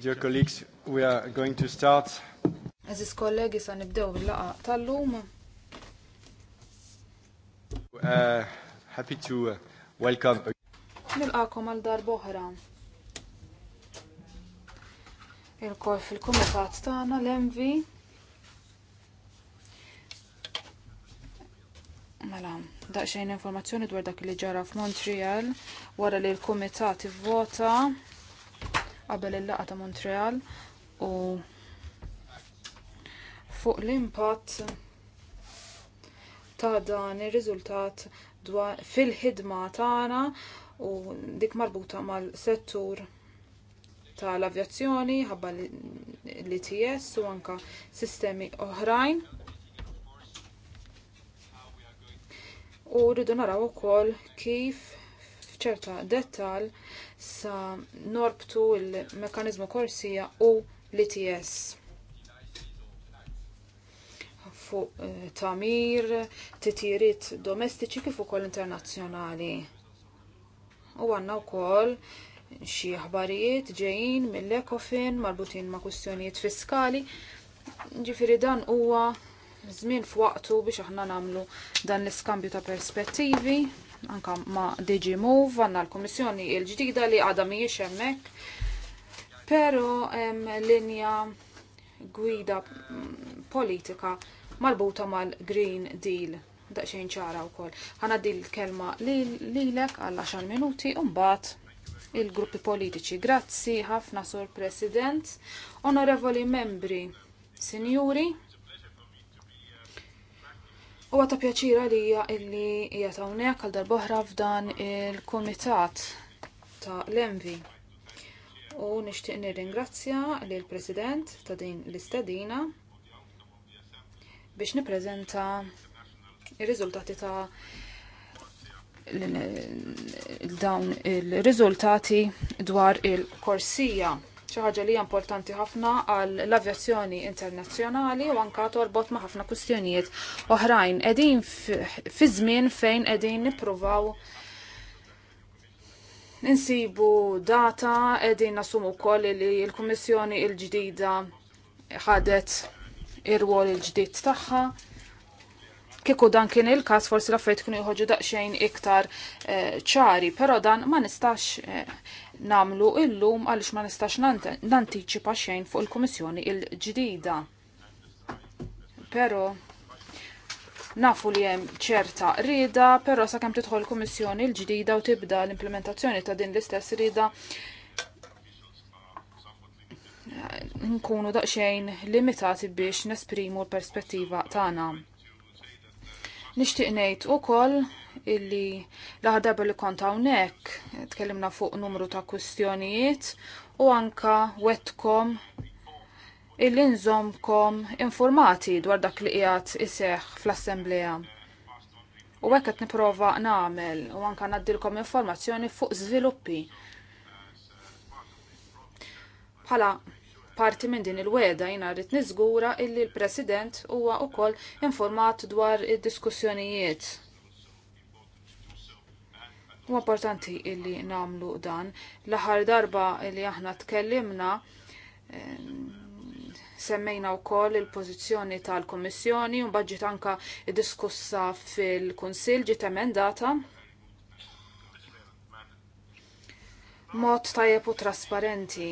Dear colleagues, we are going to start. Aziz kollegi, sa' nibdew il-laqa tal-lum. Uh, happy to uh, welcome. Nilqakom għal dar boħra. Il-kol fil-komitat tagħna l-MV. Mela, daqsxejn informazzjoni dwar dak li ġara f'Montreal wara li l-kumitat ivvota qabel il laqgħa ta' Montreal u fuq l-impatt ta' dan ir-riżultat fil-ħidma tagħna u dik marbuta mal-settur tal-avjazzjoni, ħabba l-ITS u anka sistemi oħrajn. U rridu naraw ukoll kif f'ċerta dettal sa norbtu il-mekanizmu korsija u l-ITS fuq eh, tamir, titjiriet domestiċi kif ukoll internazzjonali. U għanna wkoll xi aħbarijiet ġejjin mill-ekofin marbutin ma' kwistjonijiet fiskali. Ġifieri dan huwa żmien f'waqtu biex aħna nagħmlu dan l-iskambju ta' perspettivi anka ma DG Move, għanna l-Komissjoni il-ġdida li għada miex hemmhekk. Pero hemm linja gwida mm, politika marbuta mal-Green Deal daqxejn ċara wkoll. Ħana di l-kelma lilek għal 10 minuti u mbagħad il-gruppi politiċi. Grazzi ħafna Sur President, onorevoli membri, sinjuri, U għata pjaċira li illi jgħat għawnek għal darboħra f'dan il-komitat ta' l-envi. U nishtiq nir-ringrazzja li l-President ta' din l-istadina biex niprezenta il-rizultati ta' dawn il-rizultati dwar il-korsija xi ħaġa li hija importanti ħafna għal l-avjazzjoni internazzjonali u anka torbot ma' ħafna kwistjonijiet oħrajn. Qegħdin fi żmien fejn qegħdin nippruvaw insibu data qegħdin nasumu koll li l-Kummissjoni l-ġdida ħadet ir wol il-ġdid tagħha kieku dan kien il-kas forsi l-affarijiet kienu jħoġu daqsxejn iktar eh, ċari, però dan ma nistax eh, namlu illum għaliex ma nistax nantiċipa xejn fuq il-Kummissjoni il-ġdida. Pero nafu li hemm ċerta rida, però sakemm tidħol il-Kummissjoni l-ġdida u tibda l-implementazzjoni ta' din l-istess rida nkunu daqsxejn limitati biex nesprimu l-perspettiva tagħna. Nixtieq ngħid ukoll illi laħdaba li kont hawnhekk tkellimna fuq numru ta' kwistjonijiet u anka wetkom illi nżomkom informati dwar dak li qiegħed iseħħ fl-assembleja. U hekk qed nipprova nagħmel u anka naddilkom informazzjoni fuq żviluppi. Bħala parti minn din il-weda jina rrit nizgura illi l-President huwa ukoll informat dwar id-diskussjonijiet U importanti illi namlu dan. L-aħħar darba illi aħna tkellimna semmejna wkoll il-pożizzjoni tal-Kummissjoni u baġġit anka diskussa fil-Kunsill ġiet emendata. Mod tajjeb u trasparenti.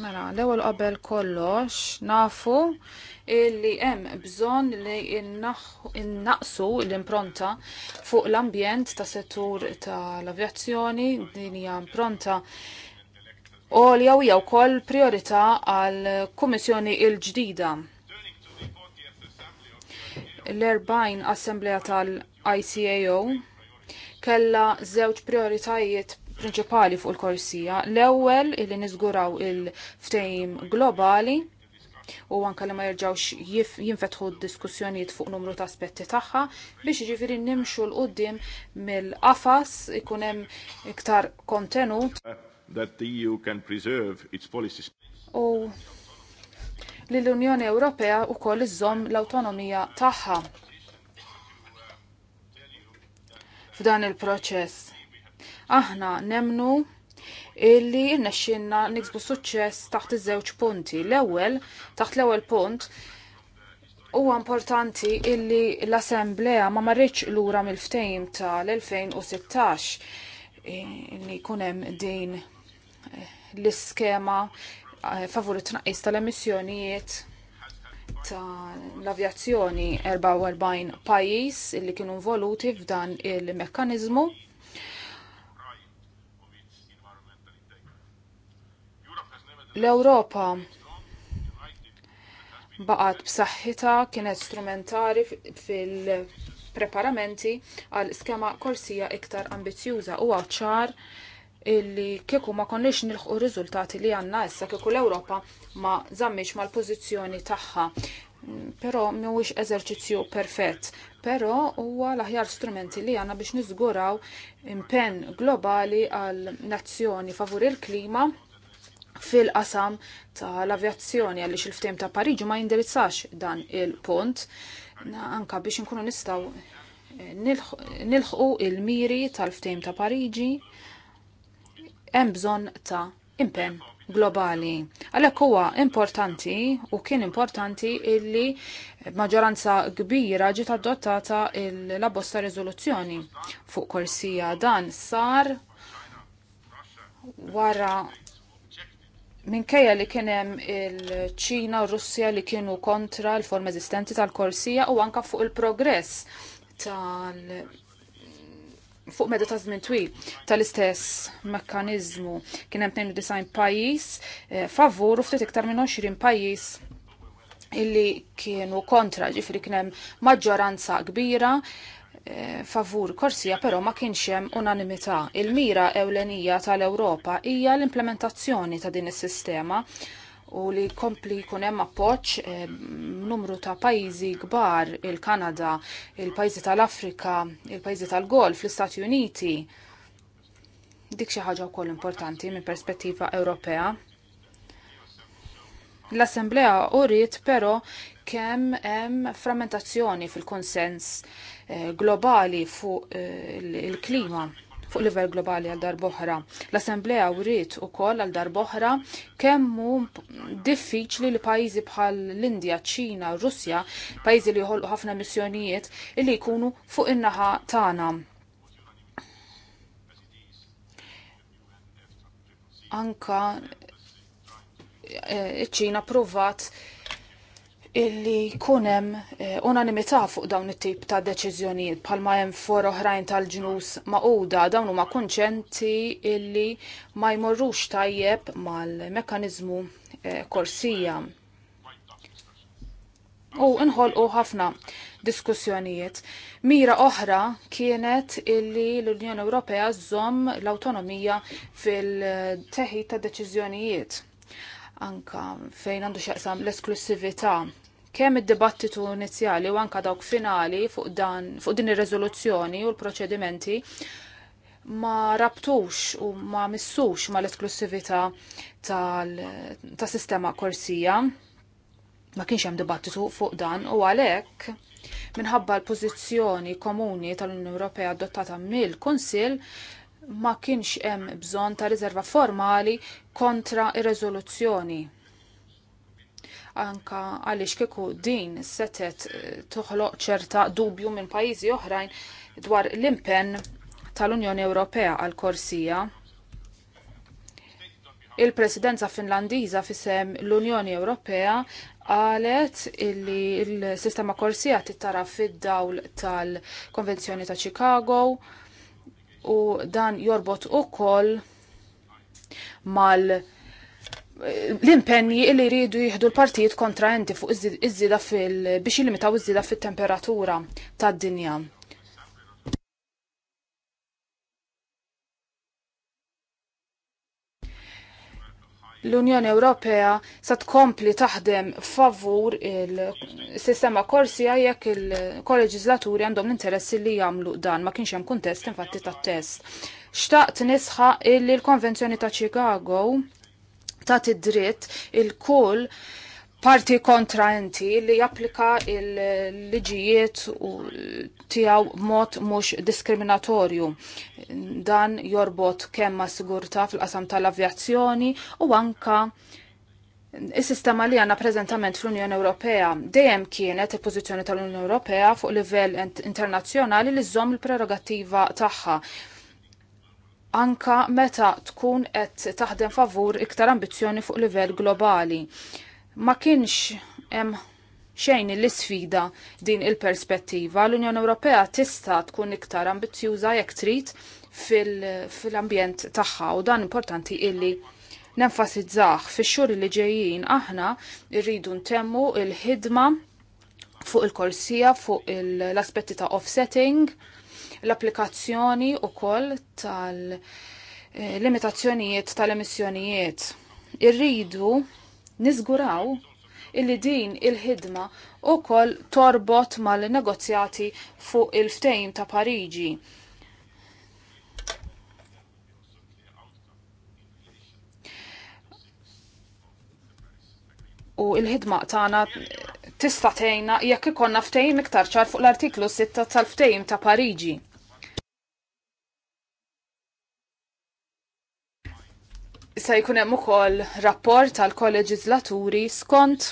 Mela, l-ewwel qabel kollox nafu li hemm bżonn li innaqsu l-impronta fuq l-ambjent ta' settur tal-avjazzjoni din hija impronta għolja u hija wkoll priorità għal kummissjoni l-ġdida l erbajn assembleja tal-ICAO kella żewġ prioritajiet prinċipali fuq il-korsija. L-ewwel illi niżguraw il-ftejm globali u anka li ma jirġawx jinfetħu diskussjonijiet fuq numru ta' aspetti tagħha biex jiġifieri nimxu l qudiem mill-qafas ikun hemm iktar kontenut uh, that the EU can preserve its policies. U li l-Unjoni Ewropea wkoll iżżomm l-awtonomija tagħha f'dan il-proċess. Aħna nemnu illi rnexxinna niksbu suċċess taħt iż-żewġ punti. L-ewwel taħt l-ewwel punt huwa importanti illi l-Assemblea ma marriċ lura mill ftehim tal-2016 eh, illi jkun hemm din eh, l-iskema eh, favur it-tnaqqis tal-emissjonijiet ta' l-avjazzjoni 44 pajis illi kienu involuti f'dan il-mekkanizmu L-Ewropa baqat b'saħħitha kienet strumentari fil-preparamenti għal skema korsija iktar ambizjuża u ċar illi kieku ma konniex nilħu riżultati li għanna issa kieku l-Ewropa ma żammiex mal-pożizzjoni tagħha. Però mhuwiex eżerċizzju perfett, però huwa l-aħjar strumenti li għanna biex niżguraw impenn globali għal nazzjoni favur il-klima fil-qasam tal-avjazzjoni għalli xil-ftim ta' Pariġu ma jindirizzax dan il-punt anka biex nkunu nistaw eh, nilħu il-miri tal-ftim ta' Pariġi hemm bżonn ta' impenn globali. Għalhekk huwa importanti u kien importanti illi maġġoranza kbira ġiet adottata l-abbosta riżoluzzjoni fuq korsija dan sar wara minkejja li kien hemm il-Ċina u Russja li kienu kontra l forma eżistenti tal-korsija u anka fuq il-progress tal- fuq meda ta' żmien twil tal-istess mekkaniżmu kien hemm 92 pajjiż eh, favur u ftit iktar minn 20 pajjiż illi kienu kontra, ġifri kien hemm maġġoranza kbira Eh, favur korsija però ma kienx hemm unanimità. Il-mira ewlenija tal-Ewropa hija l-implementazzjoni ta' din is-sistema u li kompli jkun hemm appoġġ eh, numru ta' pajjiżi kbar il-Kanada, il-pajjiżi tal-Afrika, il-pajjiżi tal-Golf, l-Istati Uniti. Dik xi ħaġa wkoll importanti minn perspettiva Ewropea. L-Assemblea uriet però kemm hemm frammentazzjoni fil-konsens Eh, globali fuq eh, il-klima fuq livell globali għal darboħra. L-Assemblea wriet u koll għal darboħra kemmu diffiċ li l-pajzi bħal l-Indja, ċina, Russja, pajzi li jħolqu ħafna missjonijiet li jkunu fuq in-naħa tagħna. Anka iċ-Ċina eh, provat illi kunem eh, unanimità fuq dawn it-tip ta' deċiżjonijiet bħalma hemm for oħrajn tal-ġnus maquda dawn huma kunċenti illi ma jmorrux tajjeb mal-mekkaniżmu korsija. Eh, U nħolqu ħafna diskussjonijiet. Mira oħra kienet illi l-Unjoni Ewropea żomm l-awtonomija fil-teħid ta' deċiżjonijiet anka fejn għandu xaqsam l-esklusivita kemm id-dibattitu inizjali u anka dawk finali fuq, dan, fuq din ir-reżoluzzjoni u l-proċedimenti ma rabtux u ma missux ma l-esklusività ta' sistema korsija. Ma kienx hemm dibattitu fuq dan u għalhekk minħabba l-pożizzjoni komuni tal-Unjoni Ewropea adottata mill-Kunsill ma kienx hemm bżonn ta' riserva formali kontra ir-reżoluzzjoni anka għaliex kieku din setet eh, toħloq ċerta dubju minn pajjiżi oħrajn dwar l-impenn tal-Unjoni Ewropea għal korsija. Il-Presidenza Finlandiża fisem l-Unjoni Ewropea qalet illi l-sistema korsija tittara fid-dawl tal-Konvenzjoni ta' Chicago u dan jorbot ukoll mal- l impenni li jridu jihdu l-partijiet kontra enti fuq iż-żida fil biex jilimitaw iż-żida fit-temperatura tad-dinja. L-Unjoni Ewropea sa tkompli taħdem favur il-sistema korsija jekk il-kolleġislaturi għandhom l-interess li jagħmlu dan ma kienx hemm kuntest infatti tat-test. Xtaqt nisħa illi l-Konvenzjoni ta' Chicago ta' id-dritt il-kull parti kontraenti li japplika il-liġijiet u tijaw mod mux diskriminatorju. Dan jorbot kemm sigurta fil-qasam tal-avjazzjoni u anka Is-sistema li għanna prezentament fl-Unjoni Ewropea dejjem kienet il-pożizzjoni tal-Unjoni Ewropea fuq livell internazzjonali li żomm il-prerogattiva tagħha anka meta tkun qed taħdem favur iktar ambizzjoni fuq livell globali. Ma kienx hemm xejn li sfida din il-perspettiva. L-Unjoni Ewropea tista' tkun iktar ambizzjuża jekk trid fil-ambjent fil tagħha u dan importanti illi nenfasizzah fix-xhur li ġejjin aħna rridu ntemmu il-ħidma fuq il-korsija fuq l-aspetti ta' offsetting l-applikazzjoni koll tal-limitazzjonijiet eh, tal-emissjonijiet. Irridu niżguraw illi din il-ħidma koll torbot mal-negozjati fuq il ftejn ta' Pariġi. U il-ħidma tagħna tista' tgħinna jekk ikonna ftehim iktar ċar fuq l-artiklu 6 tal-ftehim ta' Pariġi. Se jkun hemm ukoll rapport tal kolleġislaturi skont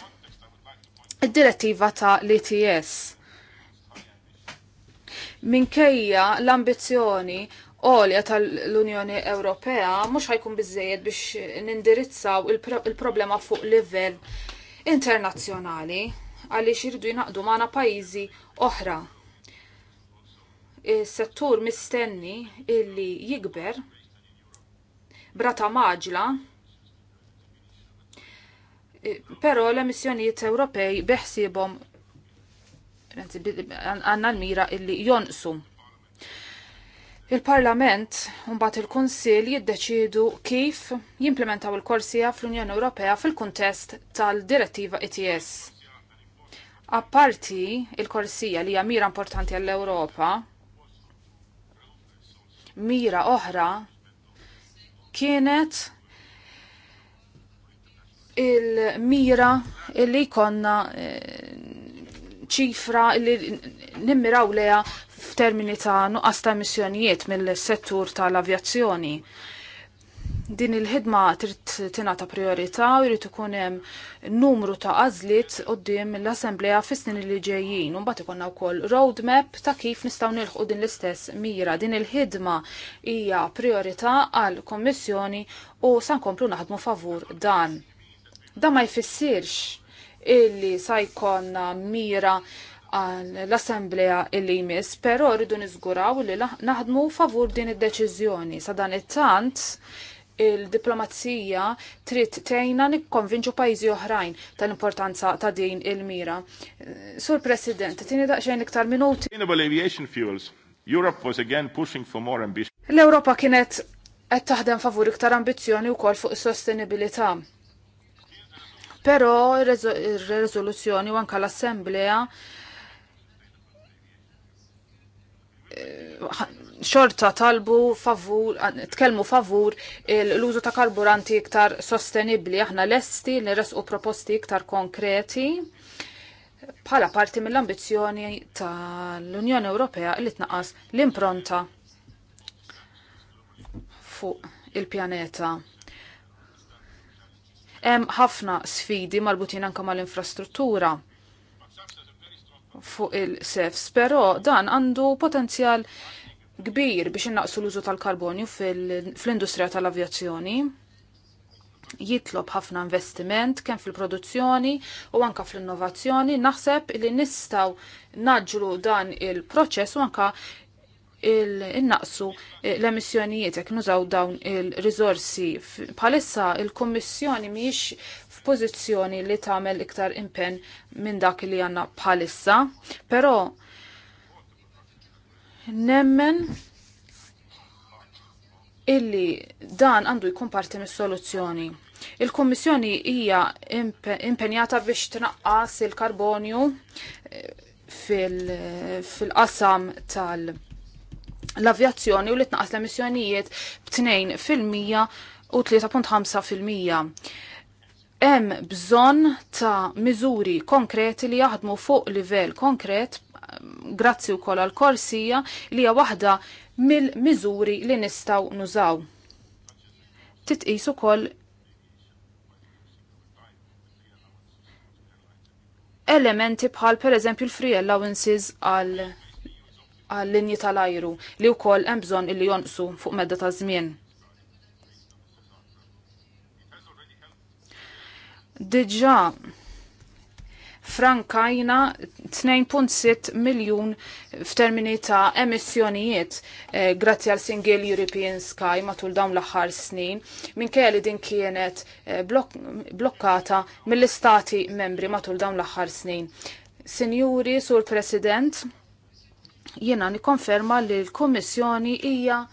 id-direttiva ta' l its Minkejja l-ambizzjoni għolja tal-Unjoni Ewropea mhux ħajkun biżejjed biex nindirizzaw il-problema il fuq livell internazzjonali għaliex irridu jnaqdu magħna pajjiżi oħra. Is-settur mistenni illi jikber brata maġla, eh, pero l-emissjonijiet Ewropej beħsibom għanna l-mira illi jonqsu. Il-Parlament mbagħad il-Kunsill jiddeċidu kif jimplementaw il-korsija fl-Unjoni Ewropea fil-kuntest tal-Direttiva ETS. Apparti il-korsija li hija mira importanti għall-Ewropa, mira oħra kienet il-mira li konna eh, ċifra li nimmiraw leja f'termini ta' nuqqas ta' emissjonijiet mill-settur tal-avjazzjoni. Din il-ħidma trid ta' priorità u jrid ikun hemm numru ta' għażliet qudiem l-Assembleja fis-snin li ġejjin. u Mbagħad ikolna wkoll roadmap ta' kif nistgħu nilħqu din l-istess mira. Din il-ħidma hija priorità għall kommissjoni u sa nkomplu naħdmu favur dan. Dan ma jfissirx illi sa jkollna mira l-Assemblea illi jmiss, pero rridu niżguraw li naħdmu favur din id-deċiżjoni. Sa dan it-tant il-diplomazija trid tejna nikkonvinċu pajjiżi oħrajn tal-importanza ta' din il-mira. Sur President, tini daqsxejn iktar minuti. Sustainable aviation fuels. Europe was again pushing for more ambition. L-Ewropa kienet qed taħdem favur iktar ambizzjoni wkoll fuq is-sostenibilità. Però ir-riżoluzzjoni u anke l-Assemblea Eh, xorta talbu favur, tkellmu favur l-użu ta' karburanti iktar sostenibli. Aħna lesti resqu proposti iktar konkreti bħala parti mill-ambizjoni tal-Unjoni Ewropea li tnaqas l-impronta fuq il-pjaneta. Hemm ħafna sfidi marbutin anke mal-infrastruttura fuq il-sefs, però dan għandu potenzjal kbir biex innaqsu l-użu tal-karbonju fl-industrija tal-avjazzjoni. Jitlob ħafna investiment kemm fil-produzzjoni u anka fl-innovazzjoni. Naħseb li nistaw naġlu dan il-proċess u anka il-naqsu l-emissjonijiet jekk nużaw dawn il-rizorsi. Palissa il-Kommissjoni miex f'pożizzjoni li tagħmel iktar impenn minn dak li għandna bħalissa, però nemmen illi dan għandu jkun parti mis-soluzzjoni. Il-Kommissjoni hija impenjata biex tnaqqas il-karbonju eh, fil-qasam tal- l-avjazzjoni u li tnaqqas l-emissjonijiet b'2 fil-mija u 3.5 fil-mija hemm bżonn ta' miżuri konkreti li jaħdmu fuq livell konkret mm, grazzi wkoll għal korsija li hija waħda mill-miżuri li nistgħu nużaw. Titqis ukoll elementi bħal pereżempju l-free allowances għal għal linji tal-ajru li wkoll hemm bżonn illi jonqsu fuq medda ta' żmien. diġa frankajna 2.6 miljun f'termini ta' emissjonijiet eh, grazzi għal Single European Sky matul dawn l-aħħar snin minn li din kienet eh, blok blokkata mill-istati membri matul dawn l-aħħar snin. Sinjuri, Sur President, jiena nikkonferma li l-Kummissjoni hija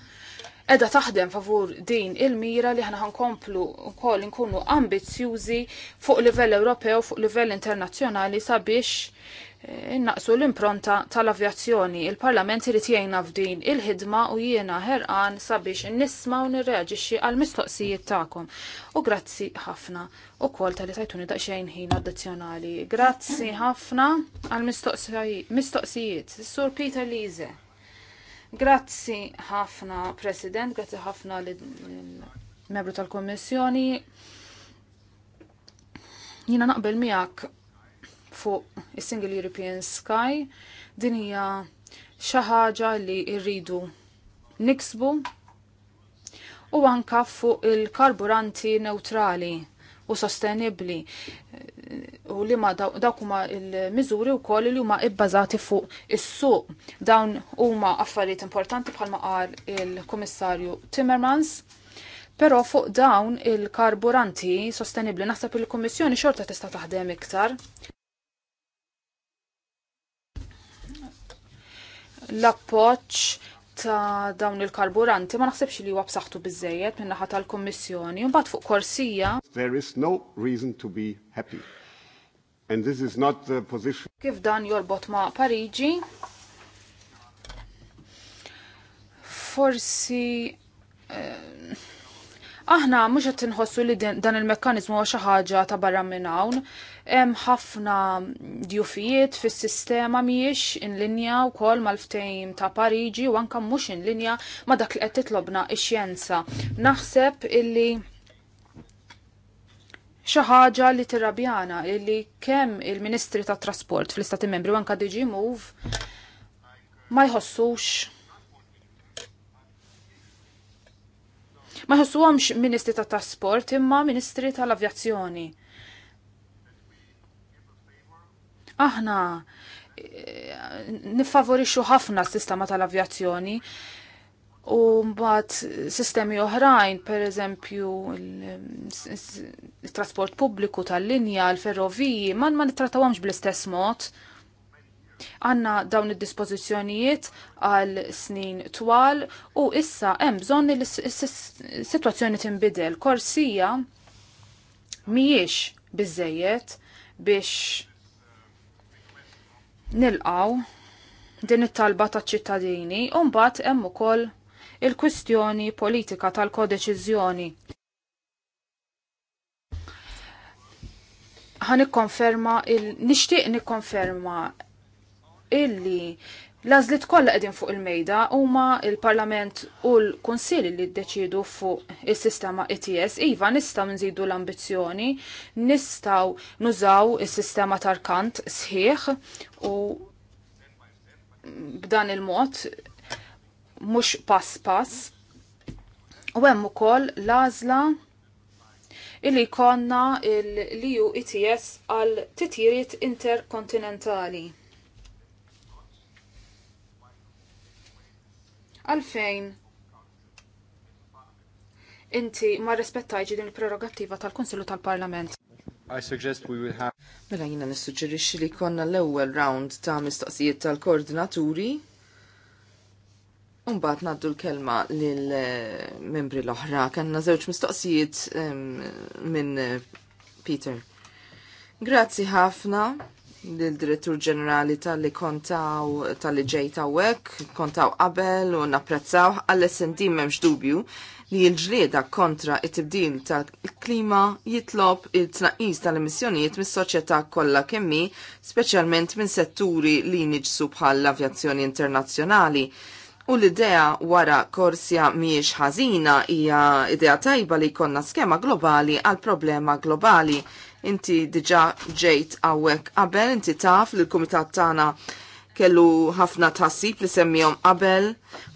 edha taħdem favur din il-mira li ħana ħankomplu wkoll nkunu ambizzjużi fuq livell Ewropew fuq livell internazzjonali sabiex eh, innaqsu l-impronta tal-avjazzjoni. Il-Parlament irid jgħinna f'din il-ħidma u jiena herqan sabiex nisma' u nirreaġixxi għal mistoqsijiet tagħkom. U grazzi ħafna kol tal-li tajtuni daqsxejn ħin addizzjonali. Grazzi ħafna għal mistoqsijiet. Sur Peter Lise. Grazzi ħafna, President, grazzi ħafna l-membru tal-Kommissjoni. Jina naqbel miegħek fuq is-Single European Sky din hija xi ħaġa li rridu niksbu u anka fuq il-karburanti neutrali u sostenibli u li ma dawk huma il-miżuri wkoll li huma ibbażati fuq is-suq. Dawn huma affarijiet importanti bħalma qal il-Kummissarju Timmermans. Però fuq dawn il-karburanti sostenibli naħseb il-Kummissjoni xorta tista' taħdem iktar. L-appoċ ta' dawn il-karburanti ma naħsebx li huwa b'saħħtu biżejjed minn naħa tal-Kummissjoni u mbagħad fuq korsija. There is no reason to be happy. And this is not the position. Kif dan jorbot ma' Pariġi? Forsi uh, Aħna mhux qed inħossu li dan il-mekkaniżmu huwa xi ħaġa ta' barra minn hawn. Hemm ħafna djufijiet fis-sistema mhijiex in linja wkoll mal-ftehim ta' Pariġi u anke mhux inlinja ma' dak li qed titlobna x-xjenza. Naħseb illi xi ħaġa li tirrabjana illi kemm il-Ministri tat Trasport fl-Istati Membri u anke DG Move ma jħossux ma għamx ministri ta' trasport imma ministri tal-avjazzjoni. Aħna eh, nifavorixxu ħafna s-sistema tal-avjazzjoni u mbagħad sistemi oħrajn, pereżempju il-trasport pubbliku tal-linja, l-ferroviji, ma nittrattawhomx bl-istess mod Għanna dawn id-dispożizzjonijiet għal snin twal u issa hemm bżonn li s-sitwazzjoni tinbidel. Korsija mhijiex biżejjed biex nilqaw din it-talba taċ-ċittadini u mbagħad hemm ukoll il-kwistjoni politika tal-kodeċiżjoni. Ħanikkonferma il nixtieq nikkonferma illi Lażlit kollha qegħdin fuq il-mejda huma il-Parlament u l kunsilli li ddeċidu fuq is-sistema ETS. Iva nistgħu nżidu l-ambizzjoni, nistgħu nużaw is-sistema tarkant sħiħ u b'dan il-mod mhux pass pass. U hemm ukoll l-għażla illi konna l-EU ETS għal titjiriet interkontinentali Għalfejn inti ma rispettajġi din il-prerogattiva tal-Konsillu tal-Parlament. I suggest we will have... Mela jina nissuġġerixxi li konna l-ewwel round ta' mistoqsijiet tal-koordinaturi. Umbat naddu l-kelma lill-membri eh, l-oħra. Kanna żewġ mistoqsijiet minn Peter. Grazzi ħafna l-direttur ġenerali tal-li kontaw tal-li ġej kontaw qabel u napprezzaw għall-SND memx dubju li l-ġlieda kontra it-tibdil tal-klima jitlob il-tnaqis tal-emissjonijiet mis soċjetà kollha kemmi, speċjalment minn setturi li niġsu bħal l-avjazzjoni internazzjonali. U l-idea wara korsja miex ħażina hija idea tajba li jkollna skema globali għal problema globali Inti diġa ġejt għawek qabel, inti taf li l-Kumitat tagħna kellu ħafna tħassib li semmihom qabel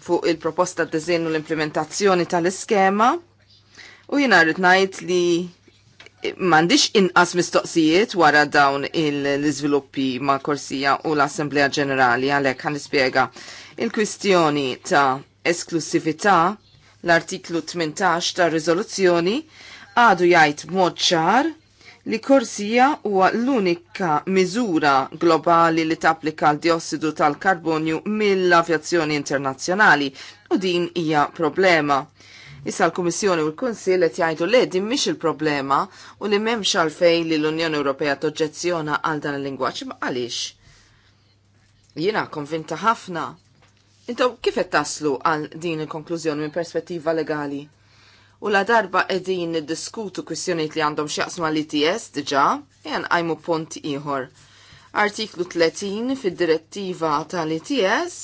fuq il-proposta d-dizin u l-implementazzjoni tal-iskema. U jina rrid ngħid li m'għandix inqas mistoqsijiet wara dawn l-iżviluppi ma' Korsija u l-Assembleja Ġenerali għalhekk għan nispjega il-kwistjoni ta' esklusività l-artiklu 18 ta' riżoluzzjoni għadu jgħid mod ċar li korsija huwa l-unika miżura globali li tapplika l-diossidu tal-karbonju mill-avjazzjoni internazzjonali u din hija problema. Issa l-Kummissjoni u l-Kunsill qed jgħidu li din mhix il-problema u li m'hemmx għalfejn li l-Unjoni Ewropea toġġezzjona għal dan il-lingwaġġ għaliex. Jiena konvinta ħafna. Intom kif qed taslu għal din il-konklużjoni minn perspettiva legali? U la darba edin diskutu kwestjoniet li għandhom xjaqsma li TS diġa, jen għajmu punt iħor. Artiklu 30 fid-direttiva tal-ITS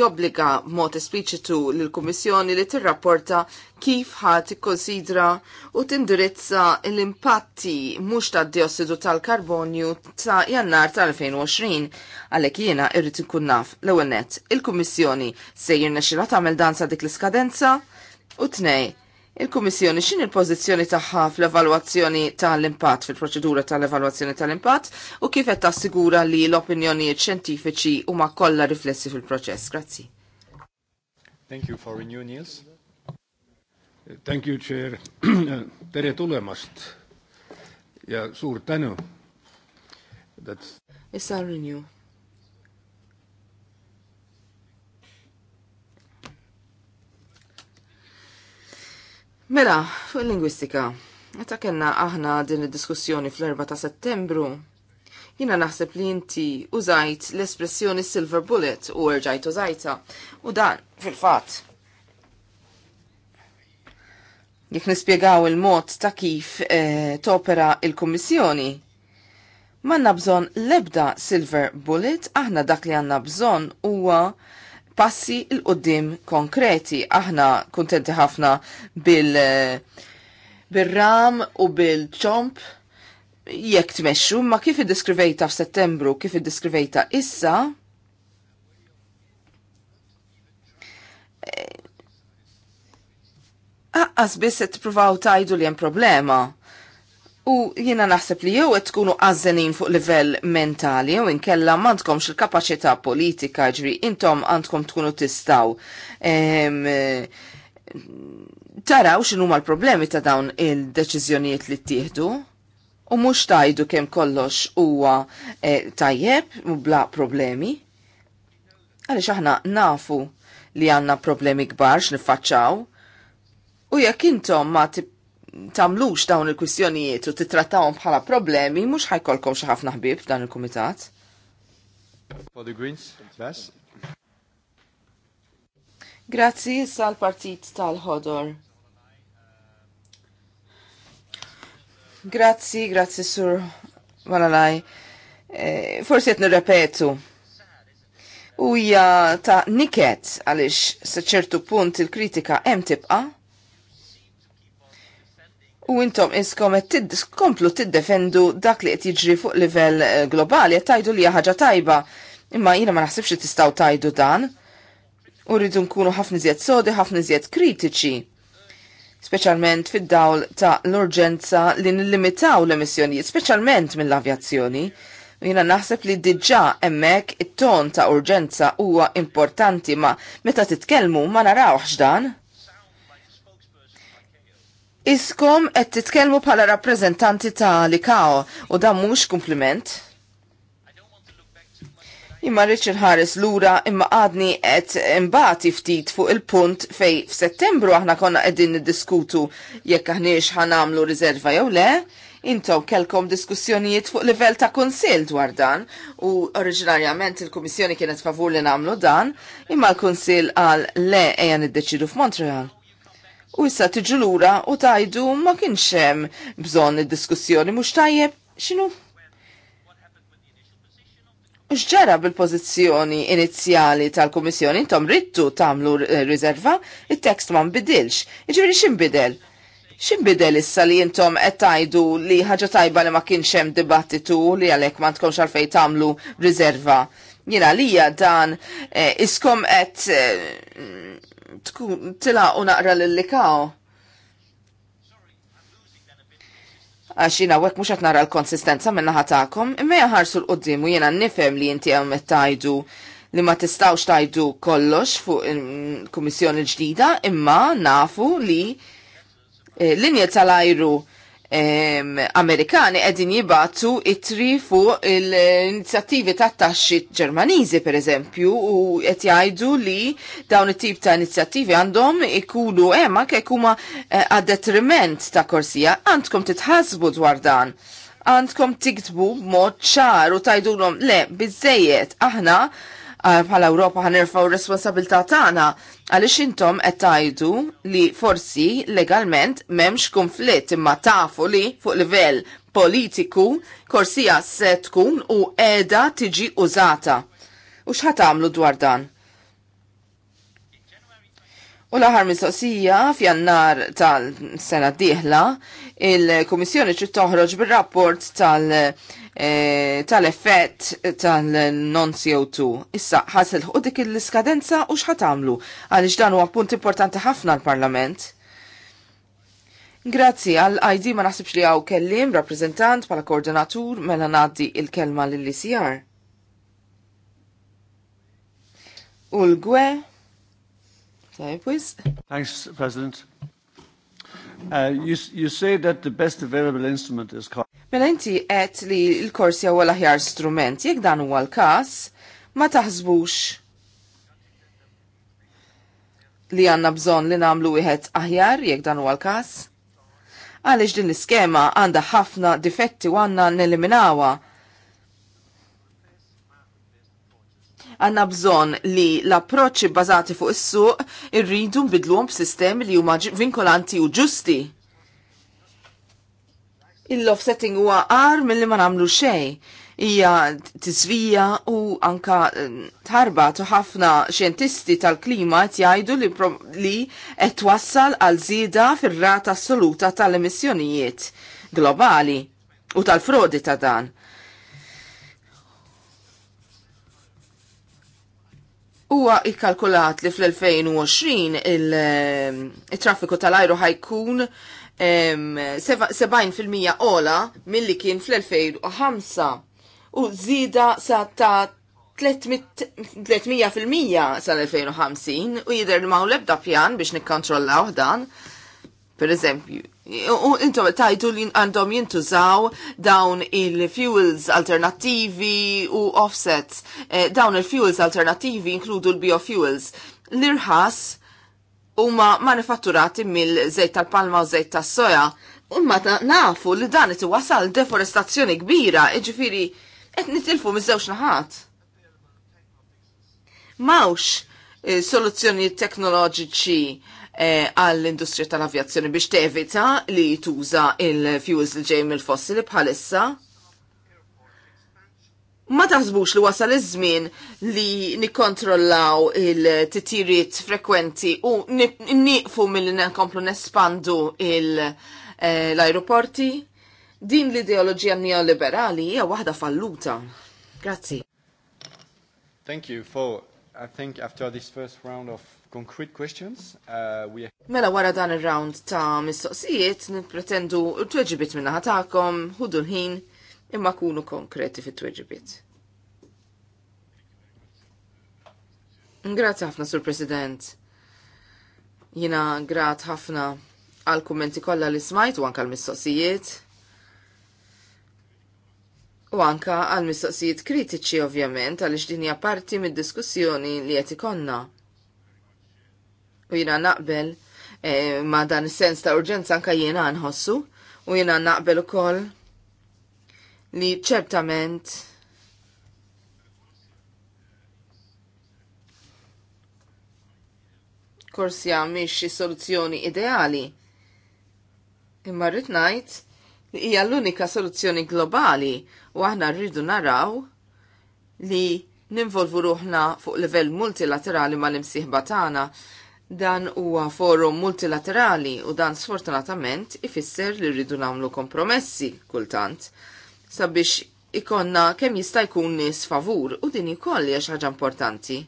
jobbliga mod espliċitu l-Kummissjoni li tirrapporta kif ħadd konsidra u tindirizza l-impatti mhux tad-diossidu tal-karbonju ta' jannar tal-2020. Għalhekk jiena irrid inkun naf l-ewwel il-Kummissjoni se jirnexxilha tagħmel dan sa dik l-iskadenza U tnej, il-Kummissjoni xin il-pozizjoni tagħha fl-evalwazzjoni tal-impatt fil-proċedura tal-evalwazzjoni tal-impatt u kif qed tassigura li l-opinjonijiet xjentifiċi huma kollha riflessi fil-proċess. Grazzi. Thank you for renew news. Thank you, Chair. Tere tulemast. Ja, suur tänu. That's... It's renew. Mela, fuq il-lingwistika, meta kellna aħna din id-diskussjoni fl-4 ta' settembru, jina naħseb li inti użajt l-espressjoni silver bullet u rġajt użajta. U dan, fil-fat, jek nispiegaw il-mod ta' kif eh, topera il-Kommissjoni. Manna bżon lebda silver bullet, aħna dak li għanna bżon huwa passi l qoddim konkreti. Aħna kontenti ħafna bil- bil-ram u bil-ċomp jekk tmexxu, ma kif iddiskrivejta f'Settembru, kif iddiskrivejta issa, eh, Aqqas biss qed tippruvaw tajdu li hemm problema. U jiena naħseb li jew qed tkunu għażenin fuq livell mentali jew inkella m'għandkomx il-kapaċità politika ġri intom għandkom tkunu tistaw taraw x'inhu huma l-problemi ta' dawn il-deċiżjonijiet li ttieħdu u mhux tajdu kemm kollox huwa e, tajjeb u bla problemi. Għaliex aħna nafu li għandna problemi kbar x'nifaċċaw. U jekk intom ma tip tamlux dawn il-kwistjonijiet u titrattawhom bħala problemi mhux ħajkolkom xi ħafna ħbieb f'dan il-kumitat. For the Greens, best. Grazzi sal-partit tal-ħodor. Grazzi, grazzi sur Malalaj. Eh, forsi qed nirrepetu. Uja ta' niket għaliex se ċertu punt il-kritika hemm tibqa' u intom iskom qed komplu tiddefendu dak li qed jiġri fuq livell eh, globali qed tajdu li ħaġa tajba. Imma jiena ma naħsibx li tistgħu tajdu dan. U rridu nkunu ħafna iżjed sodi, ħafna iżjed kritiċi. Speċjalment fid-dawl ta' l-urġenza li nillimitaw l-emissjonijiet, speċjalment mill-avjazzjoni. Jina naħseb li diġa emmek it-ton ta' urġenza huwa importanti ma meta titkellmu ma narawx dan. Iskom qed titkellmu bħala rappreżentanti ta' Likao u dan mhux kumpliment. Imma Richard Harris lura imma għadni qed imbagħad ftit fuq il-punt fej f'Settembru aħna konna qegħdin niddiskutu jekk aħniex ħanamlu riserva jew le. Intom kelkom diskussjonijiet fuq livell ta' konsil dwar dan u oriġinarjament il-Kummissjoni kienet favur li namlu dan imma l-Konsil għal le ejja niddeċidu f'Montreal u issa tiġu lura u tajdu ma kienx hemm bżonn id-diskussjoni mhux tajjeb x'inhu U x'ġara bil-pożizzjoni inizjali tal-Kummissjoni intom rittu tagħmlu eh, riserva, it-tekst ma nbidilx. Jiġifieri bidel? Xin X'inbidel issa li intom qed li ħaġa tajba li ma kienx hemm dibattitu li għalhekk ma tkomx għalfej tagħmlu riserva. Jiena lija dan eh, iskom qed eh, tkun tila u naqra l-likaw. Għax jina għek muxat nara l-konsistenza minna ħatakom, imma jaħarsu l-qoddim u jena nifem li jinti għam tajdu li ma tistawx tajdu kollox fuq il-Kummissjoni ġdida imma nafu li eh, linja tal-ajru Amerikani qegħdin jibatu t-tri fuq l-inizjattivi ta' taxxi Ġermaniżi pereżempju u qed jgħidu li dawn it-tip ta' inizjattivi għandhom ikunu hemm anke huma eh, għad-detriment ta' korsija għandkom titħasbu dwar dan għandkom tiktbu mod ċar u tajdulhom le bizzejiet, aħna Ah, bħala Ewropa ħanerfaw responsabilità tagħna għaliex intom qed tgħidu li forsi legalment m'hemmx konflitt imma tafu li fuq livell politiku korsija se tkun u qiegħda tiġi użata. U x'ħat għamlu dwar dan? U l-aħar mistoqsija f'jannar tal-sena d-dieħla, il-Komissjoni ċi toħroġ bil-rapport tal- Eh, tal-effett tal-non-CO2. Issa, ħasel u dik l-iskadenza u xħatamlu, għalix dan huwa punt importanti ħafna l-Parlament. Grazzi, għal-ID ma naħsibx li għaw kellim, rappresentant, pala koordinatur, mela naddi il-kelma l-LCR. Ulgwe? l-gwe, Thanks, President. Uh, you, you say that the best available instrument is called. Mela inti qed li l-korsi huwa l-aħjar strument, jekk dan huwa l-każ, ma taħsbux li għanna bżon li namlu wieħed aħjar jekk dan huwa l-każ? Għaliex din l-iskema għandha ħafna difetti u għandna neliminawa. għanna bżon li l-approċċi bazati fuq is-suq irridu nbidluhom b'sistemi li huma vinkolanti u ġusti il-offsetting huwa għar mill-li ma namlu xej. Ija tisvija u anka eh, tarba ħafna xjentisti tal-klima qed jgħidu li, li qed wassal għal żieda fir-rata assoluta tal-emissjonijiet globali u tal-frodi ta' dan. Huwa ikkalkulat li fl-2020 eh, il-traffiku tal-ajru ħajkun 70% ola milli kien fl-2005 u zida sa ta' 300% sal-2050 u jider li maħu lebda pjan biex nikkontrollaw dan. Per eżempju, u intom tajdu li għandhom jintużaw dawn il-fuels alternativi u offsets. Eh, dawn il-fuels alternativi inkludu l-biofuels. L-irħas huma manifatturati mill-żejt tal-palma u żejt tas-soja. Imma nafu li dan it wasal deforestazzjoni kbira, jiġifieri qed nitilfu miż-żewġ naħat. Mawx eh, soluzzjoni teknoloġiċi eh, għall-industrija tal-avjazzjoni biex tevita li tuża il-fuels li ġej mill-fossili bħalissa ma taħsbux li wasal iż-żmien li nikkontrollaw il-titiriet frekwenti u nieqfu milli nkomplu nespandu eh, l-ajruporti? Din l-ideoloġija neoliberali hija waħda falluta. Grazzi. Thank you for I think after this first round of concrete questions, uh, we Mela wara dan ir-round ta' mistoqsijiet, nippretendu t-tweġibit minna ħatakom, hudu l-ħin, imma kunu konkreti fit-tweġibiet. Grazzi ħafna, Sur President. Jina grat ħafna għal kummenti kollha li smajt u anka l-mistoqsijiet. U anka għal mistoqsijiet kritiċi ovvjament għaliex din hija parti mid-diskussjoni li qed ikonna. U jina naqbel eh, ma dan is-sens ta' urġenza anka jiena nħossu u jina naqbel ukoll li ċertament korsi għamix soluzzjoni ideali. Imma rrid ngħid li hija l-unika soluzzjoni globali u aħna rridu naraw li ninvolvu ruħna fuq livell multilaterali mal-imsieħba tagħna dan huwa forum multilaterali u dan sfortunatament ifisser li rridu nagħmlu kompromessi kultant sabiex ikonna kemm jista' jkun nies favur u din ikolli għax ħaġa importanti.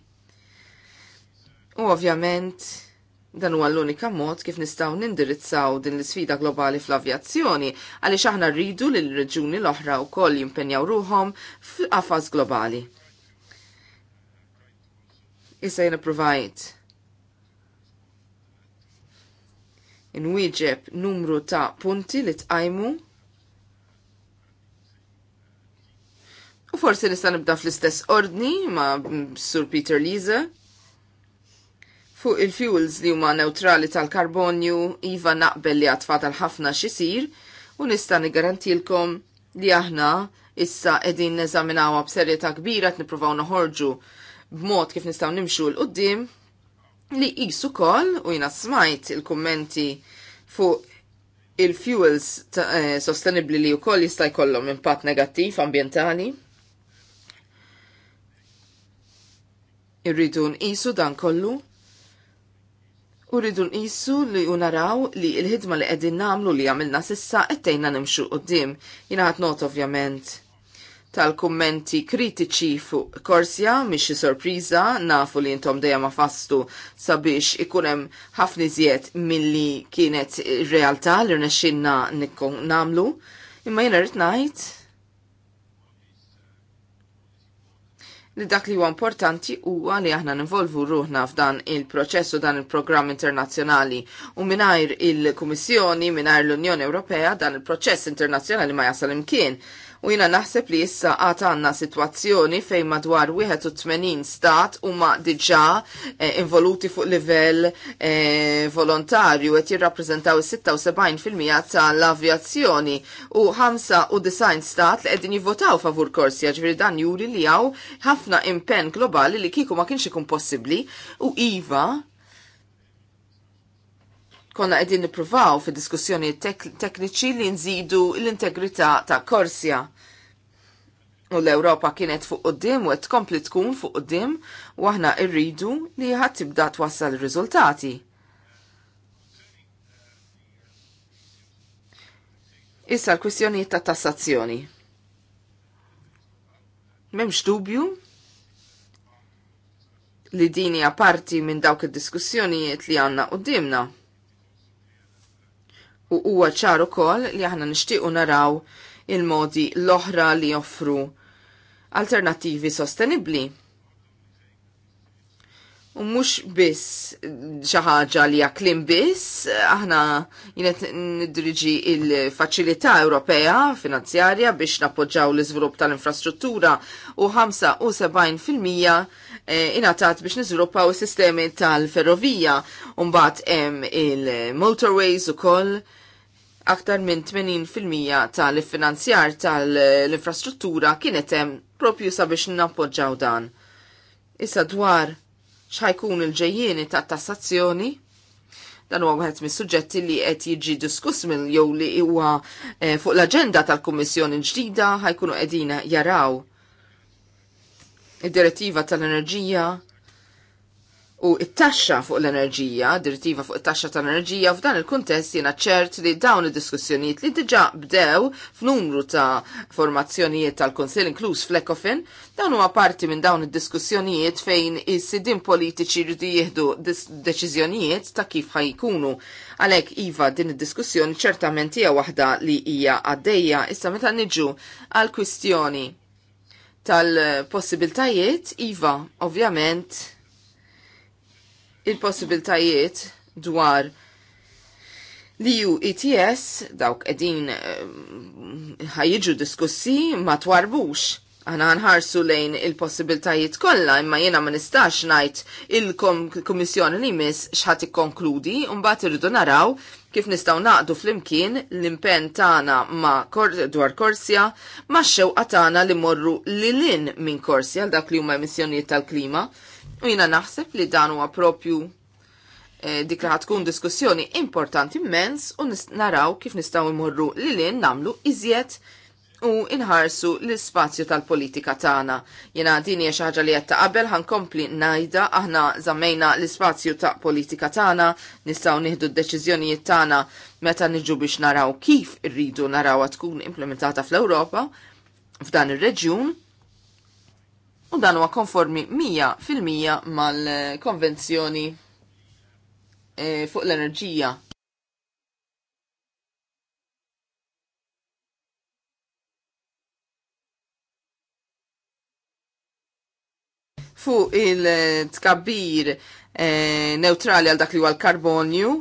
U ovvjament dan huwa l-unika mod kif nistgħu nindirizzaw din l-isfida globali fl-avjazzjoni għaliex aħna rridu li l-reġuni l-oħra wkoll jimpenjaw ruhom f'qafas globali. Issa jena provajt inwieġeb numru ta' punti li tqajmu U forsi nista' nibda fl-istess ordni ma' Sur Peter Lise. Fuq il-fuels li huma neutrali tal-karbonju iva naqbel li għatfa tal-ħafna xisir u nista' nigarantilkom li aħna issa qegħdin neżaminawha b'serjetà kbira qed nippruvaw noħorġu b'mod kif nistgħu nimxu l qudiem li qisu koll u jiena smajt il-kummenti fuq il-fuels eh, sostenibli li wkoll jista' jkollhom impatt negattiv ambjentali Irridu nqisu dan kollu u rridu nqisu li unaraw li l-ħidma li qegħdin nagħmlu li għamilna sissa qedtejna nimxu qudiem. Jiena ħadd not ovvjament tal-kummenti kritiċi fuq Korsja mhix sorpriża nafu li intom ma fastu sabiex ikun hemm ħafna iżjed milli kienet realtà li rnexxinna nagħmlu. Imma jiena rrid ngħid li dak li huwa importanti huwa li aħna nvolvu ruħna f'dan il-proċess u dan il-programm internazzjonali u mingħajr il-Kummissjoni, mingħajr l-Unjoni Ewropea dan il-proċess internazzjonali ma jasal imkien u jina naħseb li issa għat għanna situazzjoni fejn madwar 81 stat u ma diġa eh, involuti fuq livell eh, volontarju et jirrapprezentaw 76% tal-avjazzjoni u 95 stat li għedin jivvotaw favur korsi ġviri dan juri li għaw ħafna impen globali li kiku ma kienx ikun possibli u IVA konna qegħdin nippruvaw fi diskussjoni tekniċi li nżidu l-integrità ta' Korsja. U l-Ewropa kienet fuq qoddim u għed tkompli tkun fuq qoddim u aħna rridu li ħadd tibda twassal riżultati. Issa l-kwistjonijiet ta' tassazzjoni. M'hemmx dubju li dini parti minn dawk id-diskussjonijiet li għanna u dimna u huwa ċar ukoll li aħna nixtiequ naraw il-modi l-oħra li joffru alternattivi sostenibbli. U mhux biss xi ħaġa li jaklim biss, aħna jienet nidriġi il-Faċilità Ewropea Finanzjarja biex nappoġġaw l-iżvilupp tal-infrastruttura u 75% E, inatat biex niżviluppaw is-sistemi tal-ferrovija u mbagħad hemm il-motorways ukoll aktar minn 80% tal-finanzjar tal-infrastruttura kienet hemm propju sabiex nappoġġaw dan. Issa dwar xajkun il-ġejjieni tat-tassazzjoni, dan huwa wieħed mis-suġġetti li qed jiġi diskuss mill jew li huwa e, fuq l-aġenda tal-Kummissjoni ġdida ħajkunu qegħdin jaraw id-direttiva tal-enerġija u it-taxxa fuq l-enerġija, direttiva fuq it-taxxa tal-enerġija, f'dan il-kuntest jiena ċert li dawn id-diskussjonijiet li diġà bdew f'numru ta' formazzjonijiet tal-Kunsill inkluż fl ekofin dawn huwa parti minn dawn id-diskussjonijiet fejn is-sidin politiċi jridu jieħdu deċiżjonijiet ta' kif ħajkunu. Għalhekk iva din id-diskussjoni ċertament hija waħda li hija għaddejja issa meta niġu għal kwistjoni tal-possibiltajiet, iva, ovvjament, il-possibiltajiet dwar li ju ETS, dawk edin eh, ħajġu diskussi ma twarbux. Għana nħarsu lejn il-possibiltajiet kollha, imma jena ma nistax najt il-Komissjoni li mis xħat ikkonkludi, un bat irridu naraw kif nistaw naqdu fl-imkien l-impen tana ma kor dwar Korsja ma xewqa għatana li morru li lin minn Korsja l dak li huma emissjonijiet tal-klima u jina naħseb li dan huwa propju eh, dik li ħatkun diskussjoni importanti immens u naraw kif nistaw imorru li lin namlu iżjed u inħarsu l-spazju tal-politika tagħna. Jiena din hija xi ħaġa li qed qabel ħankompli ngħidha aħna żammejna l-ispazju ta' politika tagħna, nistgħu nieħdu d-deċiżjonijiet tagħna meta niġu biex naraw kif irridu narawha tkun implementata fl-Ewropa f'dan ir-reġjun u dan huwa konformi 100% mal-konvenzjoni eh, fuq l-enerġija fuq il-tkabbir eh, neutrali għal dak li huwa l-karbonju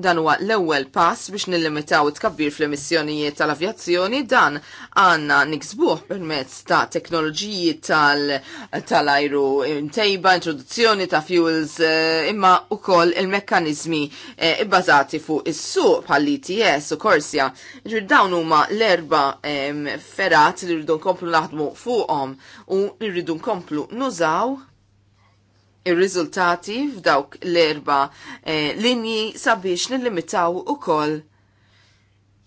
Dan huwa l-ewwel pass biex nillimitaw it-kabbir fl-emissjonijiet tal-avjazzjoni dan għandna niksbuh permezz ta' teknoloġiji tal-ajru imtejba, introduzzjoni ta' fuels eh, imma ukoll il-mekkaniżmi eh, ibbażati fuq is-suq bħal ets u korsja. Ġir dawn huma l-erba ferat li rridu nkomplu naħdmu fuqhom u li rridu nkomplu nużaw ir-riżultati f'dawk l-erba eh, linji sabiex nillimitaw ukoll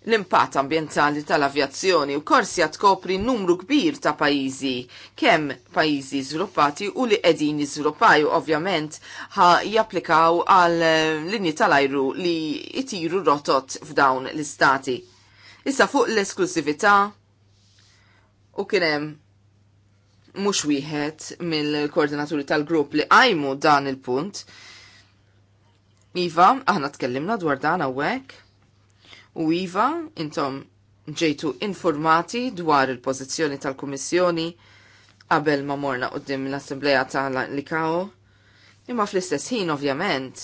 l-impatt ambientali tal-avjazzjoni u korsi tkopri numru kbir ta' pajizi, kemm pajizi sviluppati u li edin jiżviluppaw ovvjament ħa japplikaw għal eh, linji tal-ajru li itiru rotot f'dawn l-istati. Issa fuq l esklusivita u kienem mhux wieħed mill-koordinaturi tal-grupp li għajmu dan il-punt. Iva, aħna tkellimna dwar dan hawnhekk. U Iva, intom ġejtu informati dwar il-pożizzjoni tal-Kummissjoni qabel ma morna qudiem l-Assembleja tal-Likao. Imma fl-istess ħin ovvjament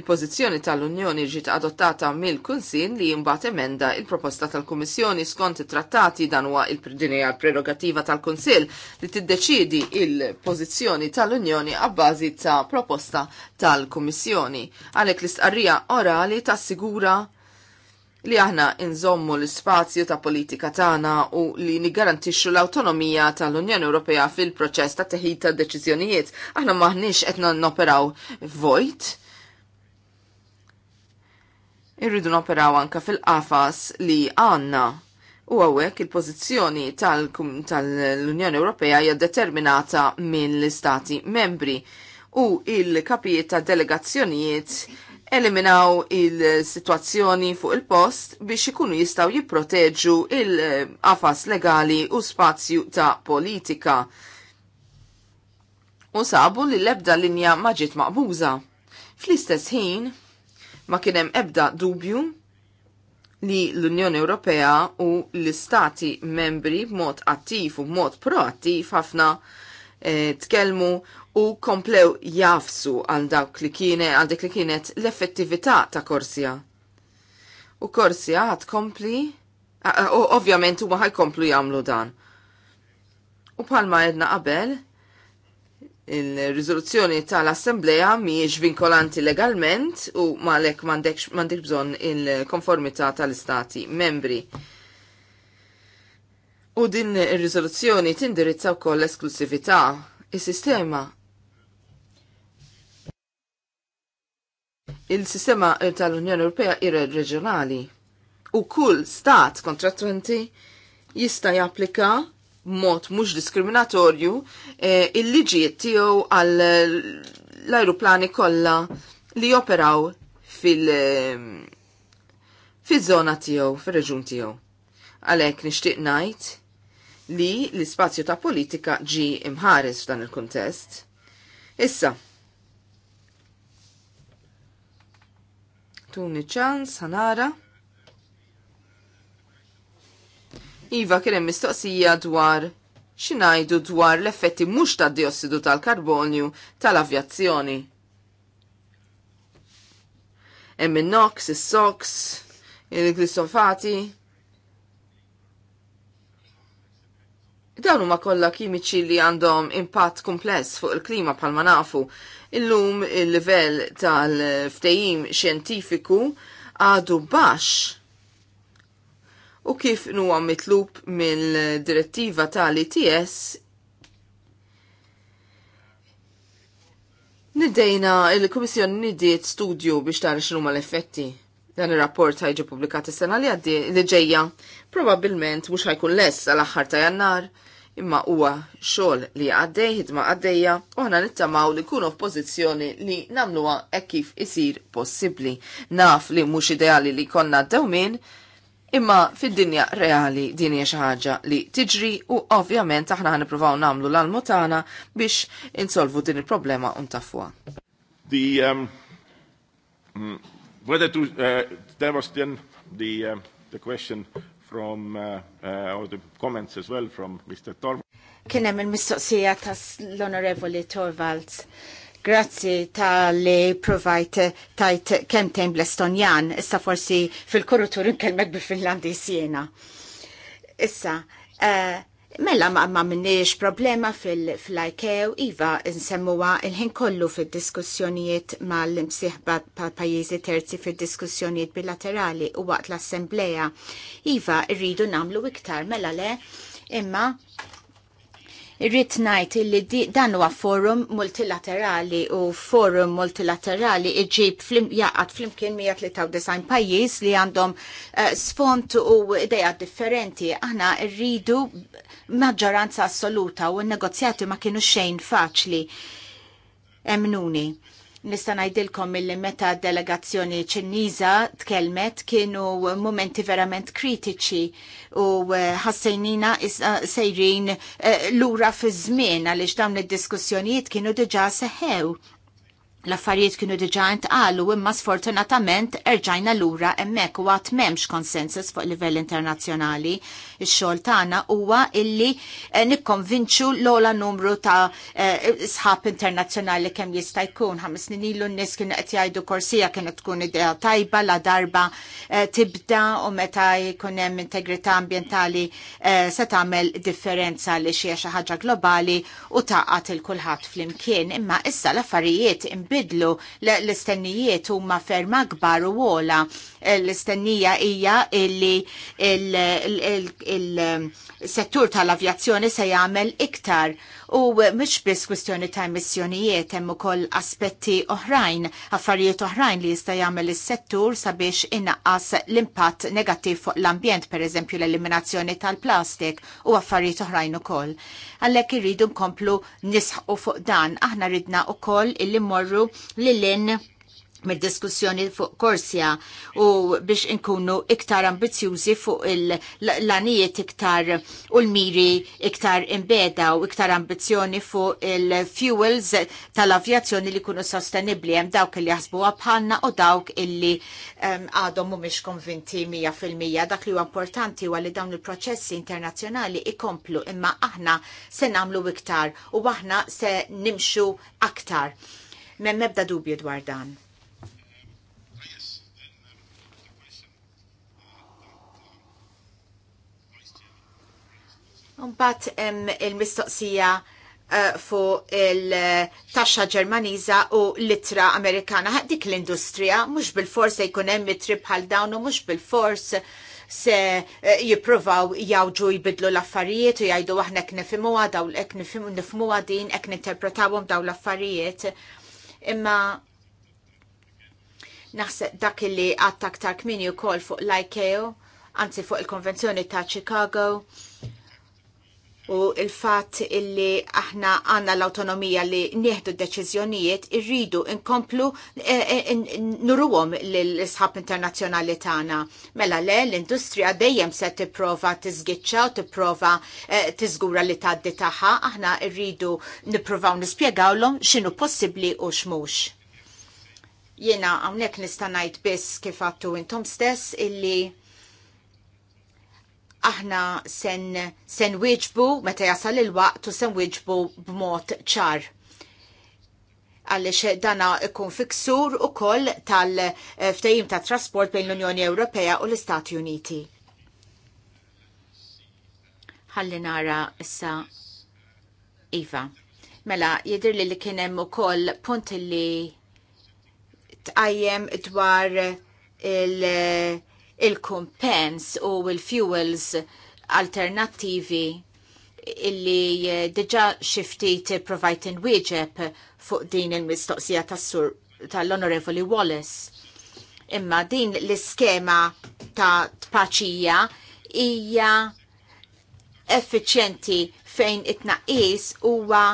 Il-pożizzjoni tal-Unjoni ġiet adottata mill-Kunsin li jimbat emenda il-proposta tal-Kummissjoni skont it-trattati dan huwa il prdinija prerogativa tal-Kunsill li tiddeċidi il-pożizzjoni tal-Unjoni għabbażi ta' proposta tal-Kummissjoni. Għalhekk l-istqarrija orali tassigura li aħna inżommu l-spazju ta' politika tagħna u li nigarantixxu l-awtonomija tal-Unjoni Ewropea fil-proċess ta' teħid ta' deċiżjonijiet. Aħna maħniex qed noperaw vojt irridu noperaw anka fil-qafas li għanna. U għawek il-pozizjoni tal-Unjoni Ewropea hija determinata mill-Istati membri u il-kapijiet ta' delegazzjonijiet eliminaw il-situazzjoni fuq il-post biex ikunu jistaw jipproteġu il-qafas legali u spazju ta' politika. U sabu li l-ebda linja maġiet maqbuża. Fl-istess ħin, Ma kienem ebda dubju li l-Unjoni Ewropea u l-Istati membri b'mod attiv u b'mod proattiv ħafna e, tkellmu u komplew jafsu għal dawk li kienet għal dik li kienet l-effettività ta' Korsja. U Korsja għad kompli, ovvjament u maħaj komplu jamlu dan. U palma jedna qabel, il-rizoluzzjoni tal-Assembleja miex vinkolanti legalment u malek mandek bżon il-konformità tal-Istati membri. U din ir-riżoluzzjoni tindirizza wkoll koll esklusivita il sistema il-sistema tal-Unjoni Ewropea ir-reġjonali u kull stat kontratwenti jista' japplika mod mhux diskriminatorju eh, il-liġijiet tiegħu għal l-ajruplani kollha li joperaw fil- fiż-żona tiegħu, fir-reġun tiegħu. Għalhekk nixtieq ngħid li l-ispazju ta' politika ġi imħares f'dan il-kuntest. Issa, tuni ċans, ħanara. Iva kien hemm mistoqsija dwar x'ingħidu dwar l-effetti mhux tad-diossidu tal-karbonju tal-avjazzjoni. Hemm in-nox, is-sox, il glisofati Dawn huma kollha kimiċi li għandhom impatt kumpless fuq il-klima bħalma nafu. Illum il-livell tal-ftehim xjentifiku għadu baxx u kif nuwa mitlub mill-direttiva tal-ITS Niddejna il-Komissjoni nidiet studju biex tara x'numa l-effetti. Dan ir-rapport ħajġi publikat is-sena li għaddi li ġejja probabbilment mhux ħajkun less għal aħħar ta' Jannar imma huwa xogħol li għaddej ħidma għaddejja u ħna nittamaw li kunu f'pożizzjoni li nagħmluha hekk kif isir possibbli. Naf li mhux ideali li konna minn. Imma fid-dinja reali din hija xi ħaġa li tiġri u ovvjament aħna ħanipruvaw nagħmlu l-almutana biex insolvu din il-problema u ntafwa. The um, mm, whether to uh, there was then the uh, the question from uh, uh, or the comments as well from Mr. Torvalds. Kien hemm il-mistoqsija tas l-Onorevoli Torvalds Grazzi tal-li provajt tajt kemtejn bl-Estonjan, issa forsi fil-kurutur nkelmek bil-Finlandis jena. Issa, uh, Mela ma, ma minniex problema fil-IKEW, fil Iva nsemmuwa il-ħin kollu fil-diskussjonijiet mal-imsiħba pa pajizi terzi fil-diskussjonijiet bilaterali u waqt l-assembleja. Iva rridu namlu iktar, mela le, imma Irrid najt illi dan huwa forum multilaterali u forum multilaterali iġib jaqat flimkien 193 pajjiż li għandhom eh, sfont u ideja differenti. Aħna rridu maġġoranza assoluta u n-negozjati ma kienu xejn faċli. Emnuni Nista' ngħidilkom milli meta delegazzjoni Ċiniża tkellmet kienu momenti verament kritiċi u eh, ħassejnina eh, sejrin eh, lura fi żmien għaliex dawn id-diskussjonijiet kienu diġà seħew L-affarijiet kienu diġa intqalu imma sfortunatament erġajna lura hemmhekk u għat m'hemmx konsensus fuq livell internazzjonali. Ix-xogħol tagħna huwa illi eh, nikkonvinċu l-ola numru ta' eh, sħab internazzjonali kemm jista' jkun. Ħames snin ilu n-nies kienu qed jgħidu korsija kienet tkun idea tajba la darba eh, tibda u meta jkun hemm integrità ambjentali se tagħmel differenza li xi ħaġa globali u taqgħat il kulħadd flimkien. Imma issa l-affarijiet jinbidlu l-istennijiet huma ferm akbar u ola l-istennija hija illi il-settur tal-avjazzjoni se jagħmel iktar u mhux biss kwistjoni ta' emissjonijiet hemm ukoll aspetti oħrajn, affarijiet oħrajn li jista' jagħmel is-settur sabiex inaqqas l-impatt negattiv fuq l-ambjent, pereżempju l-eliminazzjoni tal-plastik u affarijiet oħrajn ukoll. Għalhekk irridu nkomplu nisħqu fuq dan, aħna ridna ukoll illi morru lil-in mid-diskussjoni fuq korsja u biex inkunu iktar ambizjużi fuq l lanijiet iktar u l-miri iktar imbeda u iktar ambizjoni fuq il-fuels tal-avjazzjoni li kunu sostenibli hemm dawk li jaħsbuha bħalna u dawk illi ehm, għadhom um, mhumiex konvinti 100% dak li huwa importanti huwa li dawn il-proċessi internazzjonali ikomplu imma aħna se nagħmlu iktar u aħna se nimxu aktar. Mem mebda dubju dwar dan. Mbagħad il-mistoqsija fu uh, fuq il-taxxa Ġermaniża u l-ittra Amerikana. Dik l-industrija mhux bil-fors se jkun hemm bħal dawn u mhux bil-fors se uh, jippruvaw jawġu jbidlu l-affarijiet u jgħidu aħna knifimu għadaw l hekk nifhmuha din hekk ninterpretawhom dawn l-affarijiet. Imma naħseb dak li għatta aktar kmini u kol fuq l-IKEO, anzi fuq il-konvenzjoni ta' Chicago, u il-fat illi aħna għanna l-autonomija li nieħdu deċiżjonijiet irridu inkomplu eh, eh, nurruhom l-isħab internazzjonali tagħna. Mela le l-industrija dejjem se tipprova tiżgiċċa u tipprova eh, tiżgura li tgħaddi tagħha, aħna rridu nippruvaw nispjegawlhom x'inhu possibbli u x'mhux. Jiena hawnhekk nista' ngħid biss kif għattu intom stess illi aħna sen, sen wieġbu meta jasal il-waqt u sen wieġbu b'mod ċar għalix dana ikun fiksur u koll tal-ftajim ta' trasport bejn l-Unjoni Ewropea u l-Istati Uniti. Ħalli nara issa Iva. Mela, jidir li li kienem u koll punt li tqajjem dwar il- il-kumpens u il-fuels alternattivi illi eh, diġa xiftit provajt wieġeb fuq din il-mistoqsija tas-sur tal-Onorevoli Wallace. Imma din l-iskema ta' tpaċija hija effiċjenti fejn it-naqis huwa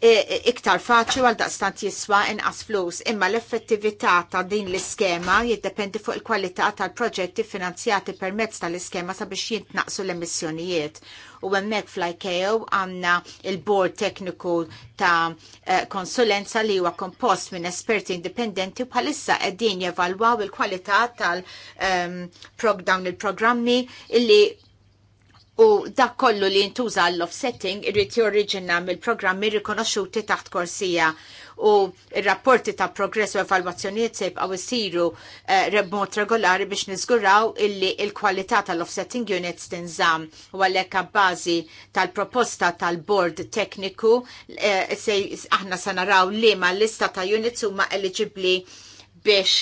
iktar faċli għal daqstant jiswa inqas flus, imma l-effettività ta' din l-iskema jiddependi fuq il-kwalità tal-proġetti finanzjati permezz tal-iskema sabiex jintnaqsu l-emissjonijiet. U hemmhekk fl-IKEO għandna il-Bord Tekniku ta' eh, konsulenza li huwa kompost minn esperti indipendenti bħalissa qegħdin jevalwaw il-kwalità tal-dawn ehm, il-programmi illi u dak kollu li jintuża l-offsetting irrid joriġina mill-programmi rikonoxxuti taħt korsija u r-rapporti ta' progress u evalwazzjonijiet se isiru jsiru eh, remot regolari biex niżguraw illi l-kwalità tal-offsetting units tinżamm u għalhekk bażi tal-proposta tal-bord tekniku eh, se aħna se naraw liema lista ta' units huma eligibbli biex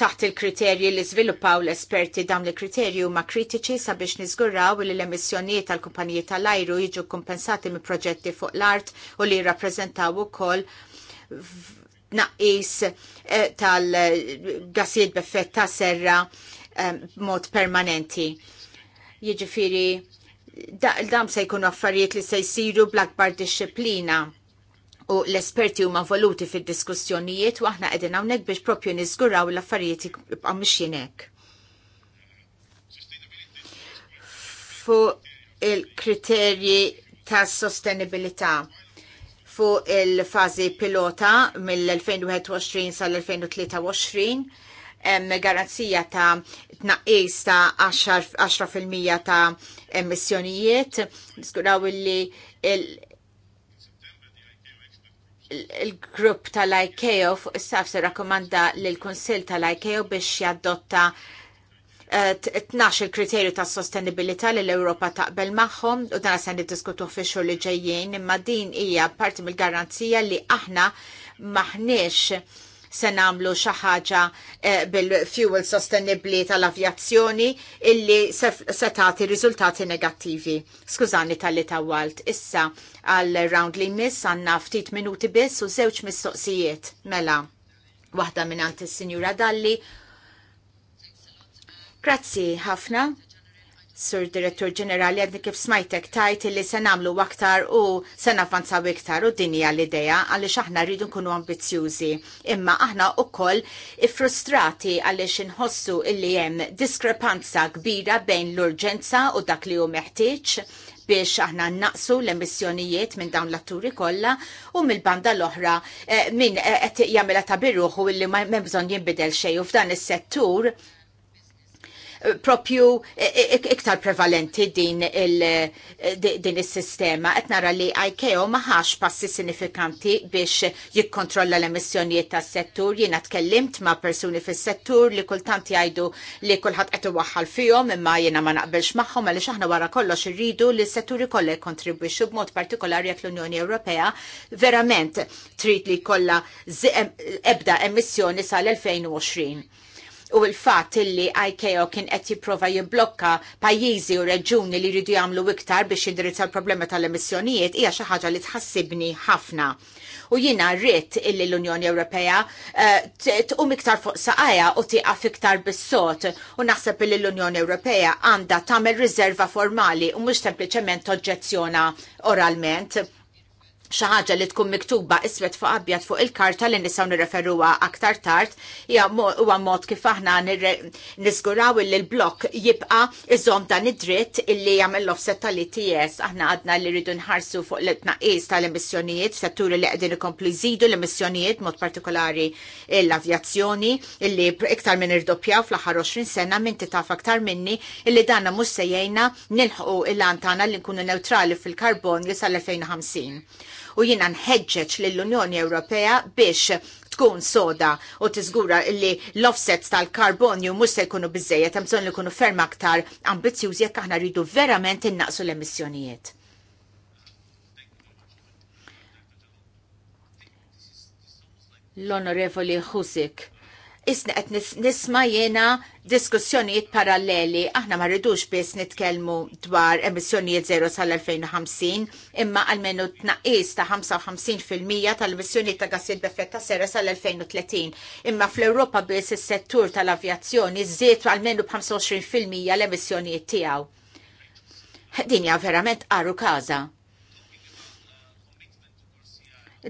taħt il-kriterji li żviluppaw l-esperti dawn il-kriterji huma kritiċi sabiex nizguraw li l-emissjonijiet tal-kumpaniji tal-ajru jiġu kompensati minn proġetti fuq l-art u li jirrappreżentaw ukoll naqis eh, tal-gassijiet b'effett ta' serra eh, b'mod permanenti. Jiġifieri dam se jkunu affarijiet li se jsiru bl-akbar disċiplina u l-esperti huma voluti fid-diskussjonijiet u aħna qegħdin hawnhekk biex propju niżguraw l-affarijiet jibqa' mixjin hekk. il-kriterji ta' sostenibilità fuq il-fazi pilota mill-2021 sal-2023 hemm garanzija ta' tnaqqis ta' 10% ta' emissjonijiet. Niskuraw li il-grupp tal-IKEO fuq is-saf se rakkomanda lill kunsill tal-IKEO biex eh, t tnax il-kriterju ta' sostenibilità li l-Europa taqbel magħhom u dan se niddiskutuh fi xhur li ġejjin imma din hija parti mill-garanzija li aħna maħniex se nagħmlu xi ħaġa eh, bil-fuel sostenibbli tal-avjazzjoni illi se, tagħti riżultati negattivi. Skużani tal-li tawalt. Issa għal round li miss għandna ftit minuti biss u żewġ mistoqsijiet mela. Waħda minn s sinjura Dalli. Grazzi ħafna Sur Direttur Ġenerali għedni kif smajtek tajt li se namlu aktar u se navvanzaw iktar u dini l ideja għalli aħna rridu nkunu ambizjuzi. Imma aħna u koll frustrati għalli xinħossu illi jem diskrepanza kbira bejn l-urġenza u dak li u meħtieġ biex aħna naqsu l-emissjonijiet minn dawn l-atturi kollha u mill-banda l-oħra eh, minn eh, qed jagħmilha ta' biruħu illi ma bżonn jinbidel xejn u f'dan is-settur propju e, e, e, iktar prevalenti din il-sistema. Qed nara li ma maħax passi sinifikanti biex jikkontrolla l-emissjonijiet tas-settur. Jiena tkellimt ma' persuni fis-settur li kultant jgħidu li kulħadd qed iwaħħal fihom imma jiena ma naqbilx magħhom għaliex aħna wara kollox irridu li s-setturi kollha jkontribwixxu b'mod partikolari jekk l-Unjoni Ewropea verament trid li jkollha ebda emissjoni sal-2020 u l-fat illi IKO kien qed jipprova jimblokka pajjiżi u reġuni li jridu jagħmlu iktar biex jindirizzaw il-problema tal-emissjonijiet hija xi ħaġa li tħassibni ħafna. U jiena rrid illi l-Unjoni Ewropea eh, tqum iktar fuq saqajja u tieqaf iktar bis-sot u naħseb illi l-Unjoni Ewropea għandha tagħmel riserva formali u mhux sempliċement oġġezzjona oralment xaħġa ħaġa li tkun miktuba iswed fuq abjad fuq il-karta li nistgħu nirreferuha aktar tard hija huwa mod kif aħna nisguraw li l-blokk jibqa' iżom dan id-dritt illi jagħmel l-offset tal-ITS. Aħna għadna li rridu nħarsu fuq l tnaqis tal-emissjonijiet f'setturi li qegħdin ikomplu jżidu l-emissjonijiet mod partikolari l-avjazzjoni illi iktar minn irdoppjaw fl-aħħar 20 sena minn titaf aktar minni illi danna mhux sejjejna nilħqu il-lantana li nkunu neutrali fil-karbonju sal-2050 u jiena nħeġġeġ lill-Unjoni Ewropea biex tkun soda u tiżgura li l-offsets tal-karbonju mhux se jkunu biżejjed hemm li jkunu ferm aktar ambizjuż jekk aħna rridu verament innaqsu l-emissjonijiet. L-Onorevoli Husik isna qed nisma jiena diskussjonijiet paralleli. Aħna ma rridux biss nitkellmu dwar emissjonijiet zero sal-2050, imma għalmenu tnaqis ta' 55% tal-emissjonijiet ta' gassijiet b'effett ta' serra sal-2030. Imma fl-Ewropa biss is-settur tal-avjazzjoni żied għalmenu b'25% l-emissjonijiet tiegħu. Dinja verament qaru każa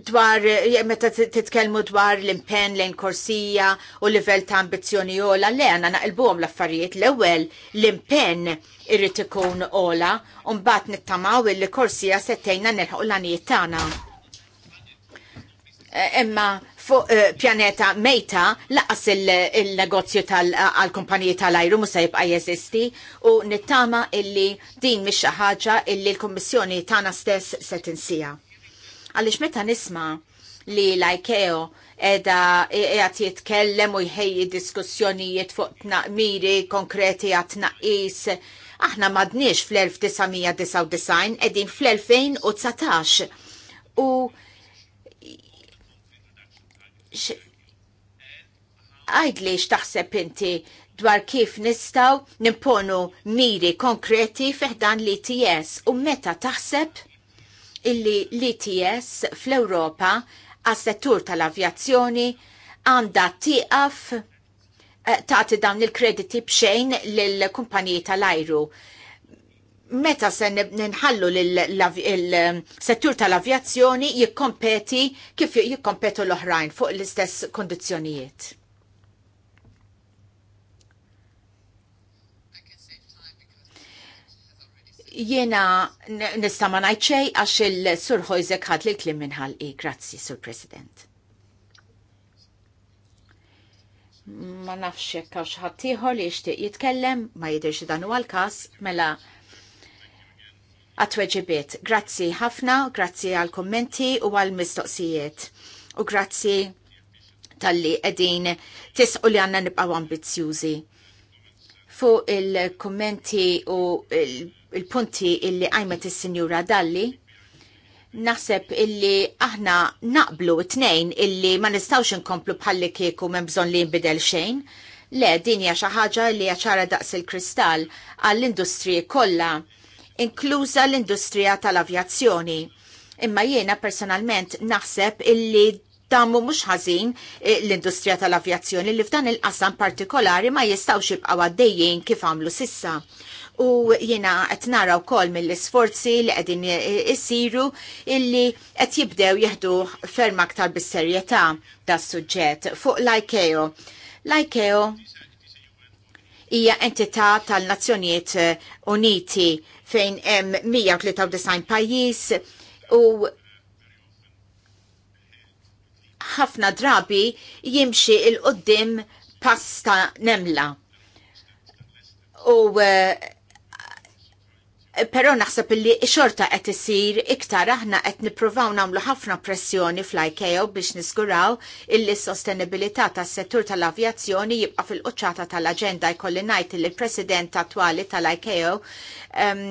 dwar eh, meta titkellmu dwar l-impenn lejn korsija u livell ta' ambizzjoni ola, le għanna naqilbu l-affarijiet l-ewwel l-impenn irrit ikun ola u mbagħad nittamaw li korsija settejna nilħu l-għanijiet tagħna. Eh, imma fuq eh, pjaneta mejta laqas il-negozju tal-kumpaniji tal-ajru musa jibqa' jeżisti u nittama illi din mhix xi ħaġa illi l-Kummissjoni tagħna stess se għaliex meta nisma' li lajkeo edha jgħat e- jitkellem u jħej diskussjonijiet fuq miri konkreti għat naqis. Aħna madniex fl-1999, edin fl-2019. U li xtaħseb inti dwar kif nistaw nimponu miri konkreti fiħdan li TS u meta taħseb? illi l-ITS fl-Europa għas-settur tal-avjazzjoni għanda tiqaf eh, taħti dawn il-krediti bxejn l-kumpaniji tal-ajru. Meta se ninħallu l-settur tal-avjazzjoni jikkompeti kif jikkompetu l-oħrajn fuq l-istess kondizjonijiet. Jena nista ma najċej għax il-Sur Hojzek ħad li klim minħal i. Grazzi, Sur President. Ma nafx jekk għax ħaddieħor li jixtieq jitkellem, ma jidirx dan huwa l-każ, mela għatweġibiet. Grazzi ħafna, grazzi għal kommenti u għal mistoqsijiet. U grazzi tal-li edin tisqu li għanna nibqaw ambizjużi. Fu il-kommenti u il- il-punti illi għajmet il-Sinjura Dalli, naħseb illi aħna naqblu t-nejn illi ma nistawx nkomplu bħalli kieku minn bżon li nbidel xejn. Le, din hija xi ħaġa li ċara daqs il-kristall għall industrija kollha, inkluża l-industrija tal-avjazzjoni. Imma jiena personalment naħseb illi dammu mhux ħażin eh, l-industrija tal-avjazzjoni li f'dan il-qasam partikolari ma jistgħux jibqa' għaddejjien kif għamlu sissa u jiena qed nara wkoll mill-isforzi li qegħdin isiru illi qed jibdew jieħdu ferm aktar bis-serjetà da' suġġett fuq l-IKEO. L-IKEO hija entità tal-Nazzjonijiet Uniti fejn hemm 193 pajjiż u ħafna drabi jimxi il-qoddim pasta nemla. U uh, Pero naħseb illi xorta qed isir iktar aħna qed nippruvaw nagħmlu ħafna pressjoni fl-IKEA biex niskuraw illi s-sostenibilità tas-settur tal-avjazzjoni jibqa' fil-quċċata tal-aġenda jkolli ngħid li l-President attwali tal-IKEA ehm,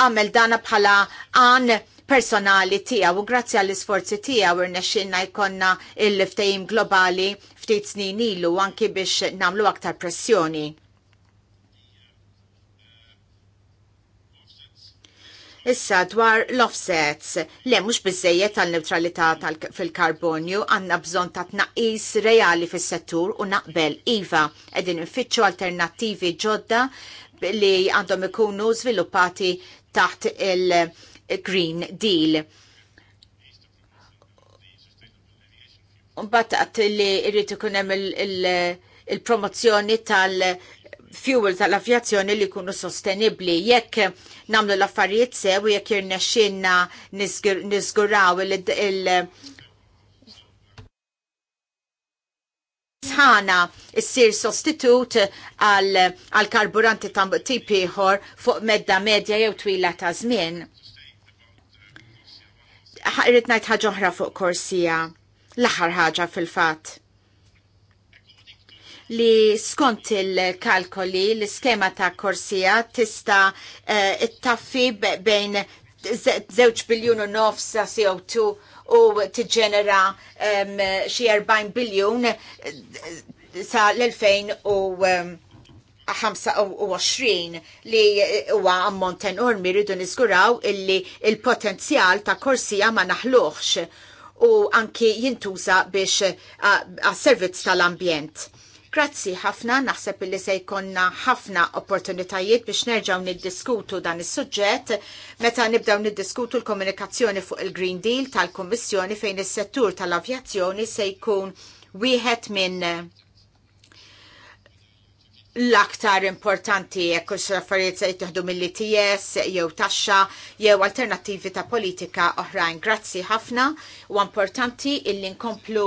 għamel dana bħala għan personali tiegħu u grazzi għall isforzi tiegħu irnexxilna jkollna il-ftehim globali ftit snin ilu anki biex nagħmlu aktar pressjoni Issa dwar l-offsets, le mhux biżejjed tal-neutralità tal neutralità fil karbonju għandna bżonn ta' tnaqqis reali fis-settur u naqbel iva qegħdin infittxu alternattivi ġodda li għandhom ikunu żviluppati taħt il-Green Deal. Mbagħad li jrid ikun hemm il-promozzjoni tal- fuel tal-avjazzjoni li kunu sostenibli. Jekk namlu l-affarijiet sew, jekk xinna nizguraw il- sħana issir sostitut għal karburanti ta' tipiħor ieħor fuq medda medja jew twila ta' żmien. Irrid ngħid ħaġa oħra fuq korsija. L-aħħar ħaġa fil-fatt li skont il-kalkoli l-iskema ta' korsija tista' eh, it taffi bejn 0 biljun u nofs CO2 u tiġġenera ġenera xi 40 biljun eh, sa l-2025 li huwa ammont enormi rridu niżguraw illi il-potenzjal ta' korsija ma naħluħx u anki jintuża biex għas-servizz tal-ambjent Grazzi ħafna, naħseb li se jkonna ħafna opportunitajiet biex nerġaw niddiskutu dan is-suġġett meta nibdew niddiskutu l-komunikazzjoni fuq il-Green Deal tal-Kummissjoni fejn is-settur tal-avjazzjoni se jkun wieħed minn l-aktar importanti jekk affarijiet se jtuħdu mill-ITS jew taxxa jew alternativi ta' politika oħrajn. Grazzi ħafna u importanti illi nkomplu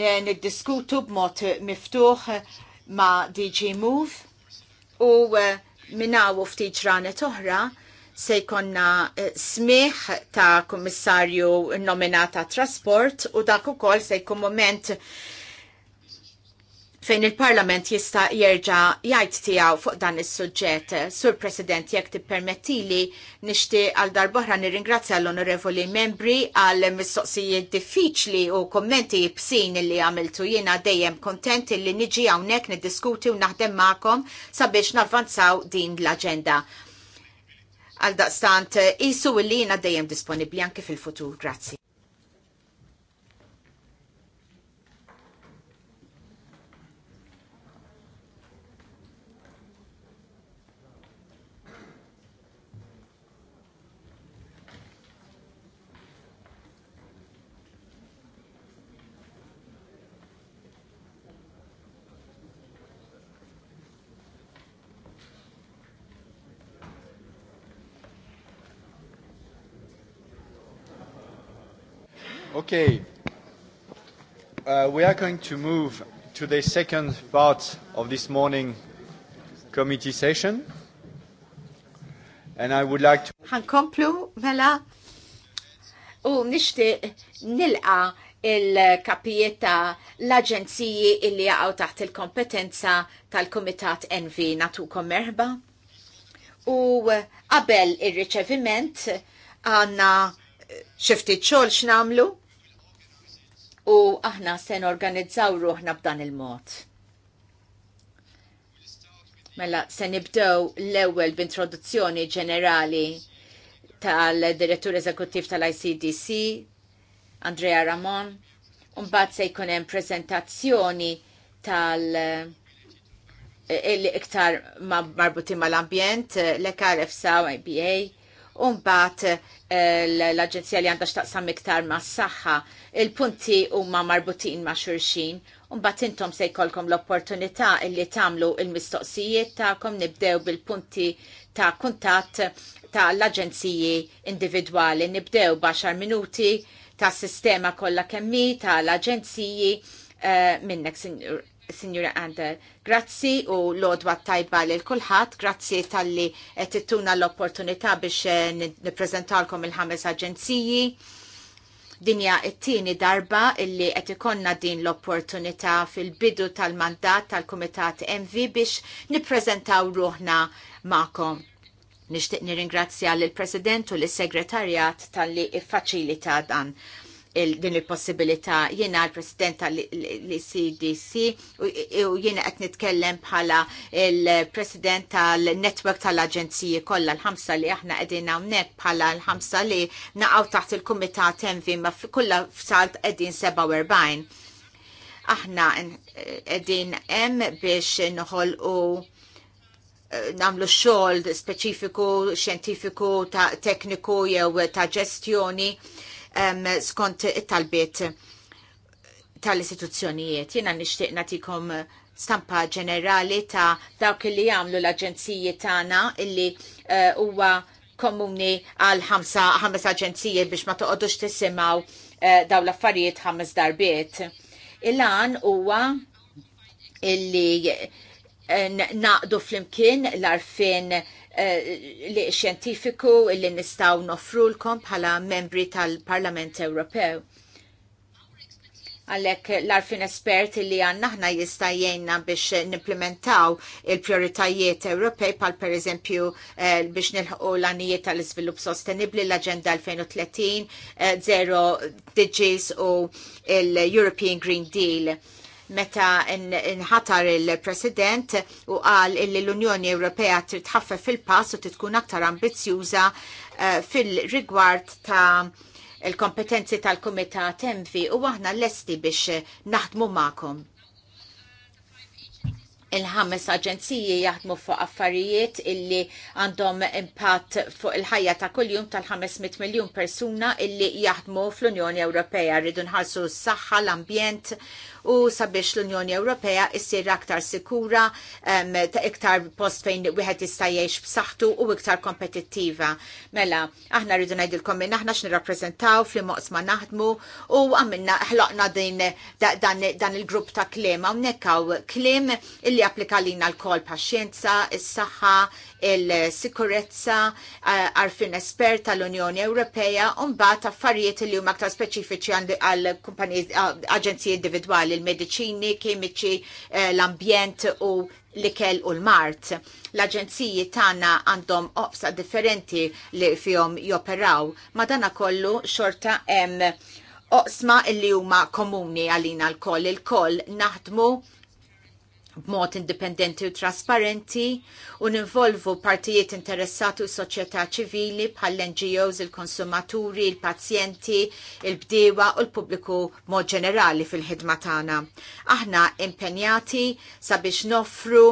Eh, niddiskutu b'mod miftuħ ma' DG Move u eh, minnaw ftit ġranet oħra se jkonna eh, smiħ ta' kummissarju nominata trasport u dak ukoll se jkun moment fejn il-Parlament jista' jerġa' jgħid tiegħu fuq dan is-suġġett. Sur President, jekk tippermettili nixtieq għal darb'oħra nirringrazzja l-onorevoli membri għal mistoqsijiet diffiċli u kommenti bsin li għamiltu jiena dejjem kontent li niġi hawnhekk niddiskuti u naħdem magħkom sabiex navvanzaw din l-aġenda. Għal daqstant, isu li jiena dejjem disponibbli anke fil-futur. Grazzi. Okay. Uh, we are going to move to the second part of this morning committee session. And I would like to... Għankomplu, mela, u nishti nilqa il-kapijiet l-aġenziji illi jaqgħu taħt il-kompetenza tal komitat NV natukom merħba. U qabel ir-riċeviment għanna xifti ftit x'namlu u aħna se organizzaw ruħna b'dan il-mod. Mela, se nibdew l-ewwel b'introduzzjoni ġenerali tal-direttur eżekuttiv tal-ICDC, Andrea Ramon, bat se jkun hemm prezentazzjoni tal- eh, iktar marbuti mal-ambjent, eh, l ekar sa IBA, Umbat eh, l-Aġenzija li għandha xtaqsam iktar ma' s-saxħa, il-punti huma marbutin ma' xurxin, Umbat intom se jkollkom l-opportunità li tagħmlu il-mistoqsijiet tagħkom nibdew bil-punti ta' kuntatt ta' l-aġenziji individwali. Nibdew baxar minuti ta' sistema kollha kemmi ta' l-aġenziji eh, minnek, Signora Ander. Grazzi u lodwa tajba l kulħadd grazzi tal-li tittuna l-opportunità biex niprezentalkom il-ħames aġenziji. Dinja it-tieni darba illi qed ikonna din l-opportunità fil-bidu tal-mandat tal-Kumitat MV biex nippreżentaw ruħna magħkom. Nixtieq nirringrazzja lill president u lis segretarjat tal-li iffaċilita dan din il-possibilità jiena l-President tal-CDC u jiena qed nitkellem bħala il-President tal-Network tal-Aġenziji kollha l-ħamsa li aħna qegħdin hawnhekk bħala l-ħamsa li naqgħu taħt il-Kumitat Envi ma kollha f'salt qegħdin 47. Aħna qegħdin hemm biex u eh, namlu xogħol speċifiku, xjentifiku, ta' tekniku jew ta' ġestjoni skont it-talbiet tal-istituzzjonijiet. Jena nishtiq natikom stampa ġenerali ta' dawk li jagħmlu l-aġenziji tagħna illi eh, huwa uh, komuni għal ħames aġenziji biex ma toqgħodux tisimgħu uh, eh, daw l-affarijiet ħames darbiet. Il-għan huwa illi eh, naqdu flimkien l-arfin Eh, li xjentifiku li nistaw l-kom bħala membri tal-Parlament Ewropew. Għalek l-arfin espert li ħna jistajjena biex nimplementaw il-prioritajiet Ewropej pal per eżempju eh, biex nilħu l-għanijiet tal-izvilup sostenibli l-Agenda 2030, eh, Zero Digis u l-European Green Deal meta nħatar il-President u qal illi l-Unjoni Ewropea tritħaffa fil-pass u titkun aktar ambizjuża eh, fil-rigward ta' il-kompetenzi tal-Kumitat Envi u aħna lesti biex naħdmu ma'kom Il-ħames aġenziji jaħdmu fuq affarijiet illi għandhom impatt fuq il-ħajja ta' kuljum tal-500 miljun persuna illi jaħdmu fl-Unjoni Ewropea rridu nħarsu s-saħħa, l-ambjent u sabiex l-Unjoni Ewropea issir aktar sikura, um, iktar post fejn wieħed jista' jgħix b'saħħtu u iktar kompetittiva. Mela, aħna rridu ngħidilkom minn aħna x'nirrappreżentaw fl ma naħdmu u għamilna ħloqna din da, dan, dan il-grupp ta' kliem hawnhekk hawn kliem illi applika lina l-kol paxjenza, is-saħħa, il-sikurezza eh, għarfin espert tal-Unjoni Ewropea un bat affarijiet li huma aktar speċifiċi għal aġenziji individwali, il-medicini, kimiċi, eh, l-ambjent u l-ikel u l-mart. L-aġenziji tagħna għandhom oqsa differenti li fihom joperaw, ma dana kollu xorta hemm oqsma li huma komuni għalina l-koll. Il-koll naħdmu b'mod indipendenti u trasparenti u ninvolvu partijiet interessati u soċjetà ċivili bħall ngos il-konsumaturi, il-pazjenti, il-bdewa u l-pubbliku mod ġenerali fil-ħidma tagħna. Aħna impenjati sabiex noffru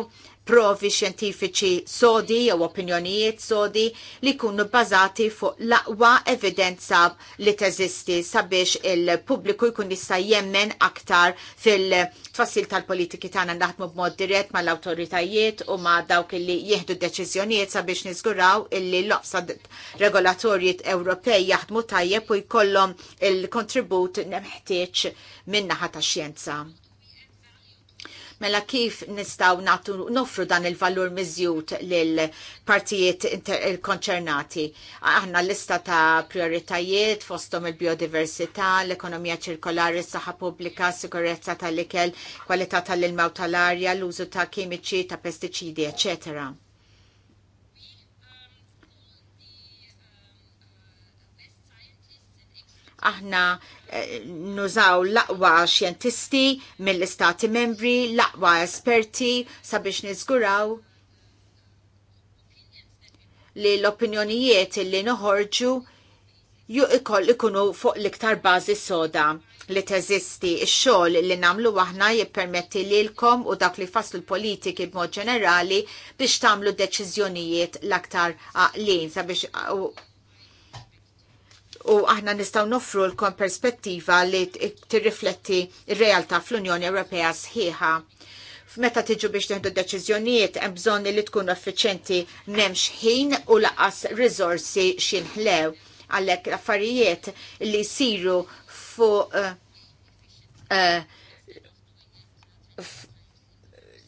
provi xjentifiċi sodi jew opinjonijiet sodi li jkunu bbażati fuq l-aqwa evidenza li teżisti sabiex il-pubbliku jkun jista' jemmen aktar fil-tfassil tal-politiki tagħna naħdmu b'mod dirett mal-awtoritajiet u ma' dawk li jieħdu deċiżjonijiet sabiex niżguraw illi l-oqsa regolatorji Ewropej jaħdmu tajjeb u jkollhom il-kontribut neħtieġ min-naħa tax-xjenza. Mela kif nistaw natu nofru dan il-valur mizjut l partijiet konċernati? Aħna lista ta' prioritajiet fostom il-biodiversità, l-ekonomija ċirkolari, s-saħħa pubblika, sikurezza tal-ikel, kwalità tal ilmaw tal-arja, l-użu ta' kimiċi, ta' pestiċidi, eccetera. aħna eh, nużaw l-aqwa xjentisti mill-istati membri, l-aqwa esperti sabiex niżguraw li l-opinjonijiet li noħorġu ju ikoll ikunu fuq l-iktar bażi soda li teżisti x-xogħol li nagħmlu aħna jippermetti lilkom u dak li faslu l-politiki b'mod ġenerali biex tagħmlu deċiżjonijiet l-aktar għaqlin sabiex u aħna nistaw nofru l-kom perspettiva li tirrifletti r realtà fl-Unjoni Ewropea sħiħa. Meta tiġu biex neħdu deċiżjonijiet hemm bżonn li tkun effiċenti nemx ħin u laqas riżorsi xinħlew għalhekk affarijiet li jsiru fuq uh, uh,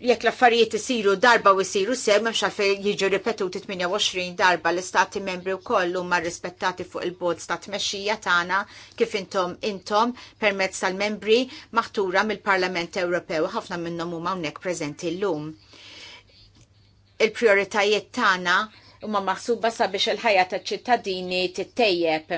jekk l-affarijiet isiru darba u isiru sew m'hemmx għalfejn jiġu ripetuti 28 darba l-istati membri wkoll huma rispettati fuq il-bod ta' tmexxija tagħna kif intom intom permezz tal-membri maħtura mill-Parlament Ewropew ħafna minnhom huma hawnhekk preżenti llum. Il-prioritajiet tagħna Imma maħsuba sabiex il-ħajja taċ-ċittadini tittejjeb.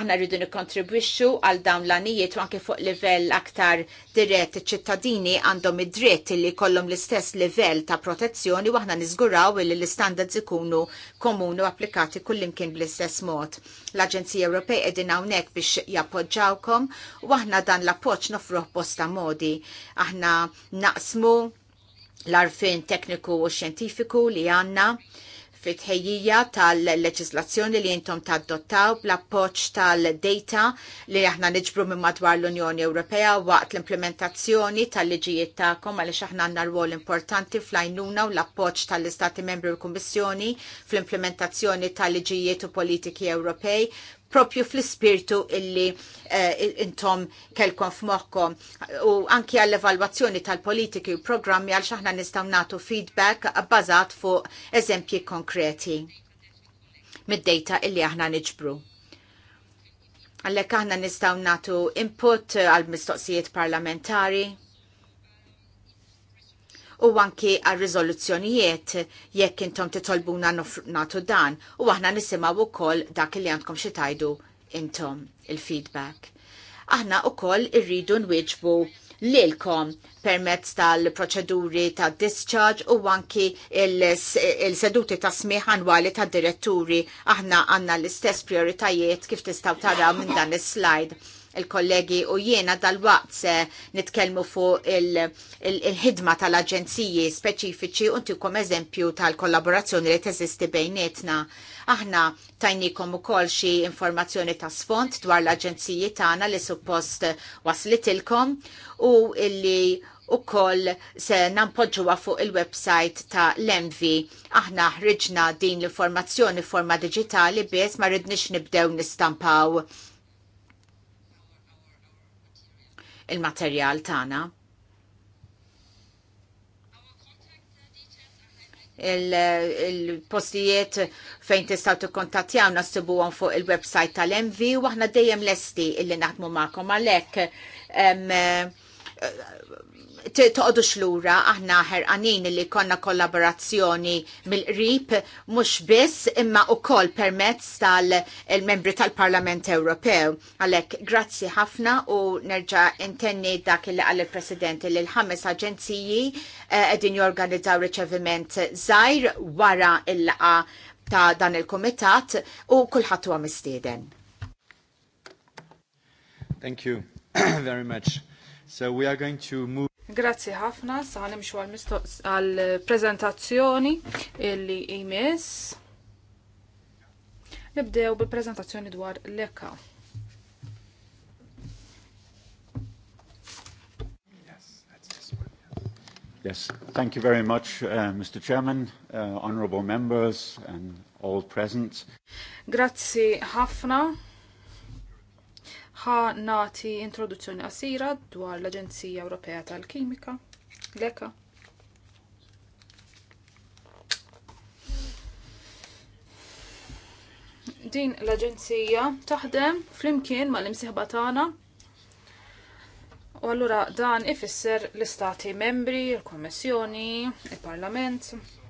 Aħna rridu nikkontribwixxu għal dawn l-anijiet anke fuq livell aktar dirett ċittadini għandhom id-dritt li jkollhom l-istess livell ta' protezzjoni u aħna niżguraw li l-istandards ikunu komuni u applikati kullimkien bl-istess mod. L-Aġenzija Ewropej qegħdin hawnhekk biex jappoġġawkom u aħna dan l-appoġġ nofruh bosta modi. Aħna naqsmu l-arfin tekniku u xjentifiku li għanna fit-ħejjija tal-leġislazzjoni li jintom tad-dottaw bl-appoċ tal-data li aħna niġbru minn madwar l-Unjoni Ewropea waqt l-implementazzjoni tal-liġijiet tagħkom għaliex aħna għandna rwol importanti fl-għajnuna u l-appoċ tal-Istati Membri u l-Kummissjoni fl-implementazzjoni tal-liġijiet u politiki Ewropej propju fl-ispirtu illi eh, intom kelkom f'moħkom u anki għall-evalwazzjoni tal-politiki u programmi għal xaħna nistaw natu feedback bazat fuq eżempji konkreti mid-data illi aħna niġbru. Għallek aħna nistaw natu input għal mistoqsijiet parlamentari, u anki għal riżoluzzjonijiet jekk intom titolbuna natu dan u aħna nisimaw ukoll dak li għandkom xi tajdu intom il-feedback. Aħna ukoll irridu nwieġbu lilkom permezz tal-proċeduri ta' discharge u anki il-seduti ta' smiħan wali ta' diretturi aħna għanna l-istess prioritajiet kif tistaw taraw minn dan is-slide il-kollegi u jiena dal-waqt se nitkelmu fuq il-ħidma tal-aġenziji speċifiċi u ntikom eżempju tal-kollaborazzjoni li teżisti bejnietna. Aħna tajnikom ukoll xi informazzjoni ta' sfond dwar l-aġenziji tagħna li suppost waslitilkom u illi u koll se nampoġġuwa fuq il-website ta' l-Envi. Aħna ħriġna din l-informazzjoni forma digitali biss ma rridnix nibdew nistampaw il-materjal tagħna. il-postijiet fejn tistaw tikkontattjaw għon fuq il-website tal-MV u aħna dejjem lesti illi naħdmu magħkom għalhekk toqdu xlura aħna ħerqanin li konna kollaborazzjoni mill-qrib mhux biss imma koll permezz tal-membri tal-Parlament Ewropew. Għalhekk grazzi ħafna u nerġa' intenni dak li għal il-President li l-ħames aġenziji eh, qegħdin jorganizzaw riċeviment żgħir wara il-laqa ta' dan il-kumitat u kulħadd huwa mistieden. Thank you very much. So we are going to move Grazzi ħafna, sa' nimxu għal-prezentazzjoni illi imis. Nibdew bil-prezentazzjoni dwar l eka Yes, thank you very much, uh, Mr. Chairman, uh, honorable members and all present. Grazzi ħafna ħa nati introduzzjoni qasira dwar l-Aġenzija Ewropea tal-Kimika, l-EKA. Din l-Aġenzija taħdem flimkien mal-imsieħba tagħna U allura dan ifisser l-istati membri, il-Kommissjoni, il-Parlament, il kommissjoni il parlament il il parlament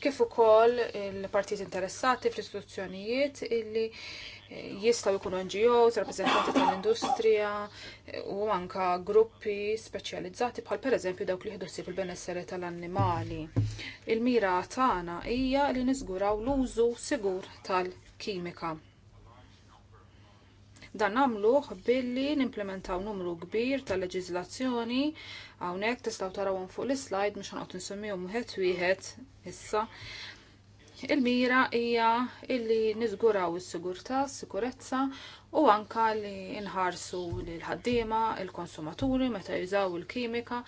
kif ukoll il-partijiet interessati fl-istituzzjonijiet illi eh, jistgħu jkunu NGOs, rappreżentanti tal-industrija eh, u anka gruppi speċjalizzati bħal pereżempju dawk li ħdussi fil-benessere tal-annimali. Il-mira tagħna hija li niżguraw l-użu sigur tal-kimika. Dan nagħmluh billi nimplementaw numru kbir ta' leġiżlazzjoni hawnhekk tistaw tarawhom fuq l-slide mhux ħanqgħod insemmihom wieħed wieħed issa. Il-mira hija illi niżguraw is-sigurtà, s-sikurezza u anka li inħarsu l-ħaddima, il-konsumaturi meta jużaw il-kimika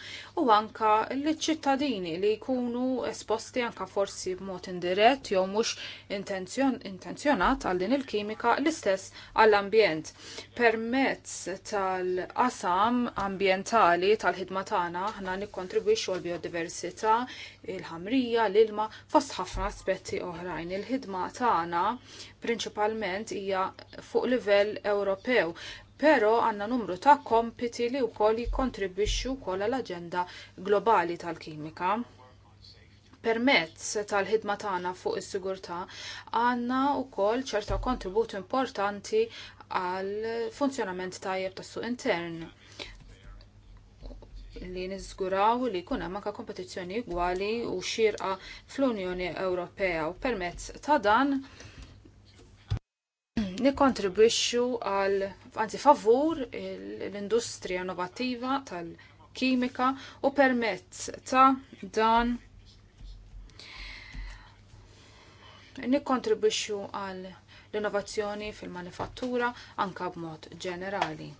u anka l-ċittadini li jkunu esposti anka forsi b'mod indirett jew mhux intenzjonat għal din il-kimika l-istess għall-ambjent. Permezz tal-qasam ambjentali tal-ħidma tagħna aħna nikkontribwixxu għall biodiversità il-ħamrija, l-ilma, fost ħafna aspetti oħrajn. Il-ħidma tagħna prinċipalment hija fuq livell Ewropew, però għandna numru ta' kompiti li wkoll jikkontribwixxu wkoll għall-aġenda globali tal-kimika permezz tal-ħidma tagħna fuq is-sigurtà għandna wkoll ċerta kontribut importanti għal funzjonament tajjeb tas-suq intern li niżguraw li jkun hemm anke kompetizzjoni gwali u xirqa fl-Unjoni Ewropea u permezz ta' dan nikkontribwixxu għal anzi favur l-industrija innovattiva tal-kimika u permezz ta' dan nikkontribwixxu għal l-innovazzjoni fil-manifattura anka b'mod ġenerali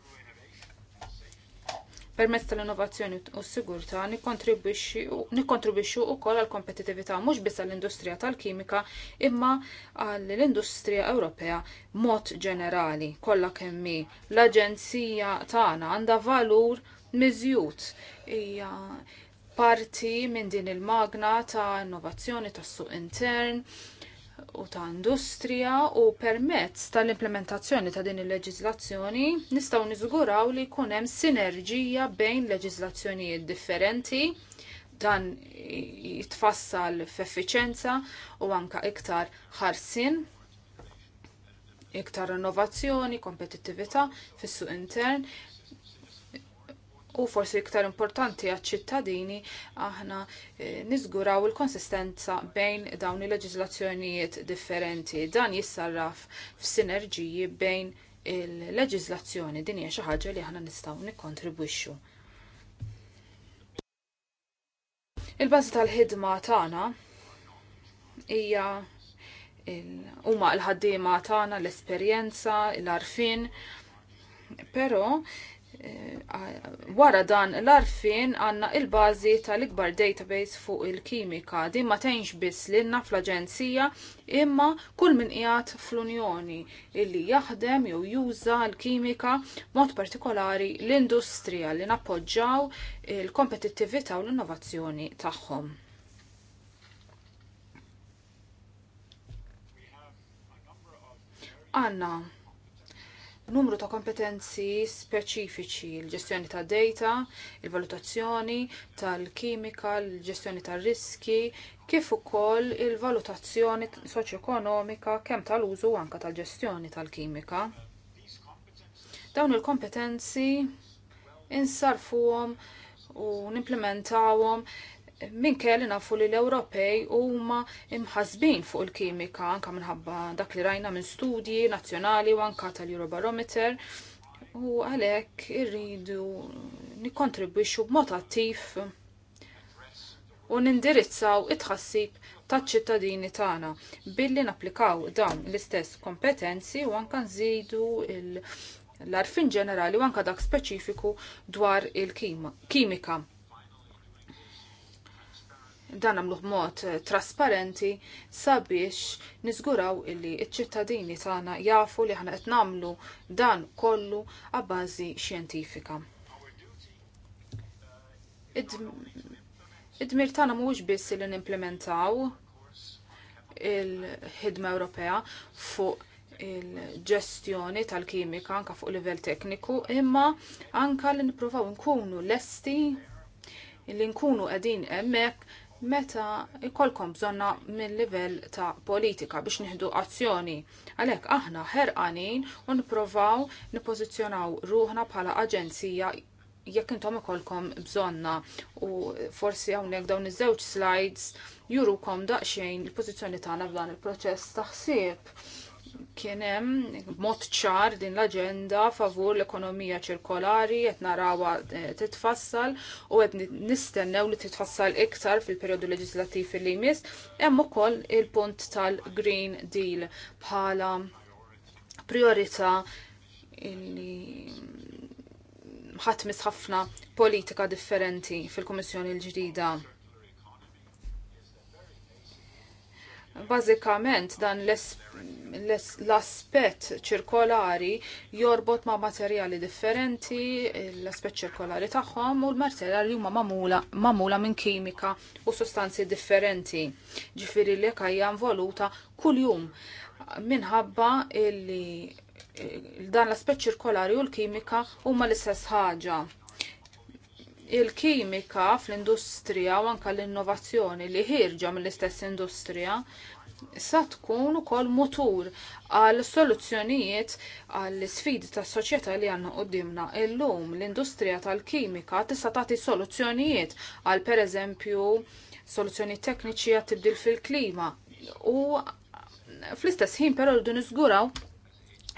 permezz tal-innovazzjoni u s-sigurtà nikkontribwixxu wkoll għall kompetitività mhux biss għall-industrija tal-kimika imma għall-industrija Ewropea mod ġenerali kollha kemm l-aġenzija tagħna għandha valur miżjud hija parti minn din il-magna ta' innovazzjoni tas-suq intern u ta' industrija u permezz tal-implementazzjoni ta' din il-leġizlazzjoni nistgħu niżguraw li jkun hemm sinerġija bejn leġizlazzjonijiet differenti dan jitfassal f'effiċenza u anka iktar ħarsin iktar innovazzjoni, kompetittività fis-suq intern u forsi iktar importanti għaċ-ċittadini aħna eh, niżguraw il-konsistenza bejn dawn il-leġiżlazzjonijiet differenti. Dan jissarraf f'sinerġiji bejn il-leġiżlazzjoni din hija xi ħaġa li aħna nistgħu nikkontribwixxu. Il-bażi tal-ħidma tagħna hija huma l-ħaddiema tagħna l-esperjenza, l-arfin, però Eh, wara dan l-arfin għanna il-bazi tal-ikbar database fuq il-kimika. Din ma tenx biss l fl-aġenzija imma kull min qiegħed fl-Unjoni illi jaħdem jew juża l-kimika mod partikolari l-industrija li nappoġġaw il-kompetittività u l-innovazzjoni tagħhom. Għanna numru ta' kompetenzi speċifiċi, il-ġestjoni ta' data, il-valutazzjoni tal-kimika, il-ġestjoni tar riski kif ukoll il-valutazzjoni soċjoekonomika kemm tal-użu anke tal-ġestjoni tal-kimika. Dawn il-kompetenzi insarfuhom u nimplementawhom minn kelli nafu li l-Ewropej huma imħazbin fuq il-kimika anka minħabba dak li rajna minn studji nazzjonali u anka tal-Eurobarometer u għalhekk irridu nikkontribwixxu b'mod attiv u nindirizzaw it-tħassib taċ-ċittadini tagħna billi napplikaw dawn l-istess kompetenzi u anka nżidu l-arfin ġenerali u anka dak speċifiku dwar il-kimika dan għamluħ mod eh, trasparenti sabiex nizguraw illi iċ-ċittadini tagħna jafu li ħana qed nagħmlu dan kollu għabbażi xjentifika. Id-dmir tagħna mhuwiex biss li nimplementaw il-ħidma Ewropea fuq il-ġestjoni tal-kimika anka fuq livell tekniku, imma anka li nippruvaw nkunu lesti li nkunu qegħdin hemmhekk meta ikolkom bżonna minn livell ta' politika biex nieħdu azzjoni. Għalhekk aħna ħerqanin u nipprovaw nippożizzjonaw ruħna bħala aġenzija jekk intom ikolkom bżonna u forsi hawnhekk dawn iż-żewġ slides jurukom daqsxejn il-pożizzjoni tagħna f'dan il-proċess ta' ħsieb kienem mod ċar din l-agenda favur l-ekonomija ċirkolari qed narawa eh, titfassal u qed nistennew li titfassal iktar fil-perjodu leġislattiv li jmiss hemm ukoll il-punt tal-Green Deal bħala priorità li ħatmis ħafna politika differenti fil-Kummissjoni l-ġdida Bażikament dan l-aspett ċirkolari jorbot ma' materjali differenti, l-aspett ċirkolari tagħhom u l-materjali huma magħmula minn kimika u sostanzi differenti. Ġifieri li hija involuta kuljum minħabba illi dan l-aspett ċirkolari u l-kimika huma l-istess ħaġa il-kimika fl-industrija u anke l-innovazzjoni li ħirġa mill-istess industrija sa tkun ukoll mutur għal soluzzjonijiet għall sfidi tas soċjetà li għandna qudiemna illum l-industrija tal-kimika tista' tagħti soluzzjonijiet għal pereżempju soluzzjonijiet tekniċi għat tibdil fil-klima u fl-istess ħin però rridu niżguraw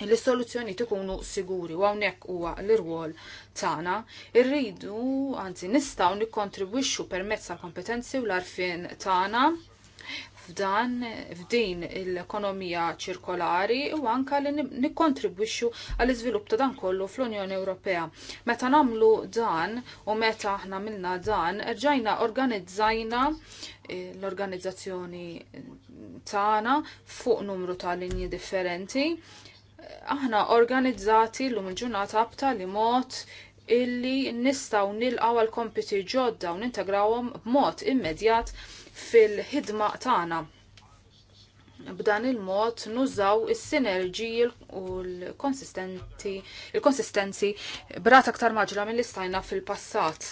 li soluzzjoni ikunu siguri u hawnhekk huwa l-irwol tagħna irridu anzi nistgħu nikkontribwixxu permezz tal-kompetenzi u l-arfin tagħna f'dan f'din l-ekonomija ċirkolari u anka li nikkontribwixxu għall iżvilupp ta' dan kollu fl-Unjoni Ewropea. Meta nagħmlu dan u meta aħna milna dan, rġajna organizzajna eh, l-organizzazzjoni tagħna fuq numru ta' linji differenti aħna organizzati l-lum il-ġurnata abta li mod illi nistaw nilqaw għal kompiti ġodda u nintegrawhom b'mod immedjat fil-ħidma tagħna. B'dan il-mod nużaw is-sinerġiji u l-konsistenti il-konsistenzi brata aktar maġla mill istajna fil-passat.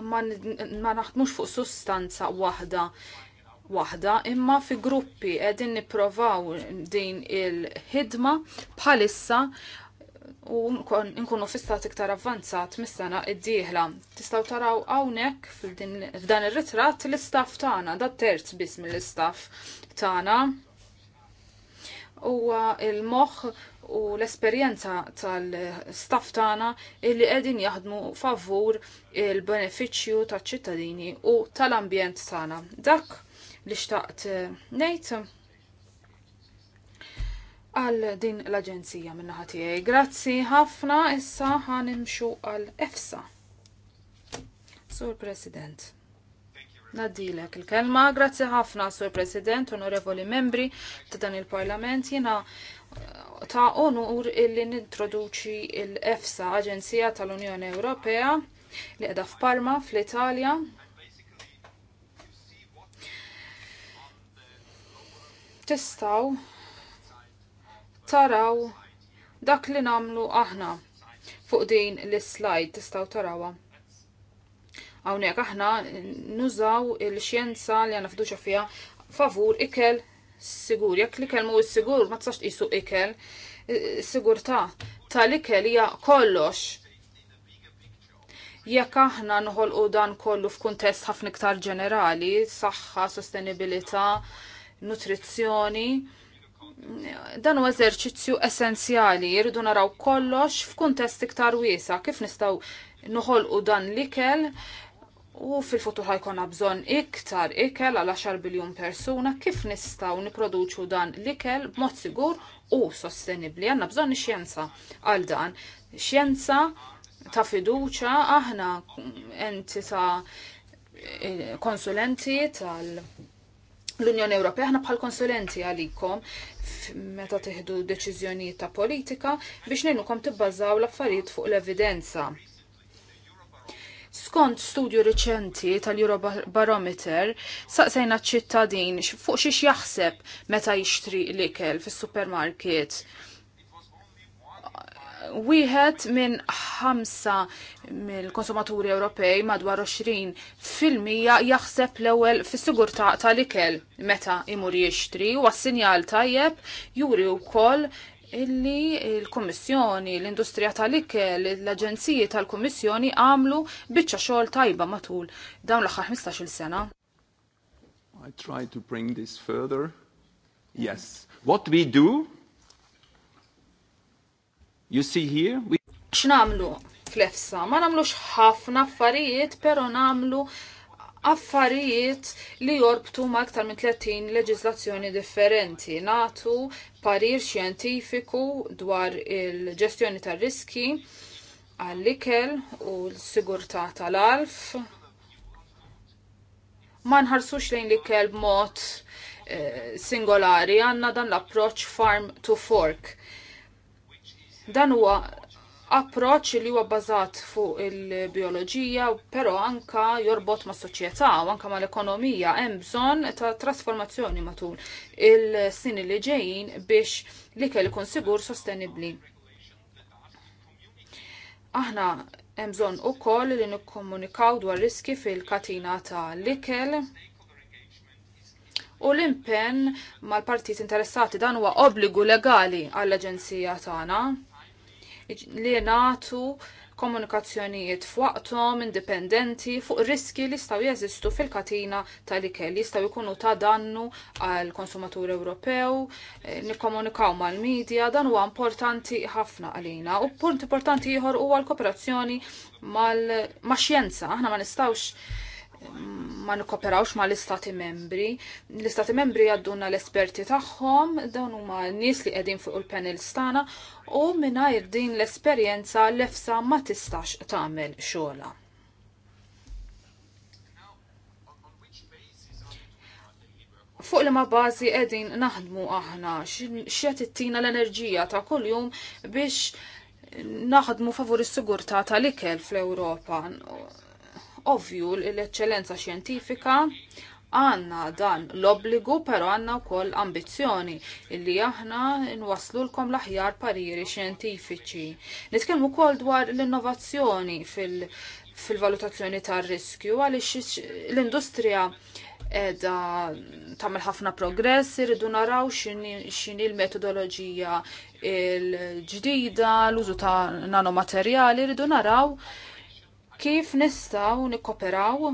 Ma, naħdmux fuq sustanza waħda waħda, imma fi gruppi qegħdin nipprovaw din il-ħidma bħalissa u nkunu fi iktar avvanzat mis-sena id-dieħla. Tistgħu taraw hawnhekk f'dan ir-ritratt l-istaff tagħna, da terz biss mill-istaff tagħna. Huwa il-moħħ u l-esperjenza tal-staff tagħna illi qegħdin jaħdmu favur il-benefiċċju taċ-ċittadini u tal-ambjent tagħna. Dak li xtaqt eh, ngħid għal din l-Aġenzija minnaħa tiegħi. Grazzi ħafna issa ħanimxu għal EFSA. Sur President. Naddilek il-kelma, grazzi ħafna Sur President, onorevoli membri ta' dan il-Parlament, jina eh, ta' onur illi nintroduċi il-EFSA, Aġenzija tal-Unjoni Ewropea, li qiegħda f'Parma fl-Italja tistaw taraw dak li namlu aħna fuq din l-slide tistaw tarawa. Hawnhekk aħna nużaw il-xjenza li għandna fiduċa fiha favur ikel sigur. Jekk li kelmu sigur ma tistax qisu ikel, sigurtà tal-ikel hija kollox. Jekk aħna nħolqu dan kollu f'kuntest ħafna iktar ġenerali, saħħa, sostenibilità, nutrizzjoni. Dan huwa eżerċizzju essenzjali, jridu naraw kollox f'kuntest iktar wiesa' kif nistgħu noħolqu dan l-ikel u fil-futur ħajkonna bżonn iktar ikel għal 10 biljun persuna kif nistgħu niproduċu dan l-ikel b'mod sigur u sostenibli. Għandna bżonn xjenza għal dan. Xjenza ta' fiduċa aħna entita' eh, konsulenti tal- l-Unjoni Ewropea ħna bħal konsulenti għalikom meta tiħdu deċiżjonijiet ta' politika biex nejnukom tibbażaw l-affarijiet fuq l-evidenza. Skont studju riċenti tal-Eurobarometer, saqsejna ċittadin fuq xiex jaħseb meta jixtri l-ikel fis-supermarket wieħed minn ħamsa mill-konsumaturi Ewropej madwar 20 fil-mija jaħseb l-ewwel fis-sigurtà tal-ikel meta imur jixtri u għas-sinjal tajjeb juri wkoll illi l-Kummissjoni, l-Industrija tal-Ikel, l-Aġenziji tal-Kummissjoni għamlu biċċa xogħol tajba matul dawn l-aħħar 15-il sena. I try to bring this further. Yes. What we do You see here? We... ċnamlu fl ma namlux ħafna affarijiet, pero namlu affarijiet li jorbtu ma aktar minn 30 leġislazzjoni differenti. Natu parir xjentifiku dwar il-ġestjoni tar-riski għall-ikel u l-sigurtà tal-alf. Ma nħarsux lejn l-ikel b'mod eh, singolari għanna dan l-approċ farm to fork Dan huwa approċ li huwa bbażat fuq il-bioloġija, però anka jorbot ma' soċjetà u anka ma' l-ekonomija hemm bżonn ta' trasformazzjoni matul il-sini li ġejjin biex l-ikel ikun sigur sostenibbli. Aħna hemm bżonn ukoll li nikkomunikaw dwar riski fil-katina ta' l-ikel u l-impenn mal-partit interessati dan huwa obbligu legali għall-Aġenzija tagħna li natu komunikazzjonijiet f'waqthom indipendenti fuq riski li jistgħu jeżistu fil-katina tal-ikel jistgħu jkunu ta' dannu għal konsumatur Ewropew, eh, nikkomunikaw mal-medja dan huwa importanti ħafna għalina. U punt importanti ieħor huwa l-kooperazzjoni mal-xjenza, aħna ma nistgħux ma nikkoperawx ma l-istati membri. L-istati membri għadduna l-esperti tagħhom, dawn huma nies li qegħdin fuq il panel tagħna u mingħajr din l-esperjenza l-efsa ma tistax tagħmel xogħla. Fuq li ma bażi qegħdin naħdmu aħna x'qed ittina l-enerġija ta' kuljum biex naħdmu favur is-sigurtà tal-ikel fl-Ewropa Ovvju l-eċċellenza xjentifika għanna dan l-obbligu pero għanna wkoll ambizzjoni illi aħna nwaslu lkom l-aħjar pariri xjentifiċi. Nitkellmu wkoll dwar l-innovazzjoni fil- fil-valutazzjoni tar riskju għaliex l-industrija edha tagħmel ħafna progress, irridu naraw x'inhi l-metodoloġija l-ġdida, l-użu ta' nanomaterjali, irridu naraw Kif nistaw nikkoperaw?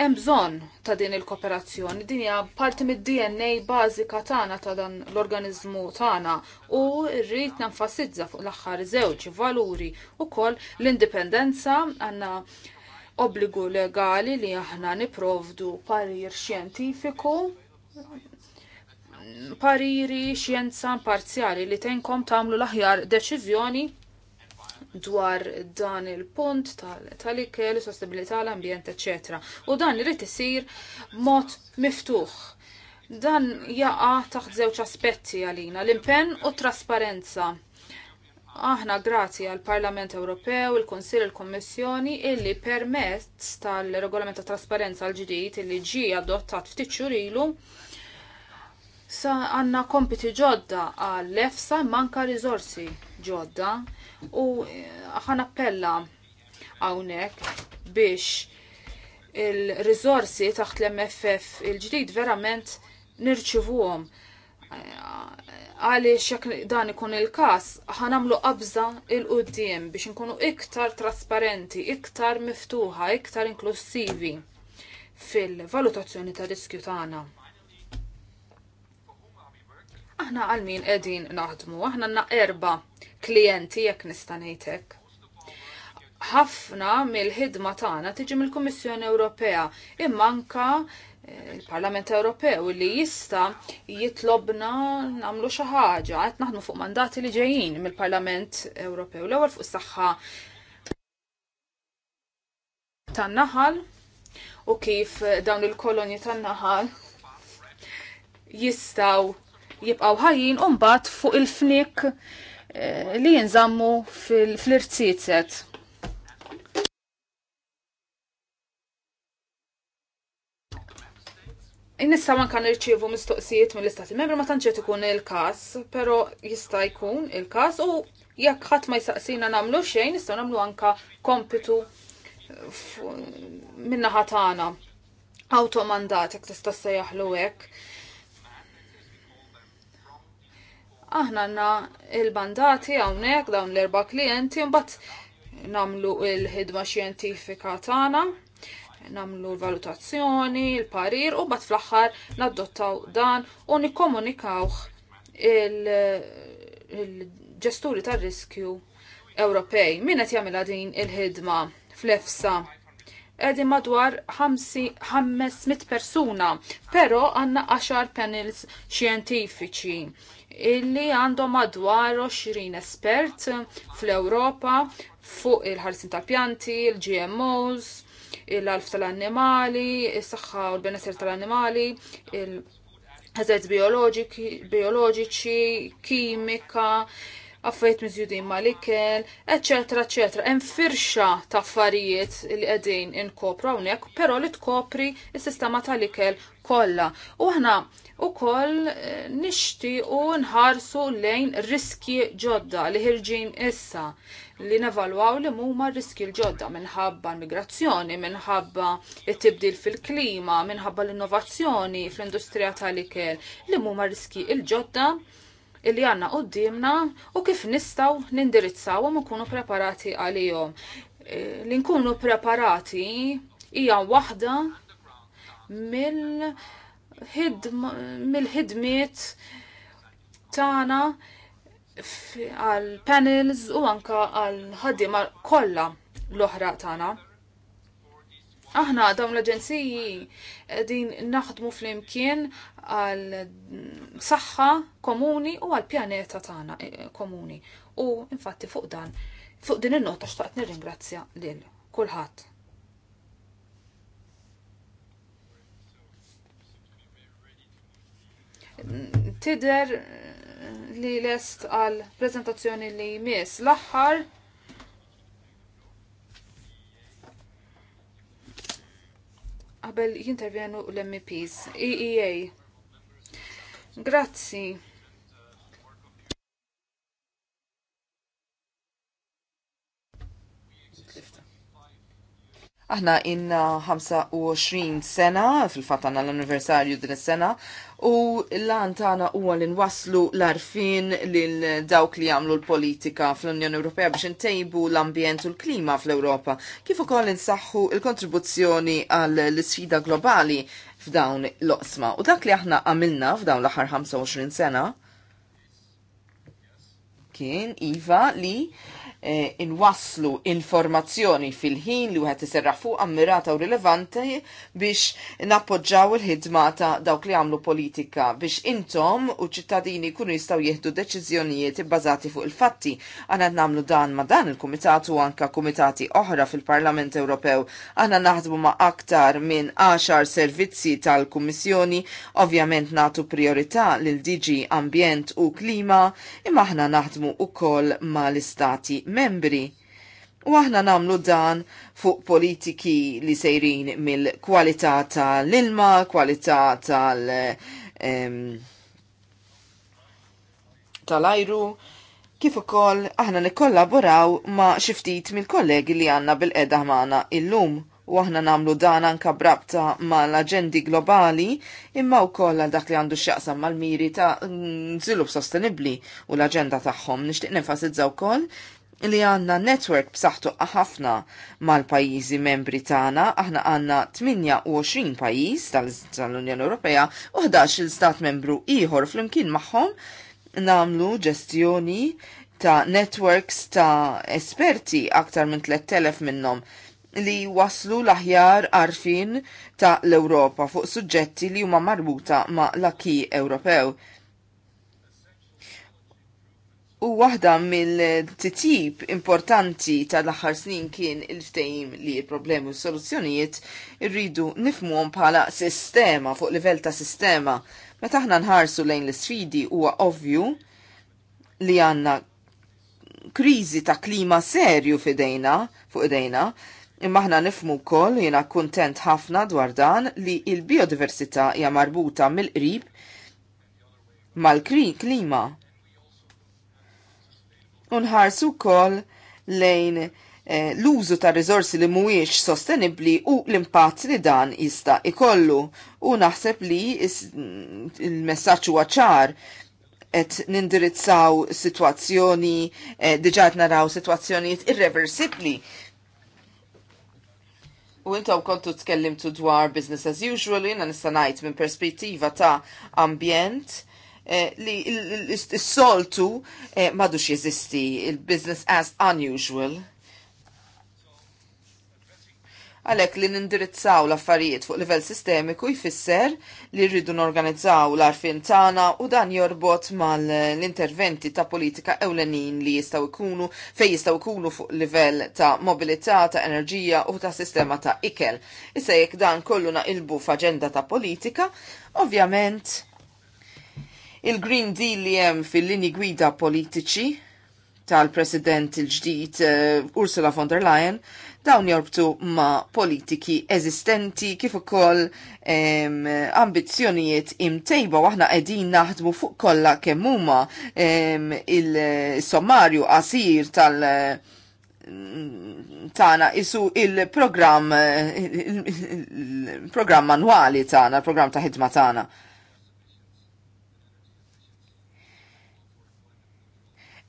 Hemm bżonn ta' din il-kooperazzjoni, din hija parti mid-DNA bażika tagħna ta' dan l-organizmu tagħna u rrid nenfasizza fuq l-aħħar żewġ valuri ukoll l-indipendenza għandna obbligu legali li aħna niprovdu parir xjentifiku pariri xjenza parzjali li tenkom tamlu l-aħjar deċiżjoni dwar dan il-punt tal-ikel, tal l-ambjent, etc. U dan irrid isir mod miftuħ. Dan jaqa taħt żewġ aspetti għalina, l-impenn u trasparenza. Aħna grazzi għal Parlament Ewropew, il-Konsil, il-Kommissjoni illi permezz tal-regolament ta' trasparenza l-ġdid illi ġi adottat ftit ilu Sa għanna kompiti ġodda għal-lefsa manka rizorsi ġodda u eh, ħan appella għawnek biex il-rizorsi taħt l-MFF il-ġdid verament nirċivuhom għaliex jekk dan ikun il-każ ħanamlu qabża il qudiem biex nkunu iktar trasparenti, iktar miftuħa, iktar inklusivi fil-valutazzjoni ta' riskju tagħna aħna għal min qegħdin naħdmu, aħna għandna erba' klijenti jekk nista' ngħidlek. Ħafna mill-ħidma tagħna tiġi mill-Kummissjoni Ewropea imma anka eh, il-Parlament Ewropew li jista' jitlobna nagħmlu xi ħaġa qed naħdmu fuq mandati li ġejjin mill-Parlament Ewropew l-ewwel fuq saħħa tan-naħal u kif dawn il-kolonji tan-naħal jistaw jibqaw ħajjin u mbagħad fuq il-fnik eh, li jinżammu fil-irtizet. Nista man kan irċivu mistoqsijiet mill-istati membri ma tantx ikun il-każ, però jista' jkun il-każ u jekk ħadd ma jsaqsina nagħmlu xejn nistgħu nagħmlu anka kompitu eh, minna ħatana. awtomandat jekk tista' sejjaħlu hekk. aħna għanna il-bandati għawnek dawn l-erba klienti mbagħad namlu il-ħidma xjentifika tagħna namlu l-valutazzjoni, il-parir u bat fl-axħar naddottaw dan u nikkomunikawh il-ġesturi il tar-riskju Ewropej. Min qed jagħmilha din il-ħidma fl-EFSA? Qegħdin madwar 500 persuna, però għandna 10 panels xjentifiċi illi għandhom madwar 20 espert fl-Ewropa fuq il-ħarsin ta' pjanti il-GMOs, il-alf tal-annimali, il-saxħa u l-benessir tal-annimali, il-ħazet bioloġiċi, kimika, affarijiet miżjudin mal-ikel, eccetera, eccetera. Hemm firxa ta' affarijiet li qegħdin inkopru hawnhekk, però li tkopri s-sistema tal-ikel kollha. U aħna u koll eh, nishti u nħarsu lejn riski ġodda li ħirġin issa li nevalwaw li mumma riski l-ġodda minħabba migrazzjoni, minħabba it-tibdil fil-klima, minħabba l-innovazzjoni fl-industrija tal-ikel, li mumma riski l-ġodda li għanna qoddimna u kif nistaw nindirizzawhom u mkunu preparati għalihom. Eh, li nkunu preparati hija waħda mill- mill-ħidmiet tagħna għal panels u anka għal ħaddiema kollha l-oħra tagħna. Aħna dawn l-aġenziji din naħdmu fl-imkien għal saħħa komuni u għal pjaneta tagħna eh, komuni. U infatti fuq dan, fuq din il-nota xtaqt nirringrazzja lil kulħadd. tider li lest għal prezentazzjoni li jmiss. L-aħħar qabel jintervjenu l-MPs, EEA. Grazzi. Aħna inna 25 sena, fil-fat għanna l-anniversarju din is-sena, u l-għan tagħna huwa li nwasslu l-arfin lil dawk li jagħmlu l-politika fl-Unjoni Ewropea biex intejbu l-ambjent u l-klima fl-Ewropa, kif ukoll insaħħu l-kontribuzzjoni għal l-isfida globali f'dawn l osma U dak li aħna għamilna f'dawn l-aħħar 25 sena kien iva li eh, inwasslu informazzjoni fil-ħin li wieħed iserraħ fuq ammirata u rilevanti biex nappoġġaw il-ħidma ta' dawk li għamlu politika biex intom u ċittadini kunu jistgħu jieħdu deċiżjonijiet bbażati fuq il-fatti. Għana namlu dan ma' dan il-Kumitat u anka kumitati oħra fil-Parlament Ewropew. Għana naħdmu ma' aktar minn 10 servizzi tal-Kummissjoni, ovvjament natu priorità lil DG Ambjent u Klima, imma aħna naħdmu ukoll mal istati membri. U aħna namlu dan fuq politiki li sejrin mill-kwalità tal-ilma, kwalità tal- tal-ajru, kif ukoll aħna nikkollaboraw ma' xiftit mill-kollegi li għanna bil-qeda ħmana illum u aħna namlu dan anka brabta ma' l-aġendi globali imma wkoll għal dak li għandu x'jaqsam mal-miri ta' mm, żvilupp sostenibbli u l-aġenda tagħhom. Nixtieq nenfasizza koll li għanna network b'saħħtu ħafna mal-pajjiżi membri tagħna, aħna għandna 28 pajjiż tal-Unjoni Ewropea u 11 il-stat membru ieħor flimkien magħhom namlu ġestjoni ta' networks ta' esperti aktar minn 3000 minnhom li waslu l-aħjar arfin ta' l-Europa fuq suġġetti li huma marbuta ma' l-akki Ewropew U waħda mill-titjib importanti tal-aħħar snin kien il-ftejim li il-problemi u s-soluzzjonijiet irridu nifmuhom bħala sistema fuq livell ta' sistema. Meta aħna nħarsu lejn l-sfidi huwa ovvju li għanna kriżi ta' klima serju fidejna fuq idejna, imma aħna nifmu wkoll jiena kuntent ħafna dwar dan li il-biodiversità hija marbuta mill-qrib mal-klima unħarsu kol lejn eh, l-użu ta' rizorsi li mhuwiex sostenibbli u l-impatt li dan jista' ikollu. U naħseb li mm, il-messaġġ huwa ċar et nindirizzaw situazzjoni, eh, diġat naraw situazzjonijiet irreversibli. U intom kontu tkellimtu dwar business as usual, jina nistanajt minn perspettiva ta' ambjent, Eh, li s-soltu eh, madux jeżisti il-business as unusual. Għalek li nindirizzaw l-affarijiet fuq livell sistemiku jfisser li rridu norganizzaw l-arfin tana u dan jorbot mal-interventi ta' politika ewlenin li jistaw ikunu fej jistaw ikunu fuq livell ta' mobilità, ta' enerġija u ta' sistema ta' ikel. Issa jekk dan kollu ilbu f'agenda ta' politika, ovvjament Il-Green Deal li hemm fil-lini gwida politiċi tal-President il-ġdid uh, Ursula von der Leyen dawn jorbtu ma' politiki eżistenti kif ukoll um, ambizzjonijiet imtejba waħna qegħdin naħdmu fuq kollha kemm huma um, il-sommarju qasir tal- tana isu il-programm il-programm manwali tana, il-programm ta' ħidma tana.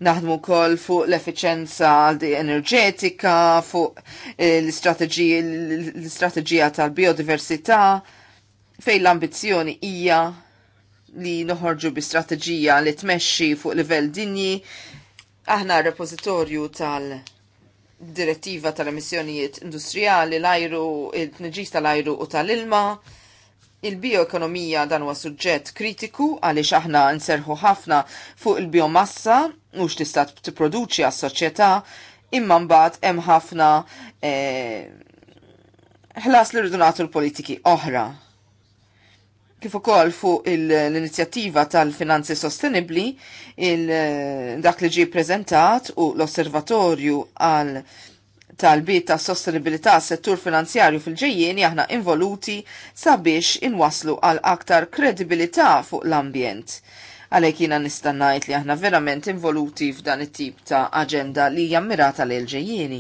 Naħdmu kol fuq l-efficienza enerġetika, fuq eh, l-istrateġija tal-biodiversità, fej l-ambizjoni hija li noħorġu bi strateġija li tmexxi fuq livell dinji. Aħna repozitorju tal- direttiva tal-emissjonijiet industrijali, l-ajru, il-tneġis tal-ajru u tal-ilma, il-bioekonomija dan huwa suġġett kritiku għaliex aħna nserħu ħafna fuq il-biomassa mhux tista' tipproduċi għas-soċjetà imma mbagħad hemm ħafna eh, ħlas li rridu nagħtu l-politiki oħra. Kif ukoll fuq l-inizjattiva tal-finanzi sostenibbli dak li ġie preżentat u l-osservatorju għal tal-bit ta' sostenibilità settur finanzjarju fil-ġejjien aħna involuti sabiex inwaslu għal aktar kredibilità fuq l-ambjent Għalhekk jiena nista' ngħid li aħna verament involuti f'dan it-tip ta' aġenda li hija mirata lil ġejjieni.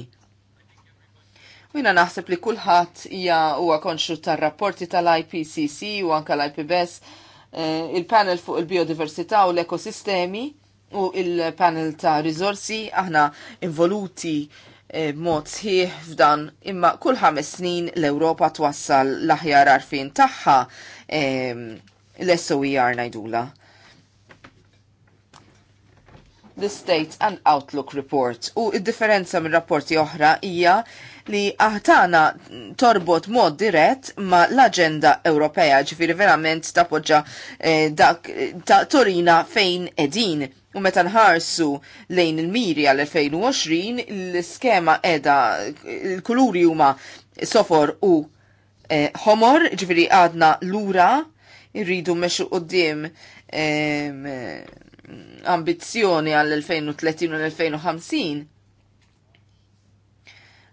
U jiena naħseb li kulħadd hija huwa konxu tar-rapporti tal-IPCC u anke l-IPBS eh, il-panel fuq il-biodiversità u l-ekosistemi u il-panel ta' rizorsi aħna involuti eh, mod sħiħ f'dan imma kull ħames snin l-Ewropa twassal l-aħjar arfin tagħha eh, l-SOER ngħidula the State and Outlook Report. U id-differenza minn rapporti oħra hija li aħtana torbot mod dirett ma l-agenda Ewropea, ġifiri verament tapoġġa eh, dak ta' Torina fejn edin. U meta nħarsu lejn il-miri għal-2020, l-skema edha, l-kuluri huma sofor u eh, homor, ġifiri għadna l-ura, irridu meċu qoddim eh, ambizzjoni għall-2030 u l-2050.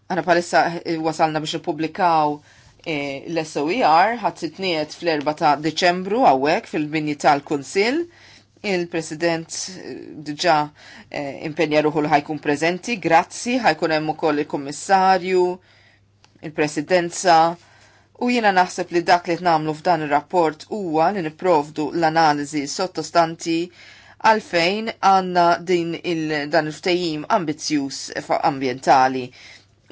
Għana palissa wasalna biex publikaw eh, l-SOER ħadd titniet fl-4 ta' Deċembru għawek fil-binji tal-Kunsill. Il-President eh, diġa eh, impenja ruħu li ħajkun prezenti, grazzi, ħajkun hemm ukoll il-Kummissarju, il-Presidenza, U jiena naħseb li dak li tnamlu f'dan ir-rapport huwa li nipprovdu l-analiżi sottostanti għalfejn għanna din il dan il-ftejim ambizjuż ambientali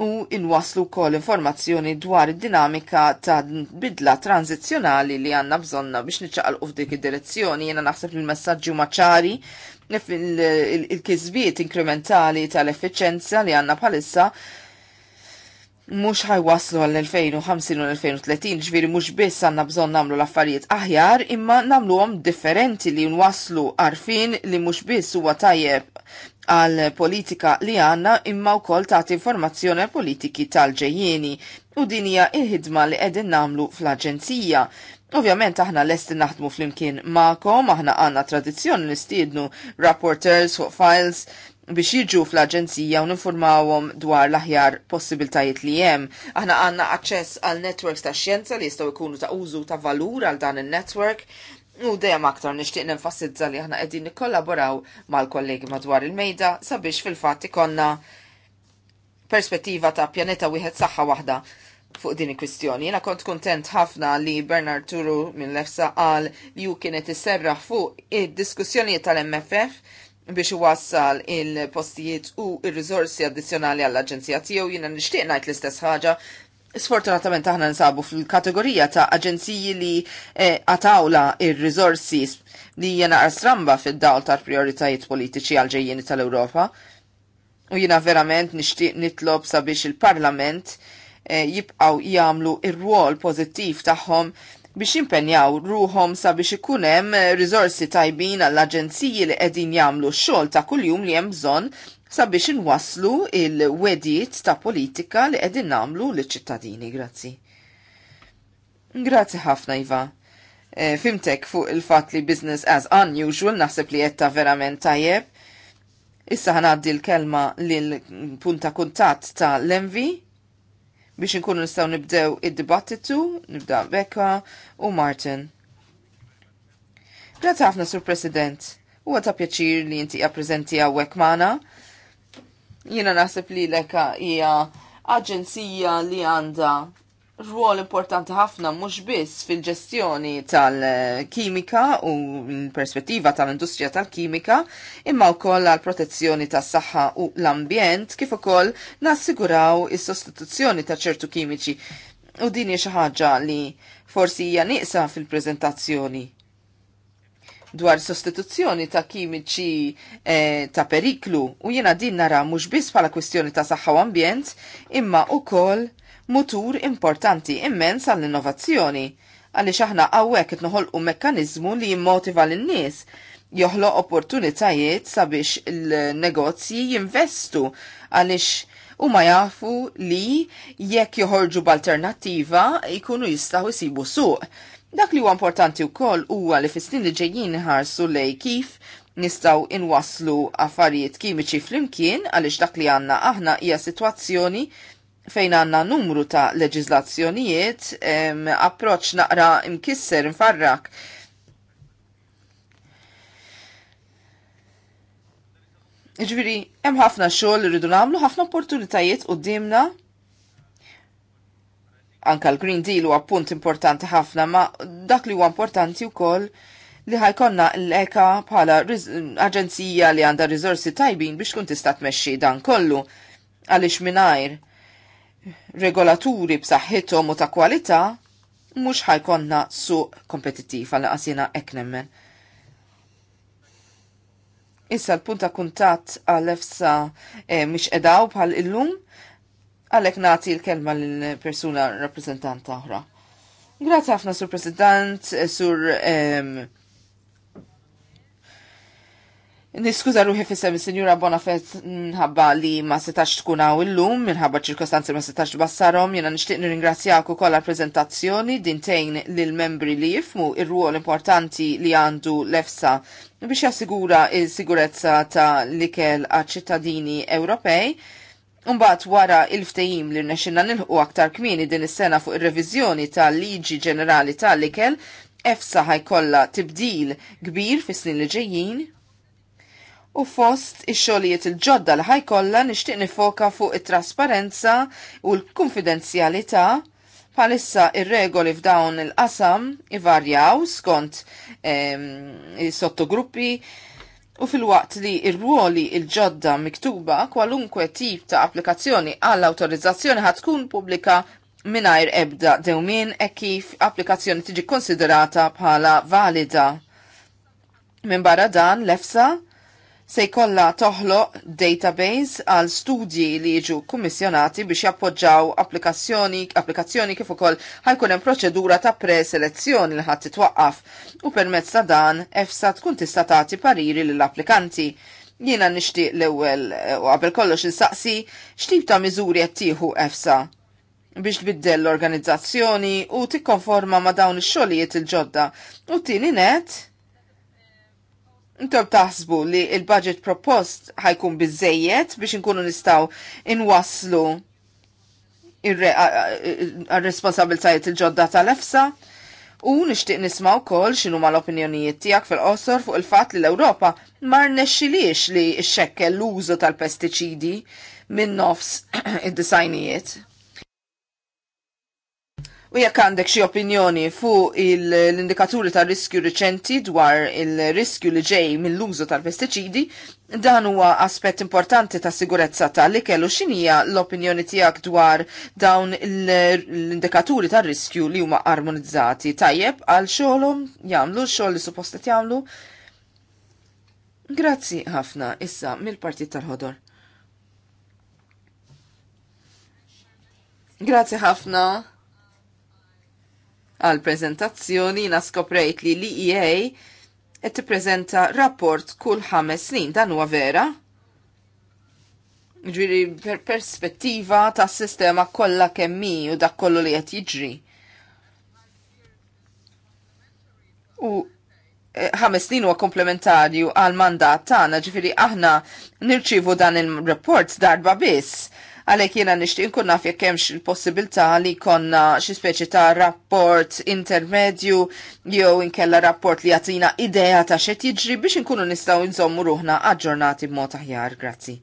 u inwaslu kol informazzjoni dwar id-dinamika ta' bidla tranzizjonali li għanna bżonna biex niċċaqal u f'dik id-direzzjoni jena naħseb il-messagġi maċari il-kizbiet inkrementali tal efficienza li għanna palissa mux ħajwaslu għall-2050 u l-2030, ġviri mux biss għanna bżon namlu l-affarijiet aħjar, imma namlu għom differenti li nwaslu għarfin li mux biss huwa tajjeb għal politika li għanna imma u kol taħt informazzjoni politiki tal-ġejjeni u dinija il-ħidma li għedin namlu fl-Aġenzija. Ovvjament aħna lesti naħdmu fl-imkien ma'kom, aħna għanna tradizjoni nistiednu rapporters fuq files biex jiġu fl-Aġenzija u ninformawhom dwar l-aħjar possibiltajiet li hemm. Aħna għandna aċċess għal networks ta' xjenza li jistgħu jkunu ta' użu ta' valur għal dan il-network U dejjem aktar nixtieq nenfasizza li aħna qegħdin nikkollaboraw mal-kollegi madwar il-mejda sabiex fil-fatt ikonna perspettiva ta' pjaneta wieħed saħħa waħda fuq din il-kwistjoni. Jena kont kontent ħafna li Bernard Turu minn lefsa qal li ju kienet isserraħ fuq id-diskussjonijiet tal-MFF biex iwassal il-postijiet u il-rizorsi addizjonali għall-Aġenzija tiegħu jiena nixtieq ngħid l-istess ħaġa Sfortunatament aħna nsabu fil-kategorija ta' aġenziji li eh, għatawla eh, il rizorsi li jena stramba fil-dawl tal prioritajiet politiċi għal-ġejjeni tal-Ewropa. U jena verament nixtieq nitlob sabiex il-Parlament eh, jibqaw jagħmlu ir-rwol pożittiv tagħhom biex impenjaw ruhom sabiex ikun hemm riżorsi tajbin għall-aġenziji li qegħdin jagħmlu x-xogħol ta' kuljum li hemm bżonn sabiex inwasslu il wediet ta' politika li qegħdin nagħmlu liċ-ċittadini. Grazzi. Grazzi ħafna Iva. E, fimtek fuq il-fatt li business as unusual naħseb li jetta verament tajjeb. Issa ħanaddi l-kelma lil punta kuntat ta' l-envi biex inkunu nistgħu nibdew id-dibattitu, nibda Bekka u Martin. Grazie ħafna sur President, huwa ta' pjaċir li inti hija preżenti hawnhekk Jina Jiena naħseb li eka hija aġenzija li għandha rwol importanti ħafna mhux biss fil-ġestjoni tal-kimika u l-perspettiva tal-industrija tal-kimika, imma wkoll għal protezzjoni tas-saħħa u l-ambjent kif ukoll nassiguraw is-sostituzzjoni ta' ċertu kimiċi. U din hija xi ħaġa li forsi hija nieqsa fil-preżentazzjoni dwar sostituzzjoni ta' kimiċi e, ta' periklu u jiena din nara mhux biss bħala kwistjoni ta' saħħa u ambjent, imma ukoll mutur importanti immens għall-innovazzjoni għaliex aħna għawek noħolqu mekkanizmu li jimmotiva l-nies joħloq opportunitajiet sabiex il-negozji jinvestu għaliex u ma jafu li jekk joħorġu b'alternattiva jkunu jistaw jisibu suq. Dak li huwa importanti wkoll huwa li fis-snin li ġejjin ħarsu lej kif nistaw inwaslu affarijiet kimiċi flimkien għaliex dak li għanna aħna hija sitwazzjoni fejn għanna numru ta' leġizlazzjonijiet, approċ naqra imkisser, infarrak. Ġviri, hemm ħafna xogħol li rridu nagħmlu, ħafna opportunitajiet dimna. Anka l-Green Deal huwa punt importanti ħafna, ma dak li huwa importanti wkoll li ħajkonna l-eka bħala aġenzija li għandha riżorsi tajbin biex kun tista' tmexxi dan kollu għaliex mingħajr regolaturi b'saħħithom u ta' kwalità mhux ħajkonna suq kompetittiv għal qasina hekk nemmen. Issa l-punt ta' kuntatt għal efsa eh, mhix qedaw bħal illum għalhekk nagħti l-kelma lill persuna rappreżentanta oħra. Grazie ħafna sur President, eh, sur em, Niskuza ruħi fissem il-Sinjura Bonafet nħabba li ma setax tkun hawn illum minħabba ċirkostanzi ma setax bassarom jiena nixtieq nirringrazzjaku ukoll għall-preżentazzjoni dintejn tgħin membri li jifmu il ruol importanti li għandu l-EFSA biex jassigura il-sigurezza ta' l-ikel għaċ-ċittadini Ewropej. Umbat wara il-ftejim li rnexxinna nilħu aktar kmini din is-sena fuq ir-reviżjoni tal-liġi ġenerali tal-ikel, EFSA ħajkolla tibdil kbir fis-snin li ġejjin U fost ix-xogħlijiet il-ġodda li ħajkollha nixtieq nifoka fuq it-trasparenza u l-konfidenzjalità bħalissa ir-regoli f'dawn il-qasam ivarjaw skont ehm, sottogruppi u fil-waqt li ir-ruoli il-ġodda miktuba kwalunkwe tip ta' applikazzjoni għall-autorizzazzjoni ħatkun pubblika mingħajr ebda dewmin e kif applikazzjoni tiġi konsiderata bħala valida. Minn barra dan l-EFSA se jkollha toħloq database għal studji li jiġu kummissjonati biex jappoġġaw applikazzjoni applikazzjoni kif ukoll ħajkun hemm proċedura ta' preselezzjoni li ħadd titwaqqaf u permezz ta' dan EFSA tkun tista' tagħti pariri lill applikanti Jiena nixtieq l-ewwel eh, u qabel kollox insaqsi x'tip ta' miżuri qed tieħu EFSA biex tbiddel l-organizzazzjoni u tikkonforma ma' dawn ix-xogħlijiet il-ġodda. U tieni net Intom taħsbu li il-budget propost ħajkun bizzejiet biex nkunu nistaw inwaslu il responsabiltajiet il-ġodda tal-EFSA u nishtiq nismaw kol xinu ma l-opinjonijiet tijak fil-qosor fuq il-fat li l-Europa mar nesċiliex li xekkel l-użu tal-pesticidi minn nofs id-disajnijiet. U jekk għandek xi opinjoni fuq l-indikaturi ta' riskju riċenti dwar il-riskju li ġej mill-użu tal-pestiċidi, dan huwa aspett importanti ta' sigurezza ta' li kellu xinija l-opinjoni tiegħek dwar dawn l-indikaturi ta' riskju li huma armonizzati tajjeb għal xogħolhom jagħmlu xogħol li suppost jagħmlu. Grazzi ħafna issa mill-Partit tal-Ħodor. Grazzi ħafna għal prezentazzjoni na skoprejt li l-EA qed tippreżenta rapport kull ħames snin dan huwa vera. Ġiri per perspettiva ta' sistema kollha kemmi u dak kollu li qed jiġri. U e, ħames snin huwa komplementarju għal mandat tagħna, ġifieri aħna nirċivu dan il-rapport darba biss Għalek jena nishti nkun naf jekk hemmx il-possibilità li konna xi speċi ta' rapport intermedju jew inkella rapport li jagħtina idea ta' xe jiġri biex inkunu nistgħu nżommu ruħna aġġornati b'mod aħjar. Grazzi.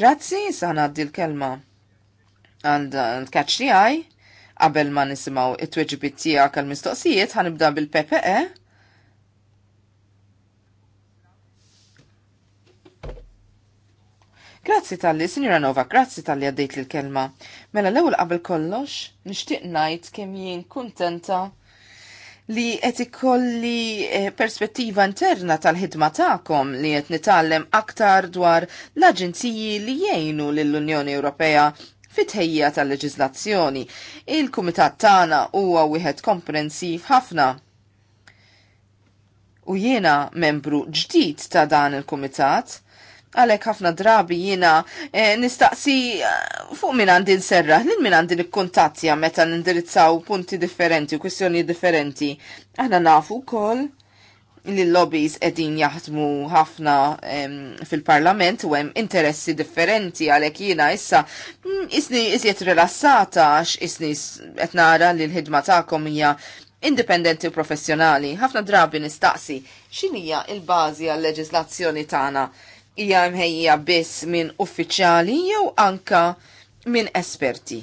Grazzi, sana ngħaddi l-kelma. Għand l-kaċċi għaj, qabel ma nisimgħu it-tweġibiet tiegħek għall mistoqsijiet għanibda bil-PPE Grazzi tal-li, Sinjora Nova, grazzi tal-li għaddejt l-kelma. Mela l-ewel qabel kollox, nishtiq najt kemm jien kuntenta li qed ikolli eh, perspettiva interna tal-ħidma tagħkom li qed nitallem aktar dwar l-aġenziji li jgħinu lill-Unjoni Ewropea fit-ħejja tal-leġiżlazzjoni. Il-kumitat tagħna huwa wieħed komprensiv ħafna. U jiena membru ġdid ta' dan il-kumitat Għalek ħafna drabi jina e, nistaqsi eh, fuq minn għandi nserraħ, lil minn għandi nikkuntattja meta nindirizzaw punti differenti u kwistjoni differenti. Aħna nafu kol li l-lobbies edin jaħdmu ħafna fil-parlament u hemm interessi differenti għalek jina issa mm, isni iżjed rilassata għax isni qed nara li l-ħidma tagħkom hija indipendenti u professjonali. Ħafna drabi nistaqsi x'inhija il-bażi għal leġislazzjoni tagħna hija mħejja biss minn uffiċjali jew anka minn esperti.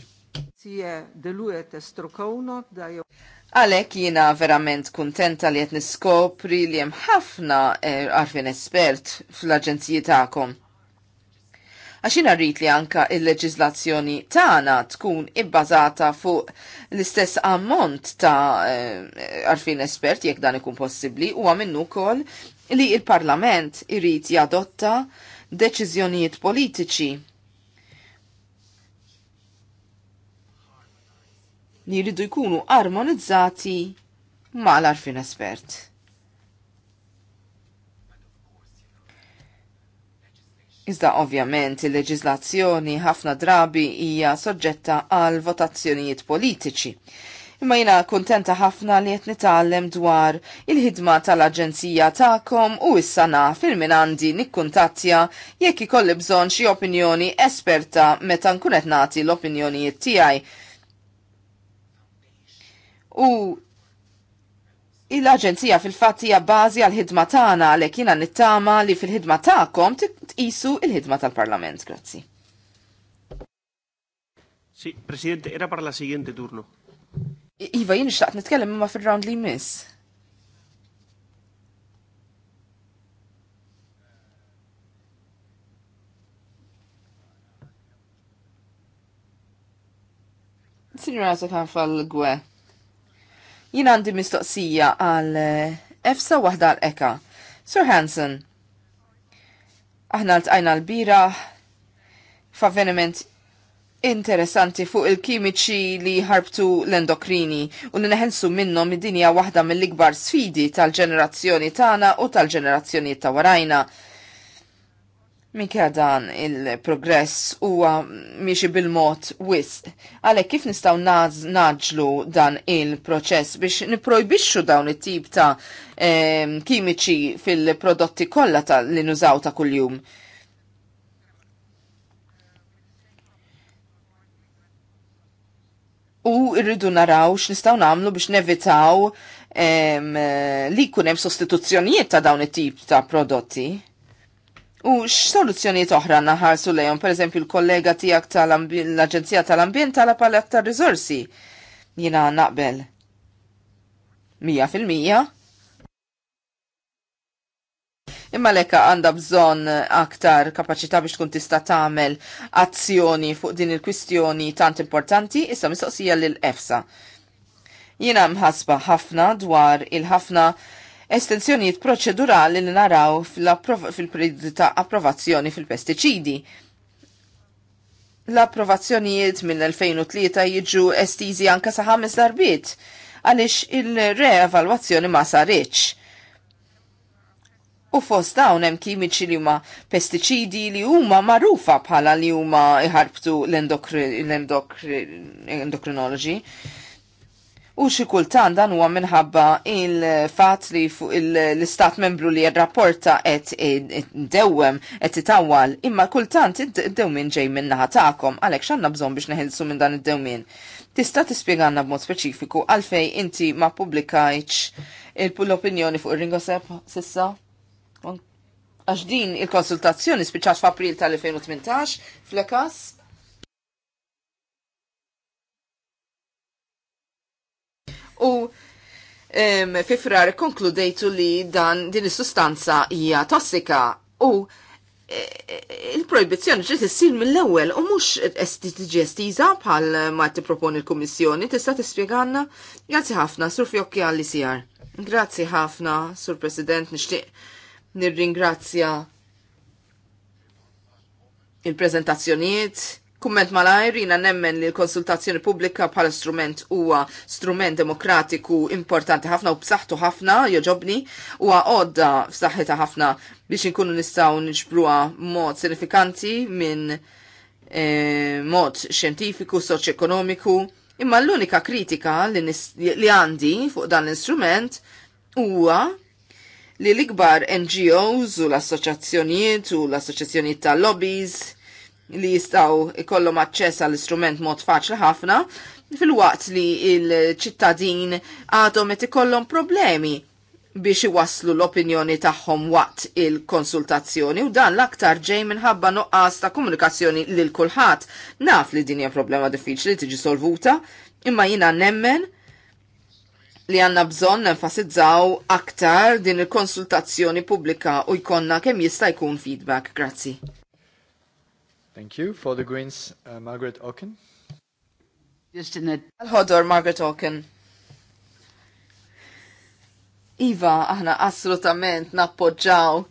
Għalek jina verament kuntenta li qed niskopri li hemm ħafna eh, għarfin espert fl-aġenziji tagħkom. Għaxina rrit li anka il-leġizlazzjoni tagħna tkun ibbażata fuq l-istess ammont ta' eh, għarfin espert jekk dan ikun possibbli huwa għamennu kol li il-Parlament irrit jadotta deċiżjonijiet politiċi li jridu jkunu armonizzati mal-arfin espert. Iżda ovvjament il-leġizlazzjoni ħafna drabi hija soġġetta għal votazzjonijiet politiċi imma jina kontenta ħafna li qed nitgħallem dwar il-ħidma tal-Aġenzija tagħkom u issa sana il-min għandi nikkuntattja jekk ikolli bżonn xi opinjoni esperta meta nkun qed nagħti l-opinjonijiet tiegħi. U l-Aġenzija fil-fatt hija bażi għal ħidma tagħna għalhekk jiena nittama li fil-ħidma tagħkom tqisu il-ħidma tal-Parlament. Grazzi. Sì, Presidente, era per la siguiente turno. Iva, jien xtaqt nitkellem imma fil-round li miss. Sinjora kan fal-gwe. Jien għandi mistoqsija għal eh, efsa waħda għal eka. Sir Hansen, aħna l tajna l-bira f'avveniment interessanti fuq il-kimiċi li ħarbtu l-endokrini u li neħensu minnom id-dinja waħda mill-ikbar sfidi tal-ġenerazzjoni tagħna u tal-ġenerazzjoni ta' warajna. Minkja dan il-progress huwa miexi bil-mod wisq. Għalhekk kif nistgħu naġlu dan il-proċess biex niprojbixxu dawn it-tip ta' kimiċi fil-prodotti kollha li nużaw ta' kuljum. u rridu naraw x'nistgħu nagħmlu biex nevitaw em, li jkun hemm sostituzzjonijiet ta' dawn it-tip ta' prodotti. U x'soluzzjonijiet oħra naħarsu lejhom, pereżempju l-kollega tiegħek tal-Aġenzija tal-Ambjent tal palet tar riżorsi. Jiena naqbel. Mija fil-mija Imma lekka għanda bżon aktar kapacità biex tkun tista' tagħmel azzjoni fuq din il-kwistjoni tant importanti, issa mistoqsija lil efsa Jiena mħasba ħafna dwar il-ħafna estensjonijiet proċedurali li naraw fil-periodu ta' approvazzjoni fil-pestiċidi. L-approvazzjonijiet mill-2003 jiġu estizi anka sa' ħames darbiet għaliex il-re evalwazzjoni ma saritx u fost dawn hemm kimiċi li huma pestiċidi li huma magħrufa bħala li huma iħarbtu l-endokrinoloġi. U xi kultan dan huwa minħabba il-fatt li fuq l-istat membru li jirrapporta qed dewwem qed itawwal, imma kultant id-dewmin ġej minnaħa tagħkom għalhekk x'għandna bżonn biex neħilsu minn dan id-dewmin. Tista' tispjegana b'mod speċifiku għalfej inti ma pubblikajtx l-opinjoni fuq ir-ringosep sissa? għax din il-konsultazzjoni spiċċax f'April tal-2018 fl-ekas U um, fifrar konkludejtu li dan din is-sustanza hija tossika u e, e, il-projbizzjoni ġiet issir mill-ewwel u mhux tiġi estiża bħal ma tipproponi l-Kummissjoni tista' tispjegana. Grazzi ħafna, Sur Fjokki għall Grazzi ħafna, Sur President, nixtieq nirringrazzja il prezentazzjoniet kumment malajr jina nemmen li l-konsultazzjoni pubblika bħala strument huwa strument demokratiku importanti ħafna u b'saħħtu ħafna joġobni huwa għodda f'saħħita ħafna biex inkunu nistgħu niġbruha mod sinifikanti minn eh, mod xjentifiku, soċ-ekonomiku. Imma l-unika kritika li, li għandi fuq dan l-instrument huwa li l-ikbar NGOs u l-assoċazzjonijiet u l-assoċazzjonijiet tal-lobbies li jistaw ikollhom aċċess għall istrument mod faċli ħafna fil-waqt li il-ċittadin għadhom qed ikollhom problemi biex iwaslu l-opinjoni tagħhom waqt il-konsultazzjoni u dan l-aktar ġej minħabba noqqas ta' komunikazzjoni lil kulħadd. Naf li din hija problema diffiċli tiġi solvuta, imma jiena nemmen li għanna bżon nenfasizzaw aktar din il-konsultazzjoni pubblika u jkonna kemm jista' jkun feedback. Grazzi. Thank you. For the Greens, uh, Margaret Oken. Just in Al-ħodor, Margaret Oken. Iva, aħna assolutament nappoġġaw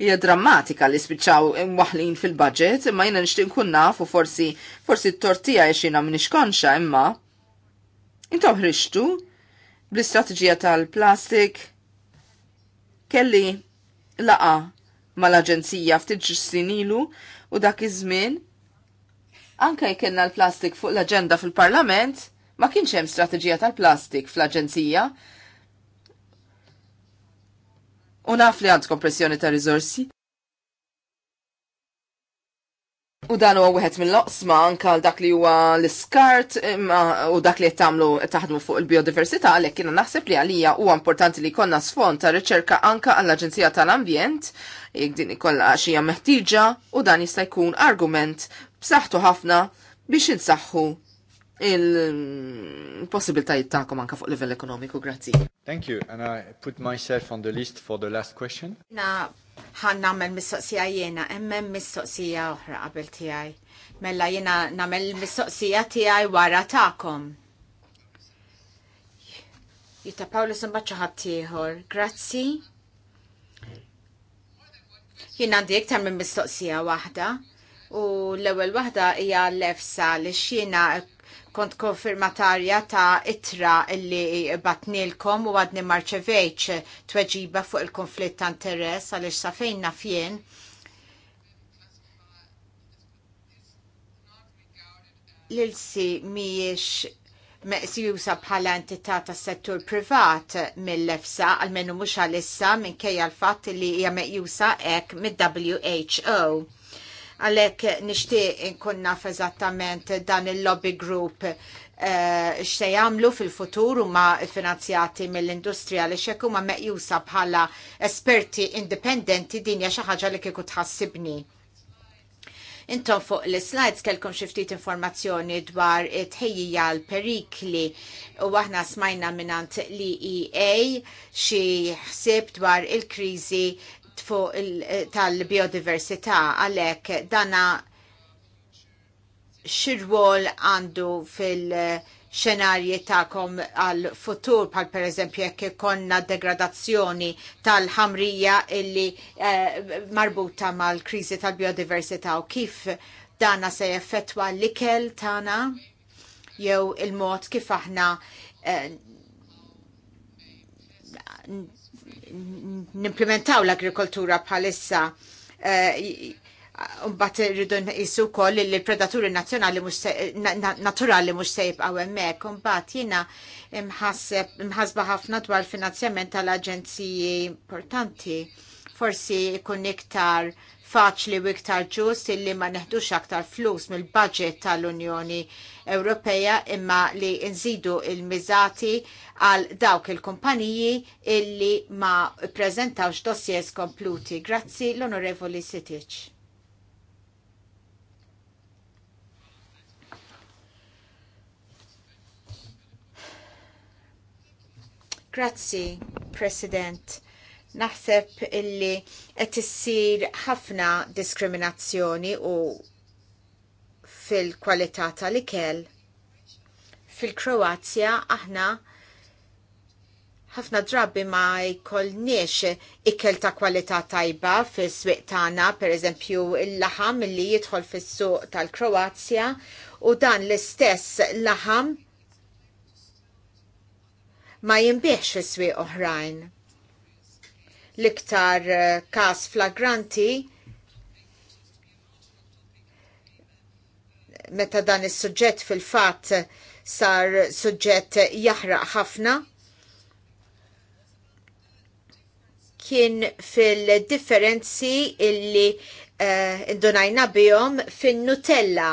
hija drammatika li spiċċaw waħlin fil-budget, imma jiena nixtieq nkun naf u forsi forsi t-tortija jexina minix konxa imma. Intom ħriġtu bl-istrateġija tal-plastik kelli laqa mal-aġenzija ftit sinilu u dak iż-żmien anke kellna l-plastik fuq l-aġenda fil-Parlament ma kienx hemm strateġija tal-plastik fl-aġenzija. U naf li għandkom pressjoni ta' riżorsi. U dan huwa wieħed mill-oqsma anke għal dak li huwa l-iskart u dak li qed tagħmlu taħdmu fuq il-biodiversità għalhekk kienu naħseb li għalija huwa importanti li jkollna sfond ta' riċerka anke għall-Aġenzija tal-Ambjent jekk din ikolla xija meħtieġa u dan jista' jkun argument b'saħħtu ħafna biex insaħħu il-possibiltajiet tagħkom anke fuq livell ekonomiku. Grazzi. Thank you, and I put myself on the list for the last question. Na ħan namel mistoqsija jena, mis mistoqsija oħra qabel tijaj. Mella jena namel mistoqsija tijaj wara ta'kom. Jita Paulus mbaċċaħat tiħor. Grazzi. Jena għandi iktar minn mistoqsija wahda. U l-ewel wahda hija l-efsa li xina kont konfirmatarja ta' itra illi batnilkom u għadni marċevejċ tweġiba fuq il-konflitt ta' interess għalix safejn fjen. L-ilsi miex meqsjusa bħala entità ta' settur privat mill-lefsa, għalmenu mux għalissa minn kej l-fat li hija meqjusa ek mid-WHO. Għalhekk nixtieq inkun naf eżattament dan il-lobby group Uh, xse jamlu fil-futur u ma finanzjati mill-industrija li xekku ma meqjusa bħala esperti indipendenti dinja xaħġa li kiku tħassibni. Intom fuq l-slides kelkom xiftit informazzjoni dwar it-ħejjija l-perikli u aħna smajna minnant li EA xi ħsib dwar il-krizi fuq eh, tal-biodiversità għalhekk dana xirwol għandu fil-xenarji ta'kom għal-futur, pal per eżempju jekk ikonna degradazzjoni tal-ħamrija illi eh, marbuta mal-krizi tal-biodiversità u kif dana se jeffettwa l-ikel tana jew il-mod kif aħna eh, nimplementaw l-agrikoltura bħalissa eh, bat rridu jissu koll li l-predaturi naturali mhux se jibqgħu hemmhekk. bat jiena imħasba ħafna dwar finanzjament tal-aġenziji importanti. Forsi jkun iktar faċli u iktar ġust illi ma neħdux aktar flus mill-budget tal-Unjoni Ewropeja imma li nżidu il-miżati għal dawk il-kumpaniji illi ma prezentawx dossiers kompluti. Grazzi l-Onorevoli Sitic. Grazzi, President naħseb illi qed issir ħafna diskriminazzjoni u fil-kwalità tal-ikel. Fil-Kroazja aħna ħafna drabi ma jkollniex ikel ta' kwalità tajba fis-swieq tagħna, pereżempju l laħam li jidħol fis-suq tal-Kroazja u dan l-istess laħam ma jinbiex fis-swieq oħrajn l-iktar eh, kas flagranti meta dan is suġġett fil-fat sar suġġett jaħraq ħafna kien fil-differenzi illi Eh, indunajna bijom fin-Nutella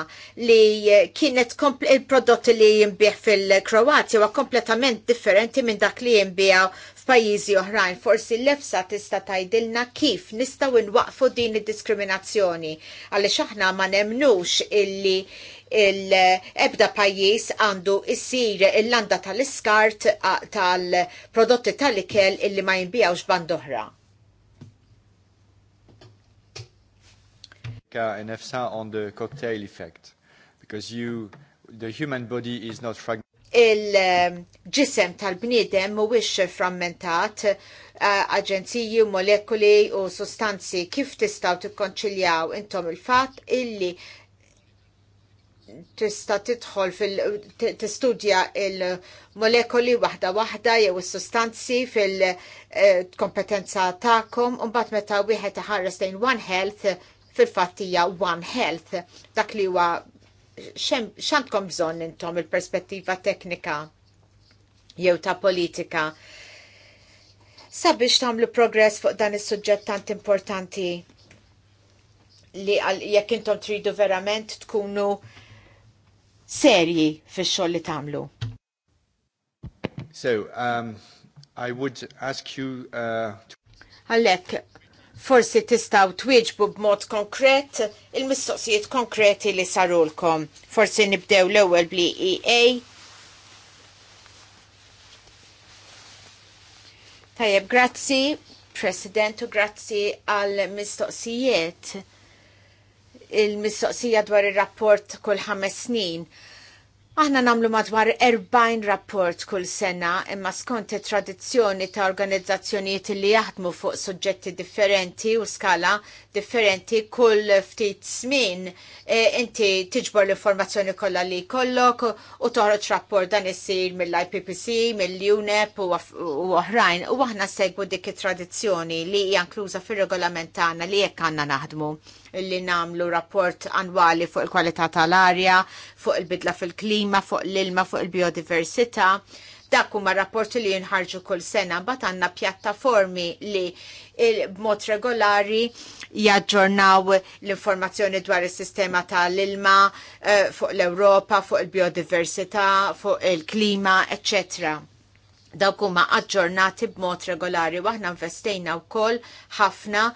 li kienet il prodotti li jimbieħ fil-Kroatja huwa kompletament differenti minn dak li jimbieħ f'pajjiżi oħrajn. Forsi l-efsa tista' tgħidilna kif nistgħu nwaqfu din id-diskriminazzjoni għaliex aħna ma nemnux illi il-ebda pajis għandu issir il-landa tal-iskart tal-prodotti tal-ikel illi ma jimbijawx oħra. Ka EFSA on the cocktail effect because you the human body is not fragmented il-ġisem um, tal-bniedem mhuwiex frammentat uh, aġenziji, molekuli u sostanzi kif tistgħu tikkonċiljaw intom il-fatt illi tista' tidħol fil-tistudja il molekuli waħda wahda jew is-sustanzi fil-kompetenza uh, tagħkom un bat meta wieħed iħares lejn One Health fil-fatt hija One Health, dak li huwa x'għandkom bżonn intom il-perspettiva teknika jew ta' politika sabiex tagħmlu progress fuq dan is-suġġett tant importanti li jekk intom tridu verament tkunu serji fix-xogħol li tagħmlu. So, um, I would ask you... Uh, to... Alek, forsi tistaw twieġbu b'mod konkret il-mistoqsijiet konkreti li sarulkom. Forsi nibdew l-ewwel bli EA. Tajjeb, grazzi, Presidentu, grazzi għal mistoqsijiet. Il-mistoqsija dwar ir rapport kull ħames snin Aħna namlu madwar 40 rapport kull sena imma skont tradizzjoni ta' organizzazzjonijiet li jaħdmu fuq suġġetti differenti u skala differenti kull ftit smin e, inti tiġbor l-informazzjoni kollha li kollok u toħroġ rapport dan isir mill-IPPC, mill-UNEP u oħrajn u aħna segwu dik it-tradizzjoni li hija inkluża fir-regolament tagħna li jekk għandna naħdmu li namlu rapport annwali fuq il-kwalità tal-arja, fuq il-bidla fil-klima, fuq l-ilma, fuq il-biodiversità. Dak huma rapporti li jinħarġu kull sena, bat għandna pjattaformi li b'mod regolari jaġġornaw l-informazzjoni dwar is-sistema tal-ilma eh, fuq l-Ewropa, fuq il-biodiversità, fuq il-klima, eccetera dawk huma aġġornati b'mod regolari waħna investejna wkoll ħafna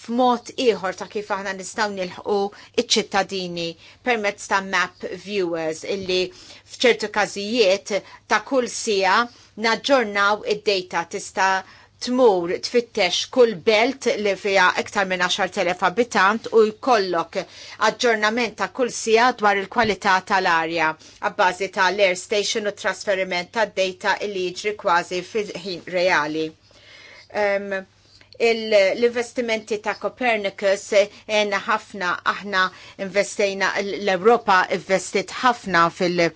f'mod ieħor ta' kif aħna nistgħu nilħqu iċ-ċittadini permezz ta' map viewers illi f'ċertu każijiet ta' kull sija naġġornaw id-data tista' tmur tfittex kull belt li fija iktar minn 10.000 abitant u jkollok aġġornament ta' kull sija dwar il-kwalità tal-arja għabbażi tal-air station u trasferiment ta' data li jiġri kważi fil-ħin reali. Um, l-investimenti ta' Copernicus għena eh, ħafna aħna investejna l-Europa investit ħafna fil-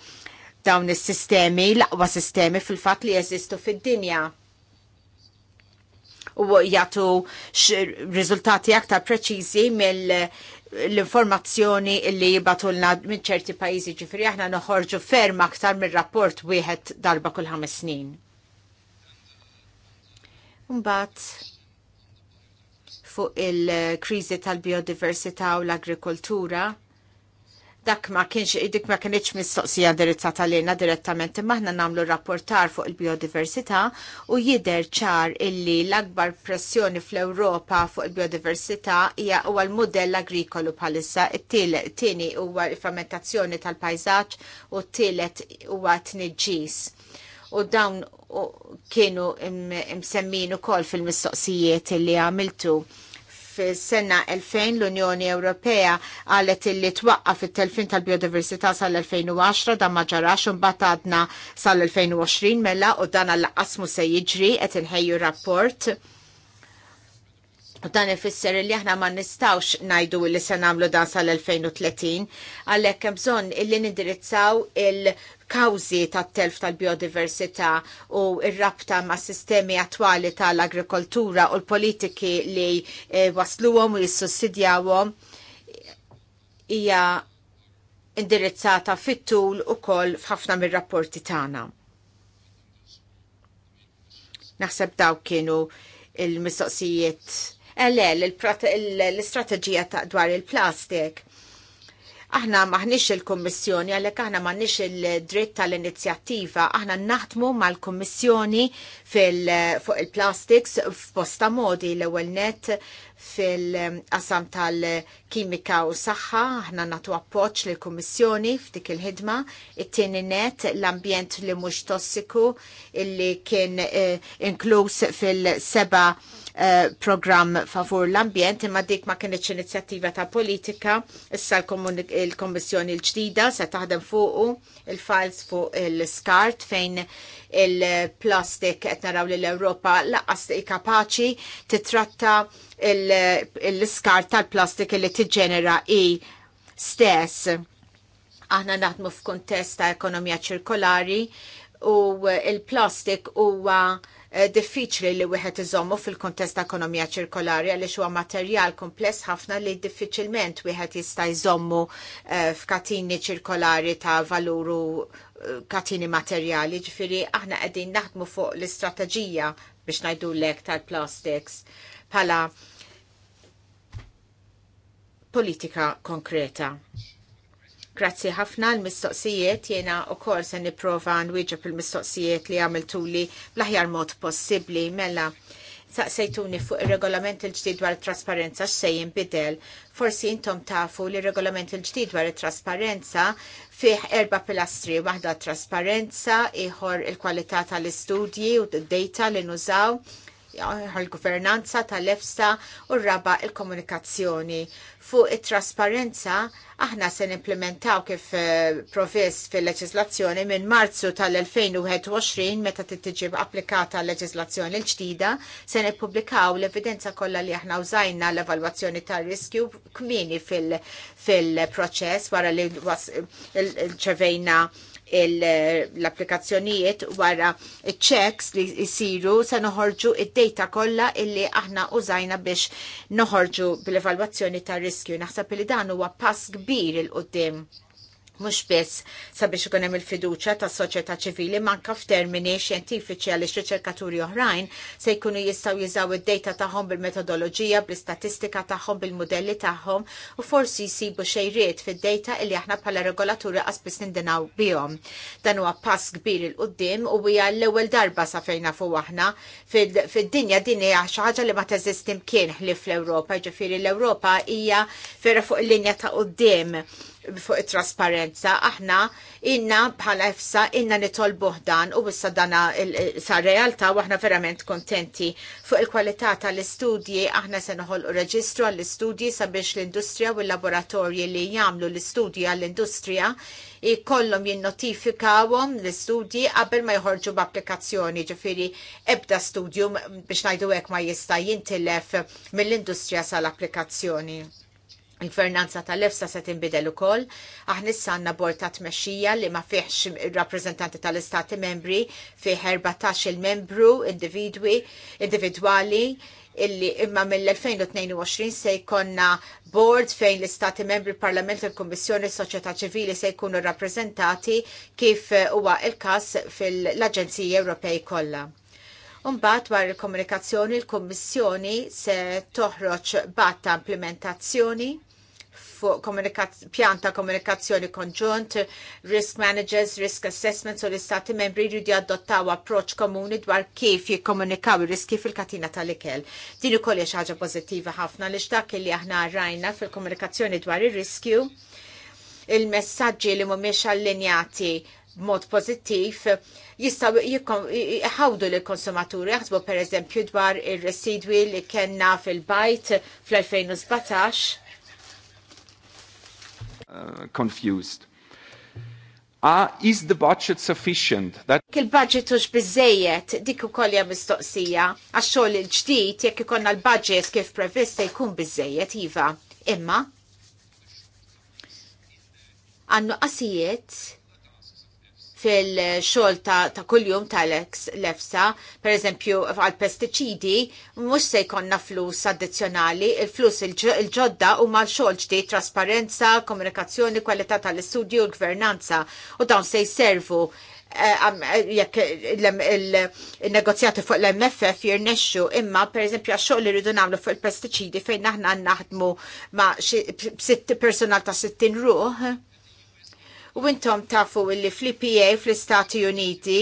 dawn is-sistemi, l-aqwa sistemi fil-fat li jeżistu fid-dinja u jgħatu riżultati aktar preċiżi mill l-informazzjoni li jibatulna minn ċerti pajjiżi ġifri aħna noħorġu ferm aktar mir rapport wieħed darba kull ħames snin. Mbagħad fuq il-kriżi tal-biodiversità u l-agrikoltura. Dak ma kienx dik ma kienx mistoqsija indirizzata lejna direttament imma aħna nagħmlu rapportar fuq il-biodiversità u jidher ċar illi l-akbar pressjoni fl-Ewropa fuq il-biodiversità hija huwa l-mudell agrikolu bħalissa, it-tieni huwa l-fermentazzjoni tal-pajżaġġ u t-tielet huwa tniġġis u dawn kienu msemmin ukoll kol fil-mistoqsijiet li għamiltu fis-sena 2000 l-Unjoni Ewropea qalet illi twaqqa fit-telfin tal-biodiversità sal-2010 dan ma ġarax batadna għadna sal-2020 mela u dan għal qasmu se jiġri qed inħejju rapport dan ifisser li aħna ma nistawx najdu li se nagħmlu dan sal-2030 għalhekk hemm bżonn illi nindirizzaw il-kawżi tat-telf tal-biodiversità u r-rabta ma' sistemi attwali tal-agrikoltura u l-politiki li e, wasluhom u jissussidjawhom hija indirizzata fit-tul ukoll f'ħafna mir-rapporti tagħna. Naħseb daw kienu il-mistoqsijiet Ele, l-istrateġija ta' dwar il-plastik aħna maħnix il-Kommissjoni, għalek aħna maħnix il-dritt tal-inizjattiva, aħna naħdmu mal-Kommissjoni fuq il-plastics f'posta modi l ewwel net fil-qasam tal-kimika u saħħa, aħna natu appoċ l kommissjoni f'dik il-ħidma, it-tieni net l-ambjent li mhux tossiku illi kien eh, inkluż fil-seba' Eh, program favur l-ambjent imma dik ma kienieċ inizjattiva ta' politika issa l-Kommissjoni l-ġdida se taħdem fuqu il-files fuq il-skart fejn il-plastik qed naraw li l-Ewropa laqas kapaċi titratta l-skart tal-plastik li tiġġenera i stess. Aħna naħdmu f'kuntest ta' ekonomija ċirkolari u il-plastik huwa uh, Eh, diffiċli li wieħed iżommu fil-kontest ekonomija ċirkolari għaliex huwa materjal kompless ħafna li diffiċilment wieħed jista' jżommu eh, f'katini ċirkolari ta' valuru eh, katini materjali, ġifiri aħna qegħdin naħdmu fuq l-istrateġija biex najdu lek tal-plastics pala politika konkreta. Grazzi ħafna l-mistoqsijiet jena u kol se niprofa nwieġeb il-mistoqsijiet li għamiltuli bl-aħjar mod possibli mela saqsejtuni fuq il-regolament il-ġdid dwar trasparenza xsejn bidel. Forsi intom tafu li regolament il-ġdid dwar trasparenza fih erba' pilastri, waħda trasparenza, ieħor il-kwalità tal-istudji u d-data li nużaw għal-governanza tal-EFSA u r-raba il-komunikazzjoni. Fuq it-trasparenza, aħna se implementaw kif eh, provist fil-leġislazzjoni minn marzu tal-2021 meta tittiġi applikata l-leġislazzjoni l-ġdida, se nippubblikaw l-evidenza kollha li aħna użajna l-evalwazzjoni tar-riskju kmini fil-proċess wara li ċevejna l-applikazzjonijiet wara checks li jisiru se noħorġu id-data kollha illi aħna użajna biex noħorġu bil-evalwazzjoni ta' riskju. Naħseb li dan huwa pass kbir il-qudiem mhux biss sabiex ikun hemm il-fiduċja tas-soċjetà ċivili manka f'termini xjentifiċi għaliex riċerkaturi oħrajn se jkunu jistgħu jiżaw id-dejta tagħhom bil-metodoloġija, bl-istatistika tagħhom, bil-mudelli tagħhom u forsi jsibu xejriet fid-dejta li aħna bħala regolaturi qasbis nindinaw bihom. Dan huwa pass kbir il qudiem u hija l-ewwel darba sa fejna fuq aħna fid-dinja din hija xi ħaġa li ma teżistim kien ħlief fl-Ewropa, ġifieri l-Ewropa hija vera fuq il-linja ta' qudiem fuq it-trasparenza, aħna inna bħal efsa inna nitolbu dan u issa dana sa realtà u aħna verament kontenti fuq il-kwalità tal-istudji aħna se u reġistru għall-istudji sabiex l-industrija u l-laboratorji li jagħmlu l-istudji għall-industrija jkollhom jinnotifikawhom l-istudji qabel ma jħorġu b'applikazzjoni ġifieri ebda studju biex ngħidu hekk ma jista' jintilef mill-industrija sal-applikazzjoni. Il-gvernanza tal-EFSA se tinbidel ukoll. Aħna issa għandna bord ta' tmexxija li ma fihx rappreżentanti tal-istati membri fih 14-il membru individwi individwali illi imma mill-2022 se jkonna board fejn l-istati membri parlament il kummissjoni Soċjetà Ċivili se jkunu rappreżentati kif huwa il-każ fil-Aġenziji Ewropej kollha. Unbat war il-komunikazzjoni l-Kommissjoni se toħroġ bat ta' implementazzjoni fuq pjanta komunikazzjoni konġunt, risk managers, risk assessments u l-istati membri jridu jadottaw approċ komuni dwar kif jikkomunikaw riski fil-katina tal-ikel. Din ukoll hija ħaġa pożittiva ħafna li xtaq li aħna rajna fil-komunikazzjoni dwar ir-riskju il il-messaġġi li mhumiex allinjati b'mod pożittiv jistaw jħawdu li konsumaturi jaħsbu per eżempju dwar il-residwi li kena fil-bajt fl-2017. Uh, confused. Ah, uh, is the budget sufficient? That... Kil budget ux bizzejet, dik u kolja mistoqsija, għaxxol il-ġdijt, jekk ikonna l-budget kif prevista jkun bizzejet, Iva. Imma, għannu qasijiet fil-xol ta', ta kull-jum ta' l-efsa, per eżempju għal-pesticidi, mux se jkonna flus addizjonali, il-flus il-ġodda u mal xol ġdijt trasparenza, komunikazzjoni, kwalità tal-istudju, u l-gvernanza, u dawn se jservu eh, eh, jekk il-negozjati fuq l-MFF jirnexxu imma per eżempju għax-xogħol li rridu nagħmlu fuq il-pestiċidi fejn aħna naħdmu ma' personal ta' 60 ruħ U intom tafu illi fl-IPA fl-Istati Uniti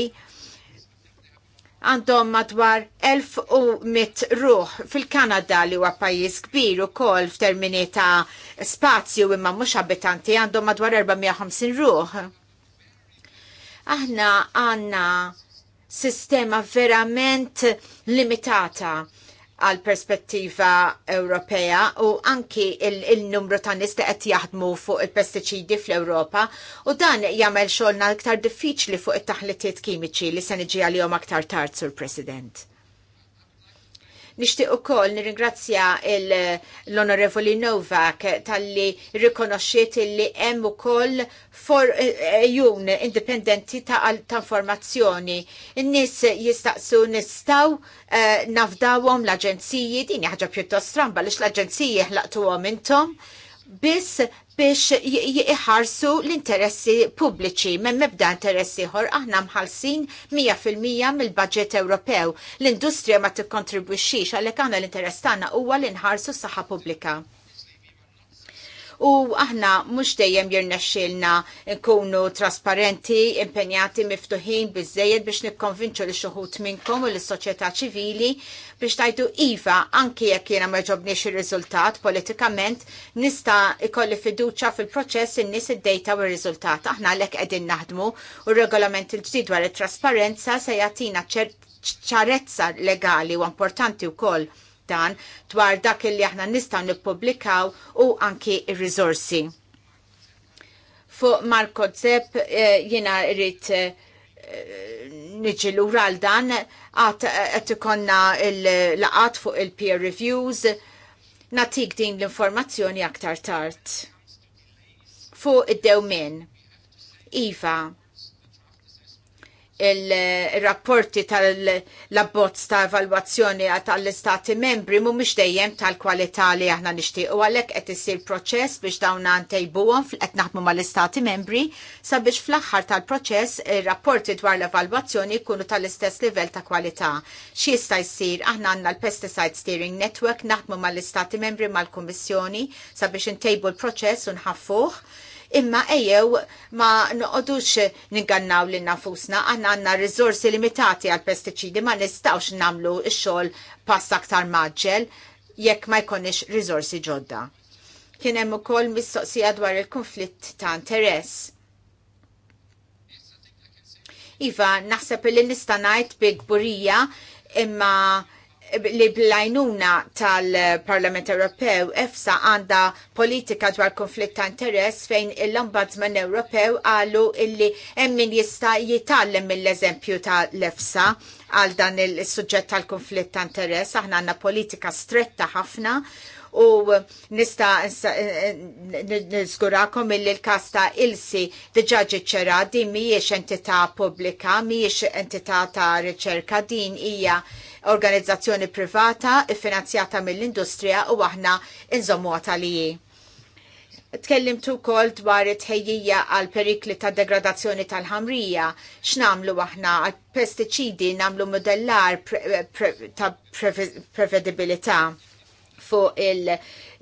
għandhom madwar 1100 ruħ fil-Kanada li huwa pajjiż kbir ukoll f'termini ta' spazju imma mhux abitanti għandhom madwar 450 ruħ. Aħna għandna sistema verament limitata għal perspettiva Ewropea u anki il-numru il ta' nis li qed jaħdmu fuq il-pestiċidi fl-Ewropa u dan jagħmel xogħolna aktar diffiċli fuq it-taħlitiet kimiċi li se niġi għalihom aktar tard sur President. Nixtieq ukoll nirringrazzja l-Onorevoli Novak talli rikonoxxiet li hemm ukoll for eh, jun indipendenti ta' informazzjoni. In-nies jistaqsu nistgħu eh, nafdawhom l-aġenziji din ħaġa pjuttost stramba għaliex l-aġenziji ħlaqtuhom intom biss biex iħarsu l-interessi pubbliċi minn mebda interessi ħor aħna mħalsin 100% mill-budget Ewropew. L-industrija ma tikkontribwixx għalhekk aħna l-interess tagħna huwa li nħarsu s-saħħa pubblika u aħna mhux dejjem jirnexxilna nkunu trasparenti, impenjati, miftuħin biżejjed biex nikkonvinċu li xuħut minnkom u l-soċjetà ċivili biex tajtu iva anki jekk jiena ma ġobniex ir-riżultat politikament nista' ikolli fiduċa fil-proċess in-nies id-dejta u r-riżultat. Aħna għalhekk qegħdin naħdmu u r-regolament il-ġdid dwar it-trasparenza se jagħtina ċarezza legali u importanti wkoll dan dwar dak li aħna nistgħu nippubblikaw u anki r-riżorsi. Fuq Marko Zepp eh, jiena rrit eh, niġi għal dan għat eh, ikonna l-laqat fuq il-peer reviews natik din l-informazzjoni aktar tard. Fuq id-dewmin. Iva, il-rapporti tal labbozz ta' evalwazzjoni tal-istati membri mhumiex dejjem tal-kwalità li aħna u għalhekk qed isir proċess biex dawn ntejbuhom qed naħdmu mal-istati membri sabiex fl-aħħar tal-proċess ir-rapporti dwar l-evalwazzjoni jkunu tal-istess livell ta' kwalità. X'jista' jsir aħna għandna l-Pesticide Steering Network naħdmu mal-istati membri mal-Kummissjoni sabiex intejbu l-proċess u nħaffuh imma ejjew ma noqodux ningannaw li nafusna għanna għanna rizorsi limitati għal pestiċidi ma nistawx namlu xol pass aktar maġġel jekk ma jkonix rizorsi ġodda. Kien hemm ukoll mistoqsija dwar il-konflitt ta' interess. Iva, naħseb li nista' ngħid bi gburija imma li blajnuna tal-Parlament Ewropew EFSA għanda politika dwar konflitt ta' interess fejn l-Ombudsman Ewropew għalu illi emmin jista jitallem mill-eżempju tal-EFSA għal dan il sujġet tal-konflitt ta' interess. Aħna għanna politika stretta ħafna u nista nizgurakom illi l-kas ta' ilsi diġaġi ċera din miex entita' publika, miex entita' ta' riċerka, din hija organizzazzjoni privata iffinanzjata mill-industrija u aħna inżommu għatalijie. Tkellimtu kol dwar it-ħejjija għal perikli ta' degradazzjoni tal-ħamrija, x'namlu aħna għal pestiċidi namlu modellar ta' prevedibilità fuq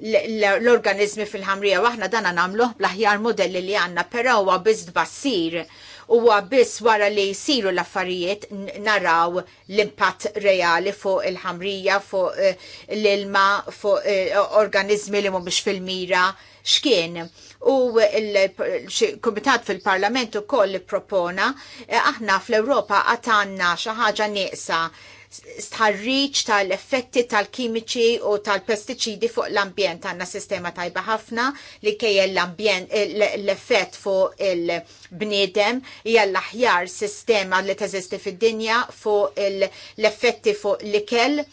l-organizmi fil-ħamrija waħna dana namluħ blaħjar modelli li għanna, pero huwa biżd bassir huwa biss wara li jsiru l-affarijiet naraw l-impatt reali fuq il-ħamrija, fuq eh, l-ilma, fuq eh, organizmi li mhumiex fil-mira xkien. U il-Kumitat fil-Parlament ukoll propona eh, aħna fl-Ewropa għatanna xi ħaġa nieqsa stħarriċ tal-effetti tal-kimiċi u tal-pestiċidi fuq l-ambjent. Għanna sistema tajba ħafna li kejja l-ambjent l-effett fuq il-bniedem hija l-aħjar sistema li teżisti fid-dinja fuq l-effetti fuq l-ikel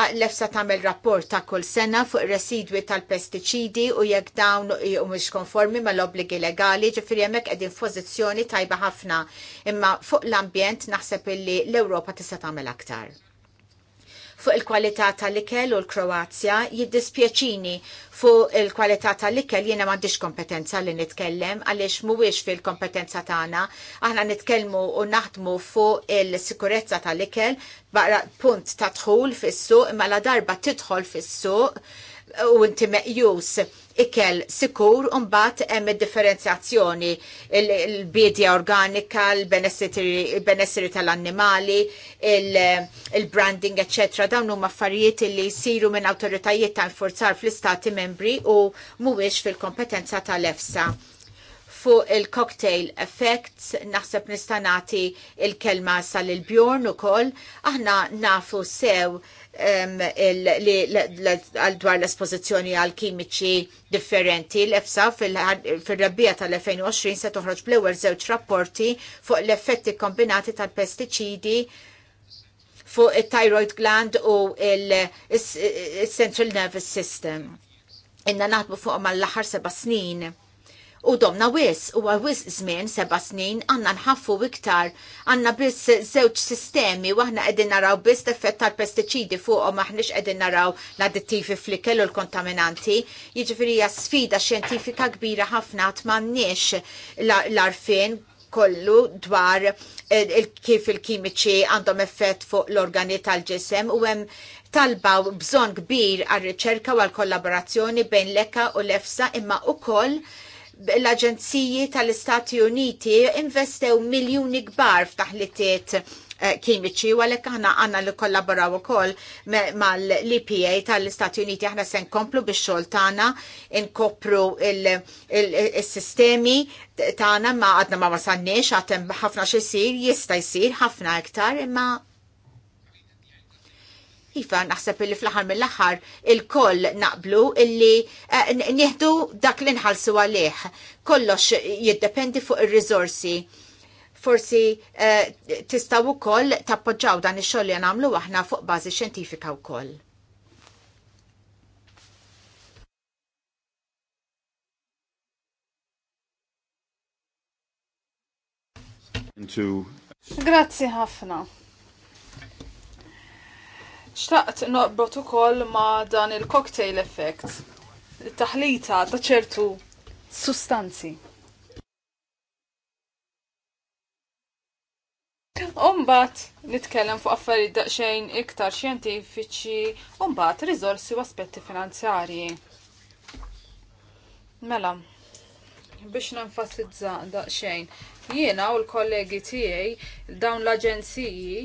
l-EFSA tagħmel rapport ta' kull sena fuq residwi tal-pestiċidi u jekk dawn u mux konformi mal-obbligi legali, ġifieri hemmhekk qegħdin f'pożizzjoni tajba ħafna. Imma fuq l-ambjent naħseb illi l-Ewropa tista' tagħmel aktar fuq il-kwalità tal-ikel u l-Kroazja jiddispjaċini fuq il-kwalità tal-ikel jiena m'għandix kompetenza li nitkellem għaliex mhuwiex fil-kompetenza tagħna. Aħna nitkellmu u naħdmu fuq il-sikurezza tal-ikel barra punt ta' tħul fis-suq imma la darba tidħol fis-suq u inti meqjus ikel sikur bat hemm differenzjazzjoni il-bidja organika, il-benessiri tal-annimali, il-branding, etc. Dawn huma affarijiet li jsiru minn awtoritajiet ta' forzar fl-istati membri u mhuwiex fil-kompetenza tal-EFSA fuq il-cocktail effects, naħseb nistanati il-kelma sal-il-bjorn u koll, aħna nafu sew Għal dwar l-espożizzjoni għal kimiċi differenti. L-EFSA fil-rabbija tal-2020 se toħroġ bl-ewwel żewġ rapporti fuq l-effetti kombinati tal-pestiċidi fuq il-thyroid gland u il-central nervous system. Inna naħdmu fuq mal l-aħħar seba' snin u domna wis u għawis żmien seba snin għanna nħaffu iktar għanna biss żewġ sistemi u aħna qegħdin naraw biss l-effett tal-pestiċidi fuqhom maħnix qegħdin naraw l-addittivi fl-ikel u l-kontaminanti. Jiġifieri hija sfida xjentifika kbira ħafna għat m'għandniex l-arfin kollu dwar eh, kif il-kimiċi għandhom effett fuq l-organi tal-ġisem u hemm talba bżon kbir għal riċerka u għal kollaborazzjoni bejn l-EKA u l-EFSA imma u koll l-Aġenziji tal-Istati Uniti investew miljuni kbar f'taħlitiet eh, kimiċi u għalek aħna għanna li kollaboraw ukoll mal ipa tal-Istati Uniti aħna se nkomplu biex xogħol tagħna inkopru il-sistemi tagħna ma għadna ma wasalniex għatem ħafna xi jsir jista' jsir ħafna iktar imma Iva, naħseb illi fl-ħar mill-ħar il-koll naqblu illi eh, nieħdu dak li nħalsu għalih. Kollox jiddependi fuq il-rizorsi. Forsi uh, tistaw u koll tappoġġaw dan ix-xogħol li nagħmlu aħna fuq bażi xjentifika wkoll. Grazzi ħafna. Xtaqt noqbot ukoll ma' dan il-cocktail effect, taħlita ta' ċertu sustanzi. Umbat, nitkellem fuq affarijiet daqsxejn iktar xjentifiċi, umbat riżorsi u aspetti finanzjarji. Mela, biex nenfasizza daqsxejn, jiena u l-kollegi tiegħi dawn l-aġenziji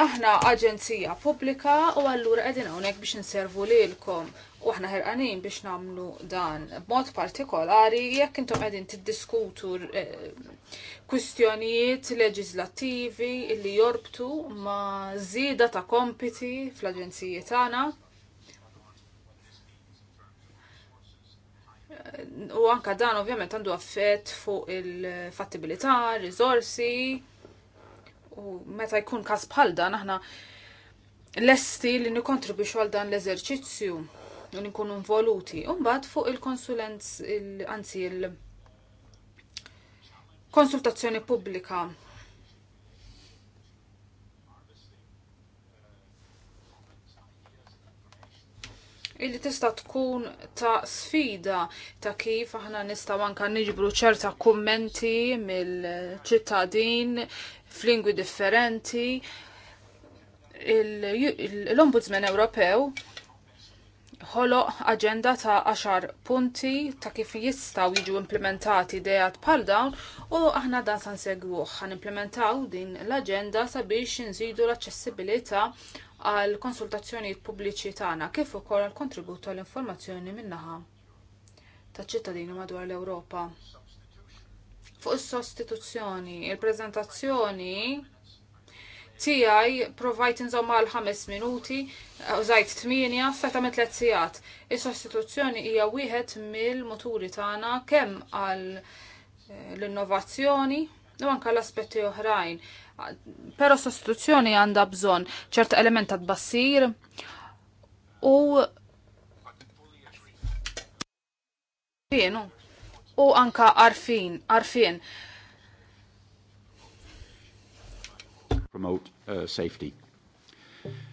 aħna aġenzija pubblika u allura qegħdin hawnhekk biex inservu lilkom u aħna ħerqanin biex namlu dan b'mod partikolari jekk intom qegħdin tiddiskutu eh, kwistjonijiet leġislattivi li jorbtu ma' żieda ta' kompiti fl-aġenziji tagħna. Eh, u anka dan ovvjament għandu affett fuq il-fattibilità, rizorsi, U meta jkun kas bħal dan aħna lesti li nikontribwix għal dan l-eżerċizzju u nkunu involuti. Umbagħad fuq il-konsulenz il anzi il-konsultazzjoni pubblika illi tista' tkun ta' sfida ta' kif aħna nistgħu anka niġbru ċerta kummenti mill-ċittadin f'lingwi differenti. L-Ombudsman Ewropew ħoloq aġenda ta' 10 punti ta' kif jistgħu jiġu implementati dejat bħal dawn u aħna dan san segwuħ. Għan implementaw din l aġenda sabiex nżidu l aċċessibilità għal konsultazzjoni pubbliċi tagħna kif ukoll għal kontribut għall informazzjoni min-naħa taċ-ċittadini madwar l-Ewropa. Fuq is-sostituzzjoni, il-preżentazzjoni tiegħi provajt inżomm għal ħames minuti, użajt tminja seta' me tliet sigħat. Is-sostituzzjoni hija wieħed mill-muturi tagħna kemm għal eh, l-innovazzjoni u anke l-aspetti oħrajn pero sostituzzjoni għanda bżon ċert element ta' tbassir u u anka arfin, arfin. Promote uh, safety.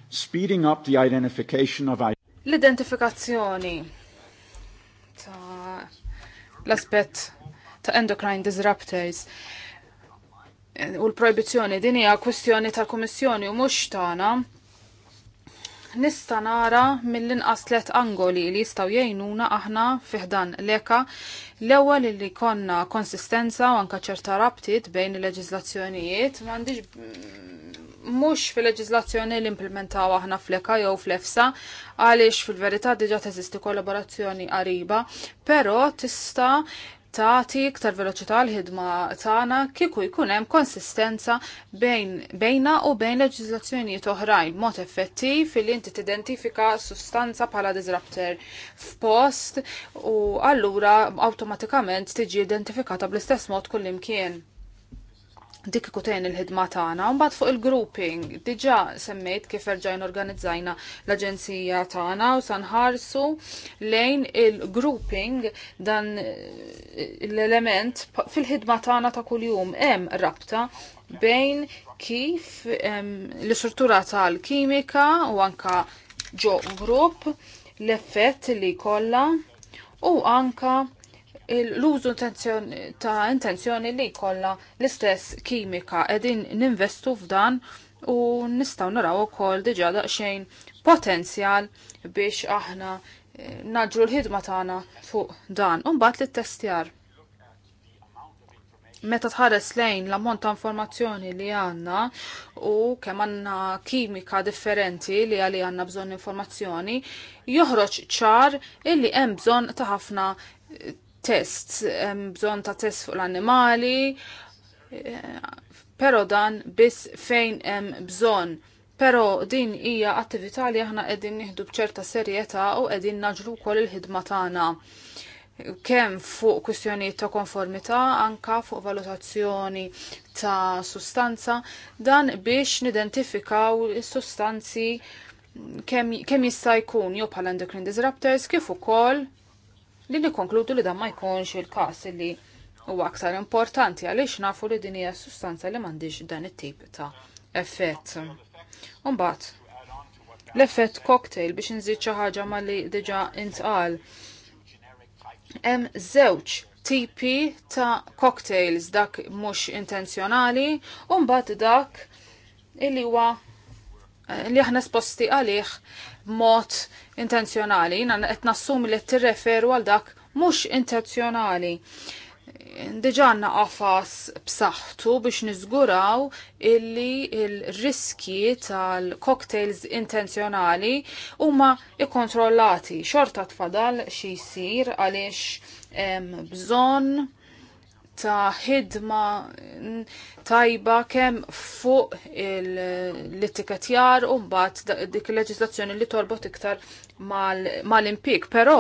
Speeding up the identification of L-identifikazzjoni ta' l aspet ta' endocrine disruptors u l-proibizjoni din hija kwestjoni tal-Kummissjoni u mhux tagħna. Nista nara mill-inqas tliet angoli li jistgħu jgħinuna aħna fiħdan leka l-ewwel li konna konsistenza u anke ċerta rabtiet bejn il-leġiżlazzjonijiet m'għandix mhux fil leġiżlazzjoni li implementaw aħna fleka jew flefsa, għaliex fil-verità diġa teżisti kollaborazzjoni qariba, però tista tagħti iktar veloċità l-ħidma tagħna kieku jkun hemm konsistenza bejn bejna u bejn leġiżlazzjonijiet oħrajn mod effettiv li inti tidentifika sustanza bħala disruptor f'post u allura awtomatikament tiġi identifikata bl-istess mod kullimkien dik kutajn il-ħidma tagħna. Mbagħad fuq il-grouping diġà semmejt kif erġajn organizzajna l-aġenzija tagħna u sanħarsu lejn il-grouping dan eh, l-element fil-ħidma tagħna ta' kuljum hemm rabta bejn kif l-istruttura tal-kimika u anka ġo grupp l-effett li kollha u anka l-użu ta' intenzjoni li jkollha l-istess kimika qegħdin ninvestu f'dan u nistgħu naraw ukoll diġà daqsxejn potenzjal biex aħna eh, naġru l-ħidma tagħna fuq dan. U mbagħad t testjar Meta tħares lejn l-ammont ta' informazzjoni li għandna u kemm għandna kimika differenti li għali għandna bżonn informazzjoni, joħroġ ċar illi hemm bżonn ta' ħafna eh, test, bżon ta' test fuq l-annimali, pero dan biss fejn hemm bżonn. Pero din hija attività li aħna qegħdin nieħdu b'ċerta serjetà u qegħdin naġru wkoll il-ħidma tagħna. Kemm fuq kwistjonijiet ta' konformità, anka fuq valutazzjoni ta' sustanza, dan biex nidentifikaw is-sustanzi kemm kem jista' jkun jew bħala endocrine disruptors kif ukoll li nikkonkludu li dan ma jkunx il-każ li huwa aktar importanti għaliex nafu li din hija sustanza li m'għandix dan it-tip ta' effett. Umbagħad l-effett cocktail biex inżid xi ħaġa mal li diġà intqal. Hemm żewġ tipi ta' cocktails dak mhux intenzjonali u mbagħad dak illi huwa eh, li aħna sposti għalih mod intenzjonali, jina qed nassum li tirreferu għal dak mhux intenzjonali. Diġanna għafas b'saħħtu biex nizguraw illi il-riski tal-cocktails intenzjonali huma ikkontrollati xorta tfadal xi jsir għaliex bżonn ta' ħidma tajba kemm fuq l-ittiketjar u mbagħad dik il-leġislazzjoni li torbot iktar mal-impik, però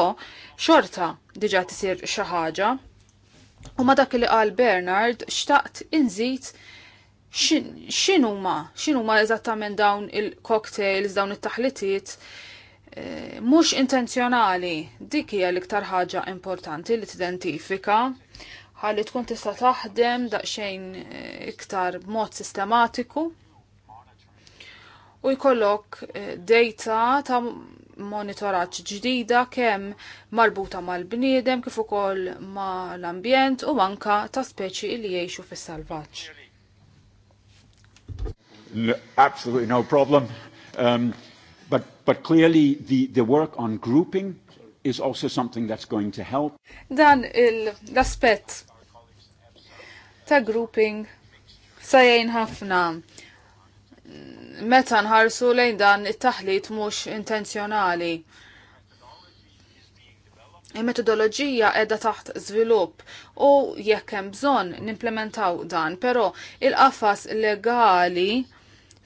xorta diġa tisir xi ħaġa. U ma dak li qal Bernard xtaqt inżid x'inhuma x'inhuma eżattament dawn il-cocktails, dawn it-taħlitiet eh, mhux intenzjonali dik hija l-iktar ħaġa importanti li tidentifika ħalli tkun tista' taħdem daqsxejn eh, iktar b'mod sistematiku u jkollok eh, data ta' monitoraġġ ġdida kemm marbuta mal-bniedem kif ukoll mal-ambjent u manka ta' speċi li jgħixu fis-salvaġġ. Absolutely no problem. Um, but, but clearly the, the work on grouping is also something that's going to help. Dan l-aspett ta' grouping sajjejn ħafna. Meta nħarsu lejn dan it-taħlit mhux intenzjonali. Il-metodoloġija edha taħt żvilupp u jekk hemm bżonn nimplementaw dan, però il-qafas legali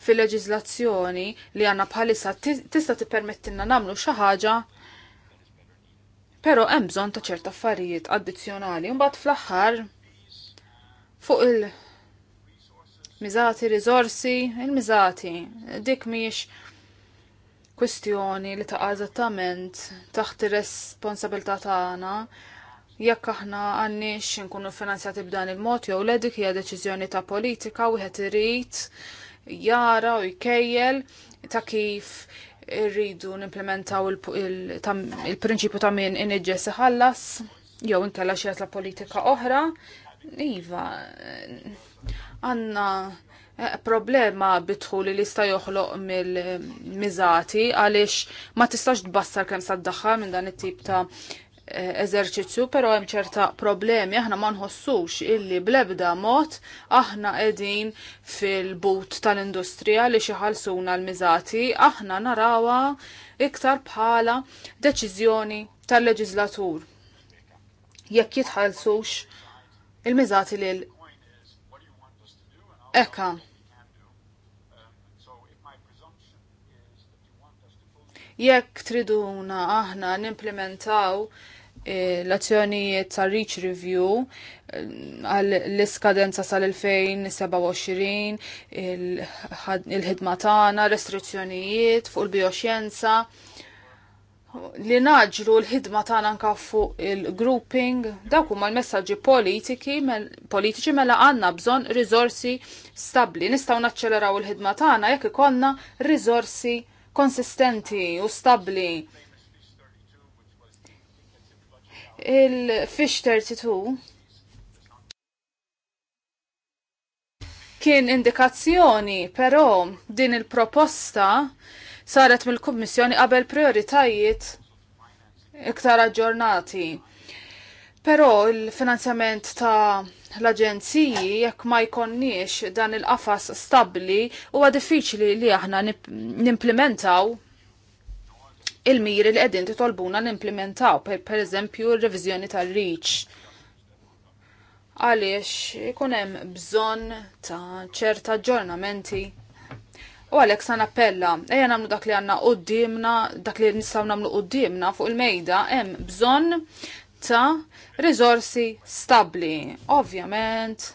fil-leġiżlazzjoni li għandna bħalissa tista' tippermettilna nagħmlu xi ħaġa però hemm bżonn ta' ċert affarijiet addizzjonali. Mbagħad fl-aħħar fuq il-miżati, rizorsi, il-miżati. Dik miex kwestjoni li taqa' zattament taħt ir-responsabilità tagħna jekk aħna għanniex nkunu finanzjati b'dan il-mod jew le dik hija deċiżjoni ta' politika wieħed irid jara u jkejjel ta' kif irridu nimplementaw il-prinċipju ta' min inġess ħallas jew inkella xi la politika oħra, Iva, għanna eh, problema bitħu li sta joħloq mill-mizati għaliex ma tistax tbassar kemm sa ddaħħal minn dan it-tip ta' eh, eżerċizzju, pero hemm ċerta problemi aħna ma nħossux illi blebda mod aħna qegħdin fil-but tal-industrija li xi ħalsuna l-miżati aħna narawha iktar bħala deċiżjoni tal-leġislatur. Jekk jitħallsux il-miżati lil ekka. Jekk triduna aħna nimplementaw eh, l-azzjonijiet ta' Reach Review eh, għal l-iskadenza sal-2027, il-ħidma tagħna, restrizzjonijiet fuq il-bioxjenza, il bioxjenza li naġru l-ħidma tagħna anka fuq il-grouping, dawk huma l-messaġġi politiki, politiċi mela għandna bżonn riżorsi stabbli. Nistgħu naċċeleraw il-ħidma tagħna jekk ikollna riżorsi konsistenti u stabbli. Il-Fish 32 kien indikazzjoni, però din il-proposta saret mill-Kummissjoni qabel prioritajiet iktar aġġornati. Però il-finanzjament ta' l-aġenziji jekk ma jkonniex dan il-qafas stabbli huwa diffiċli li aħna nimplementaw il-miri li qegħdin titolbuna nimplementaw, per eżempju r-reviżjoni tar reach Għaliex ikun hemm bżonn ta' ċerta aġġornamenti U għalek san appella, eja namlu dak li għanna qoddimna, dak li nistaw namlu qoddimna fuq il-mejda, hemm bżonn ta' rizorsi stabli. Ovvjament,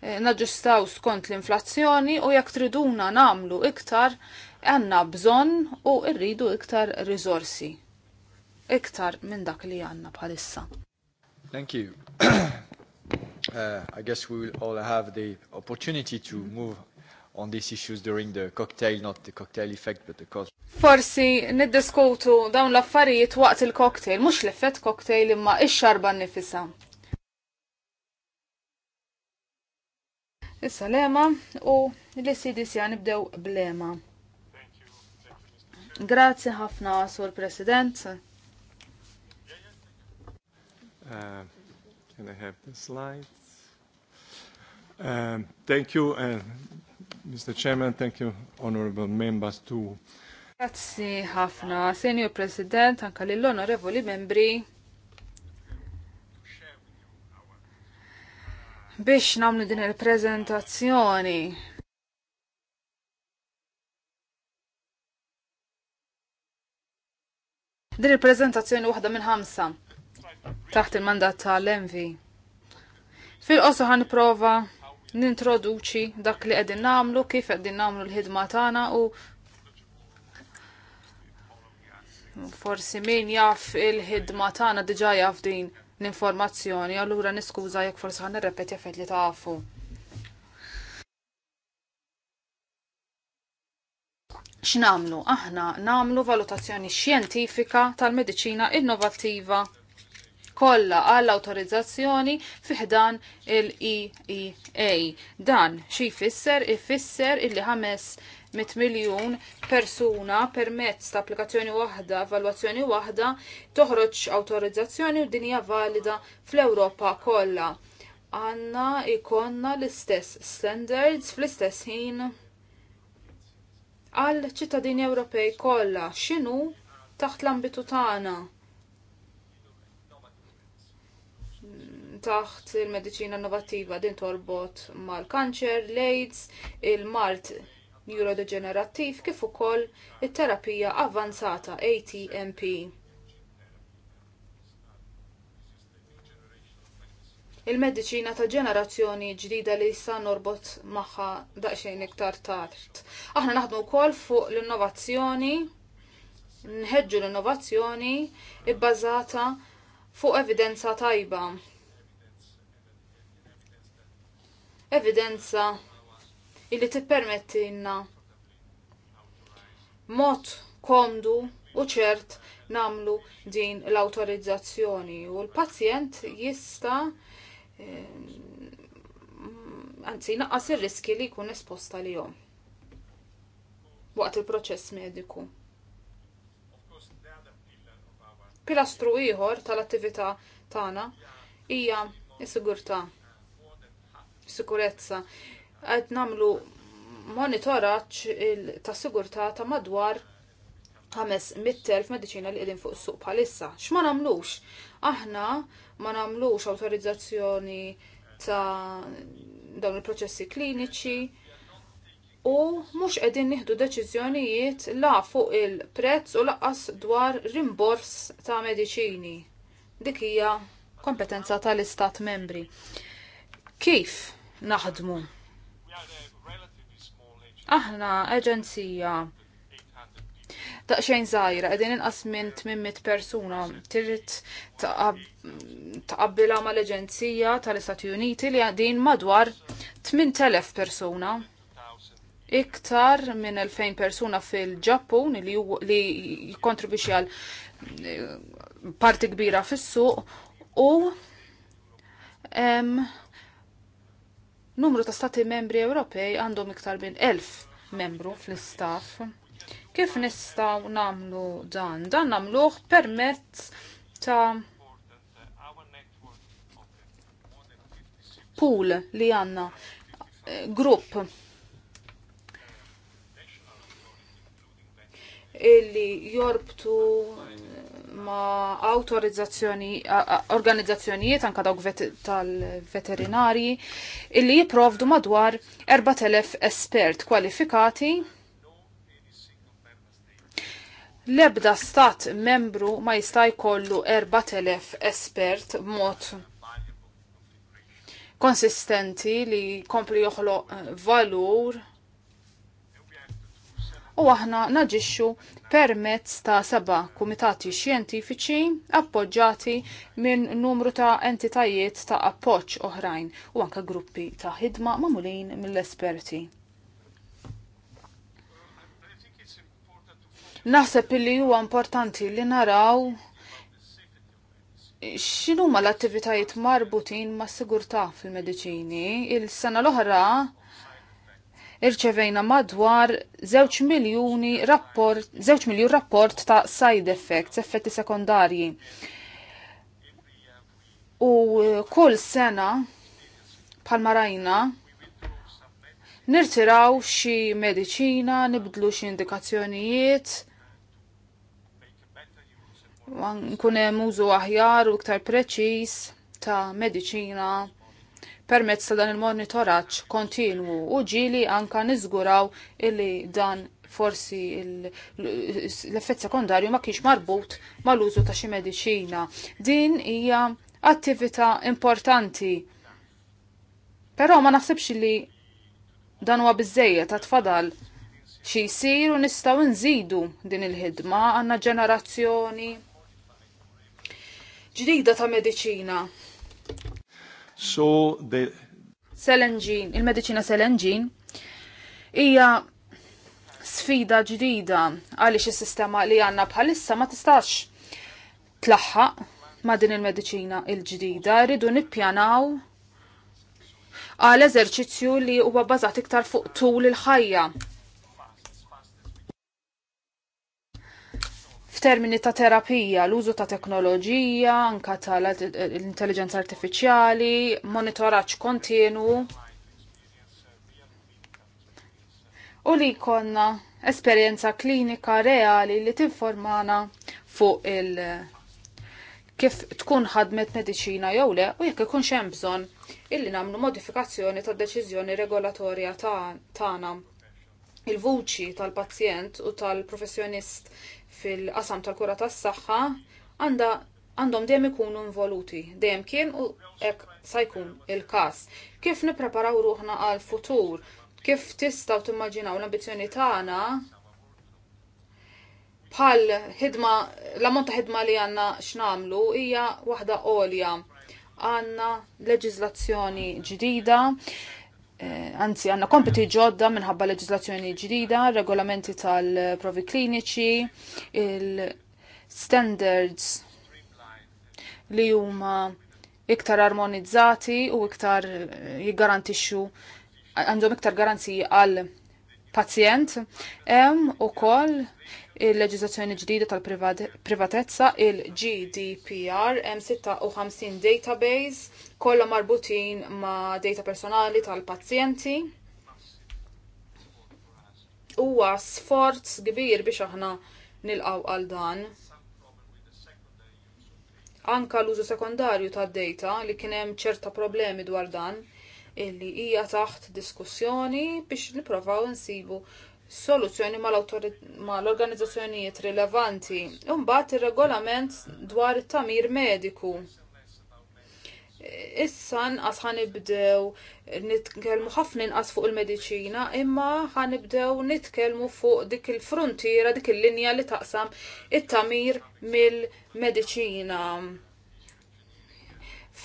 eh, naġustaw skont l-inflazzjoni u jekk triduna namlu iktar, għanna bżonn u rridu iktar rizorsi. Iktar minn dak li għanna bħalissa. Thank you. uh, I guess we will all have the opportunity to move on these issues during the cocktail, not the cocktail effect, but the cause. Forsi niddiskutu dawn l-affarijiet waqt il-cocktail, mux l-effett cocktail imma ix-xarba nifisa. Issa lema u l-CDC nibdew blema. Grazie ħafna, Sur President. Uh, can I have the slides? Um, thank you. Uh, Mr. Chairman, thank you, honorable members, too. Grazzi ħafna, Senior President, anka l-onorevoli membri. Biex namlu din il-prezentazzjoni, Din il-prezentazzjoni waħda minn ħamsa taħt il-mandat tal-Envi. Fil-qosu ħan prova nintroduċi dak li qegħdin nagħmlu kif qegħdin nagħmlu l-ħidma tagħna u forsi min jaf il-ħidma tagħna diġà jaf din l-informazzjoni, għallura niskuża jekk forsi għan nirrepeti jaffet li tafu. X'namlu? Aħna namlu valutazzjoni xjentifika tal-mediċina innovattiva Kolla għall autorizzazzjoni fiħdan il-EEA. Dan xi jfisser ifisser illi ħames 100 miljun persuna permezz ta' applikazzjoni waħda, evalwazzjoni waħda, toħroġ awtorizzazzjoni u dinja valida fl-Ewropa kollha. Għanna ikonna l-istess standards fl-istess ħin għal ċittadini Ewropej kollha x'inhu taħt l-ambitu tagħna taħt il-medicina innovativa din torbot mal-kanċer, l-AIDS, il-mart neurodegenerattiv kif ukoll it-terapija avanzata ATMP. il-medicina ta' ġenerazzjoni ġdida li issa norbot magħha daqsxejn iktar tard. Aħna naħdmu wkoll fuq l-innovazzjoni, nħeġġu l-innovazzjoni ibbażata fuq evidenza tajba evidenza illi inna mod komdu u ċert namlu din l-autorizzazzjoni u l-pazjent jista eh, anzi naqqas ir-riski li jkun esposta li jom waqt il-proċess mediku. Pilastru ieħor tal-attività tagħna hija s-sigurtà sikurezza. Għed namlu monitoraċ ta' sigurta ta' madwar 500.000 medicina li għedin fuq suq bħalissa. X'ma nagħmlux? Aħna ma nagħmlux awtorizzazzjoni ta' dawn il-proċessi kliniċi u mhux qegħdin nieħdu deċiżjonijiet la fuq il-prezz u laqqas dwar rimbors ta' mediċini. Dik hija kompetenza tal-istat membri. Kif naħdmu. Aħna aġenzija xejn zaħira, għedin inqas minn 800 persuna, trid taqabbila ma l-Aġenzija tal-Istati Uniti li għadin madwar 8000 persuna. Iktar minn 2000 persuna fil-Ġappun li jikontribuċi għal eh, parti kbira fis-suq u Numru ta' stati membri Ewropej għandhom iktar minn elf membru fl-istaff. Kif nistaw namlu dan? Dan namluħ permezz ta' pool li għanna eh, grupp illi jorbtu ma' autorizzazzjoni, organizzazzjonijiet anka dawk tal-veterinari illi jiprovdu madwar 4000 espert kwalifikati Lebda stat membru ma jista' jkollu 4000 espert b'mod konsistenti li kompli joħloq valur u aħna naġixxu permezz ta' seba' kumitati xjentifiċi appoġġati minn numru ta' entitajiet ta' appoġġ oħrajn u anke gruppi ta' ħidma mamulin mill-esperti. Naħseb li huwa importanti li naraw x'inhuma l-attivitajiet marbutin mas sigurtà fil-mediċini. Il-sena l-oħra irċevejna madwar 2 miljoni rapport, 2 miljun rapport ta' side effects, effetti sekondarji. U eh, kull sena palmarajna nirtiraw xi mediċina, nibdlu xi indikazzjonijiet, nkunem hemm użu aħjar u iktar preċiż ta' medicina permezz ta' dan il-monitoraġġ kontinwu u ġili anka niżguraw illi dan forsi l-effett sekondarju ma kienx marbut mal-użu ta' xi mediċina. Din hija attività importanti. Però ma naħsibx li dan huwa biżejjed ta' tfadal xi jsir u nistgħu nżidu din il-ħidma għandna ġenerazzjoni ġdida ta' mediċina So the Selengin, il-medicina Selengin hija sfida ġdida għaliex is-sistema li għandna bħalissa ma tistax tlaħħaq ma' din il-medicina il-ġdida, rridu nippjanaw għal eżerċizzju li huwa bażat iktar fuq tul il-ħajja f'termini ta' terapija, l-użu ta' teknoloġija, anka ta' l-intelligenza artificiali, monitoraċ kontinu. U li konna esperienza klinika reali li tinformana fuq il- kif tkun ħadmet mediċina jew le u jekk ikun hemm bżonn illi nagħmlu modifikazzjoni tad-deċiżjoni regolatorja tagħna. il-vuċi tal-pazjent u tal-professjonist fil-qasam tal-kura tas-saħħa għandha għandhom dejjem ikunu involuti, dejjem kien u hekk sa jkun il-każ. Kif nippreparaw ruħna għal futur? Kif tistgħu timmaġinaw l-ambizzjoni tagħna bħal ħidma l-ammont ta' ħidma li għandna x'namlu hija waħda għolja. Għandna leġiżlazzjoni ġdida Eh, anzi għanna kompiti ġodda minħabba leġislazzjoni ġdida, regolamenti tal-provi kliniċi, il-standards li huma iktar armonizzati u iktar eh, jiggarantixxu għandhom iktar garanziji għal pazjent, hemm ukoll il-leġizazzjoni ġdida tal-privatezza, il-GDPR, M56 database, kollha marbutin ma' data personali tal-pazjenti. Huwa sforz kbir biex aħna nilqaw għal dan. Anka l-użu sekondarju tad-data li kien hemm ċerta problemi dwar dan illi hija taħt diskussjoni biex nipprovaw nsibu soluzzjoni mal-organizzazzjonijiet rilevanti. Imbagħad ir-regolament dwar it-tamir mediku. Issa nqas ħanibdew nitkellmu ħafna inqas fuq il-mediċina, imma ħanibdew nitkellmu fuq dik il-frontiera, dik il-linja li taqsam it-tamir mill-mediċina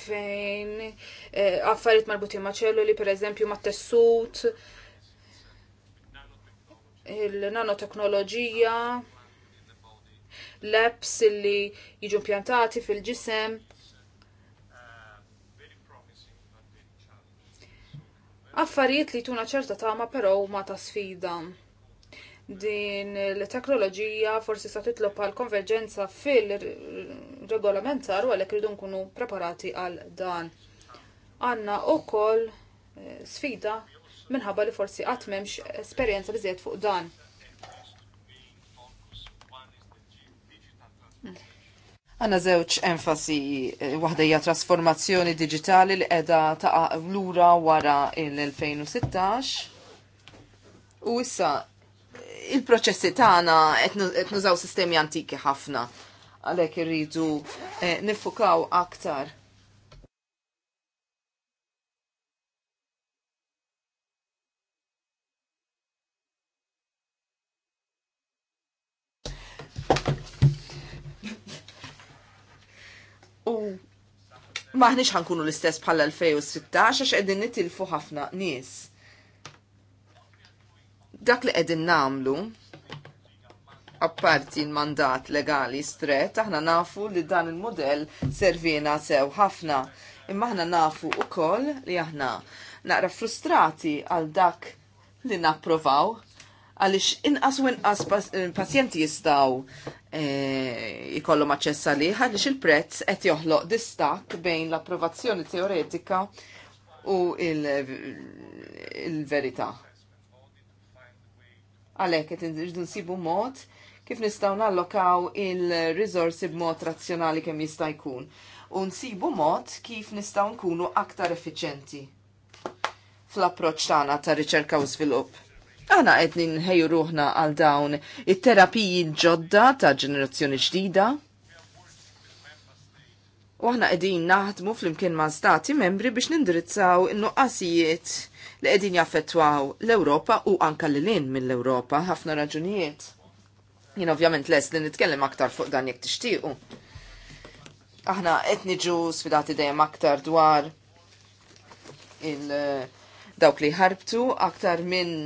fejn eh, affarijiet marbutin ma' ċelluli, per eżempju, ma' tessut, il-nanoteknoloġija, l-apps li jiġu pjantati fil-ġisem. Affarijiet li tuna ċerta tama però ma ta' sfida. Din l-teknoloġija forsi sa titlob għal konverġenza fil-regolamentar u għalhekk irridu nkunu preparati għal dan. Għanna u eh, sfida minħabba li forsi qatt m'hemmx esperjenza biżejjed fuq dan. Għanna zewċ enfasi eh, waħda trasformazzjoni digitali li qiegħda taqa' lura wara l-2016. U issa il-proċessi tagħna qed nużaw sistemi antiki ħafna għalhekk irridu eh, nifukaw aktar U maħniċ ħankunu l-istess bħal 2016 għax qegħdin nitilfu ħafna nies. Dak li qegħdin namlu apparti l-mandat legali stret, aħna nafu li dan il-modell servina sew ħafna. Imma aħna nafu u koll li aħna naqra frustrati għal dak li napprovaw għalix inqas u inqas eh, pazjenti jistaw E, jikollu aċċess li għaliex il-prezz qed joħloq distak bejn l-approvazzjoni teoretika u il-verità. Għalhekk qed irridu nsibu mod kif nistgħu nallokaw il rizorsi b'mod razzjonali kemm jista' jkun u nsibu mod kif nistgħu nkunu aktar effiċenti fl-approċċ tagħna ta' riċerka u żvilupp Aħna qed nħejju ruħna għal dawn it-terapiji ġodda ta' ġenerazzjoni ġdida. U aħna qegħdin naħdmu flimkien ma' stati membri biex nindirizzaw in-nuqqasijiet li qegħdin jaffettwaw l-Ewropa u anka l-lin mill-Ewropa ħafna raġunijiet. Jien ovvjament les li nitkellem aktar fuq dan jekk tixtiequ. Aħna qed niġu sfidati dejjem aktar dwar il- dawk li ħarbtu aktar minn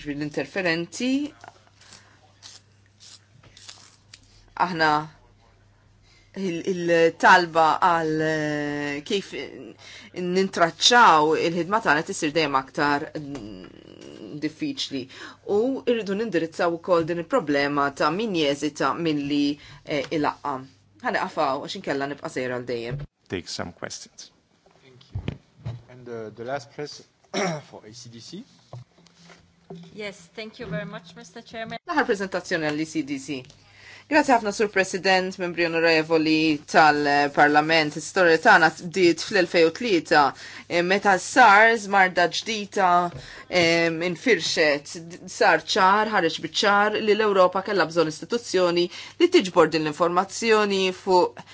ġbir l-interferenti. Aħna il-talba għal eh, kif nintraċċaw il-ħidma tagħna tisir dejjem aktar mm, diffiċli. U rridu nindirizzaw ukoll din il-problema ta' min jeżita milli eh, ilaqqa. Ħani qafaw għax inkella nibqa' sejra għal dejjem. Take some questions. Thank you. And uh, the last press for ACDC. Yes, thank you very much, Mr. Chairman. Naħar prezentazzjoni għall cdc Grazie ħafna sur President, membri onorevoli tal-Parlament. Istorja tagħna bdiet fl-2003 eh, meta SARS marda ġdita eh, infirxet sar ċar ħareġ biċ-ċar li l-Ewropa kellha bżonn istituzzjoni li tiġbor din l-informazzjoni fuq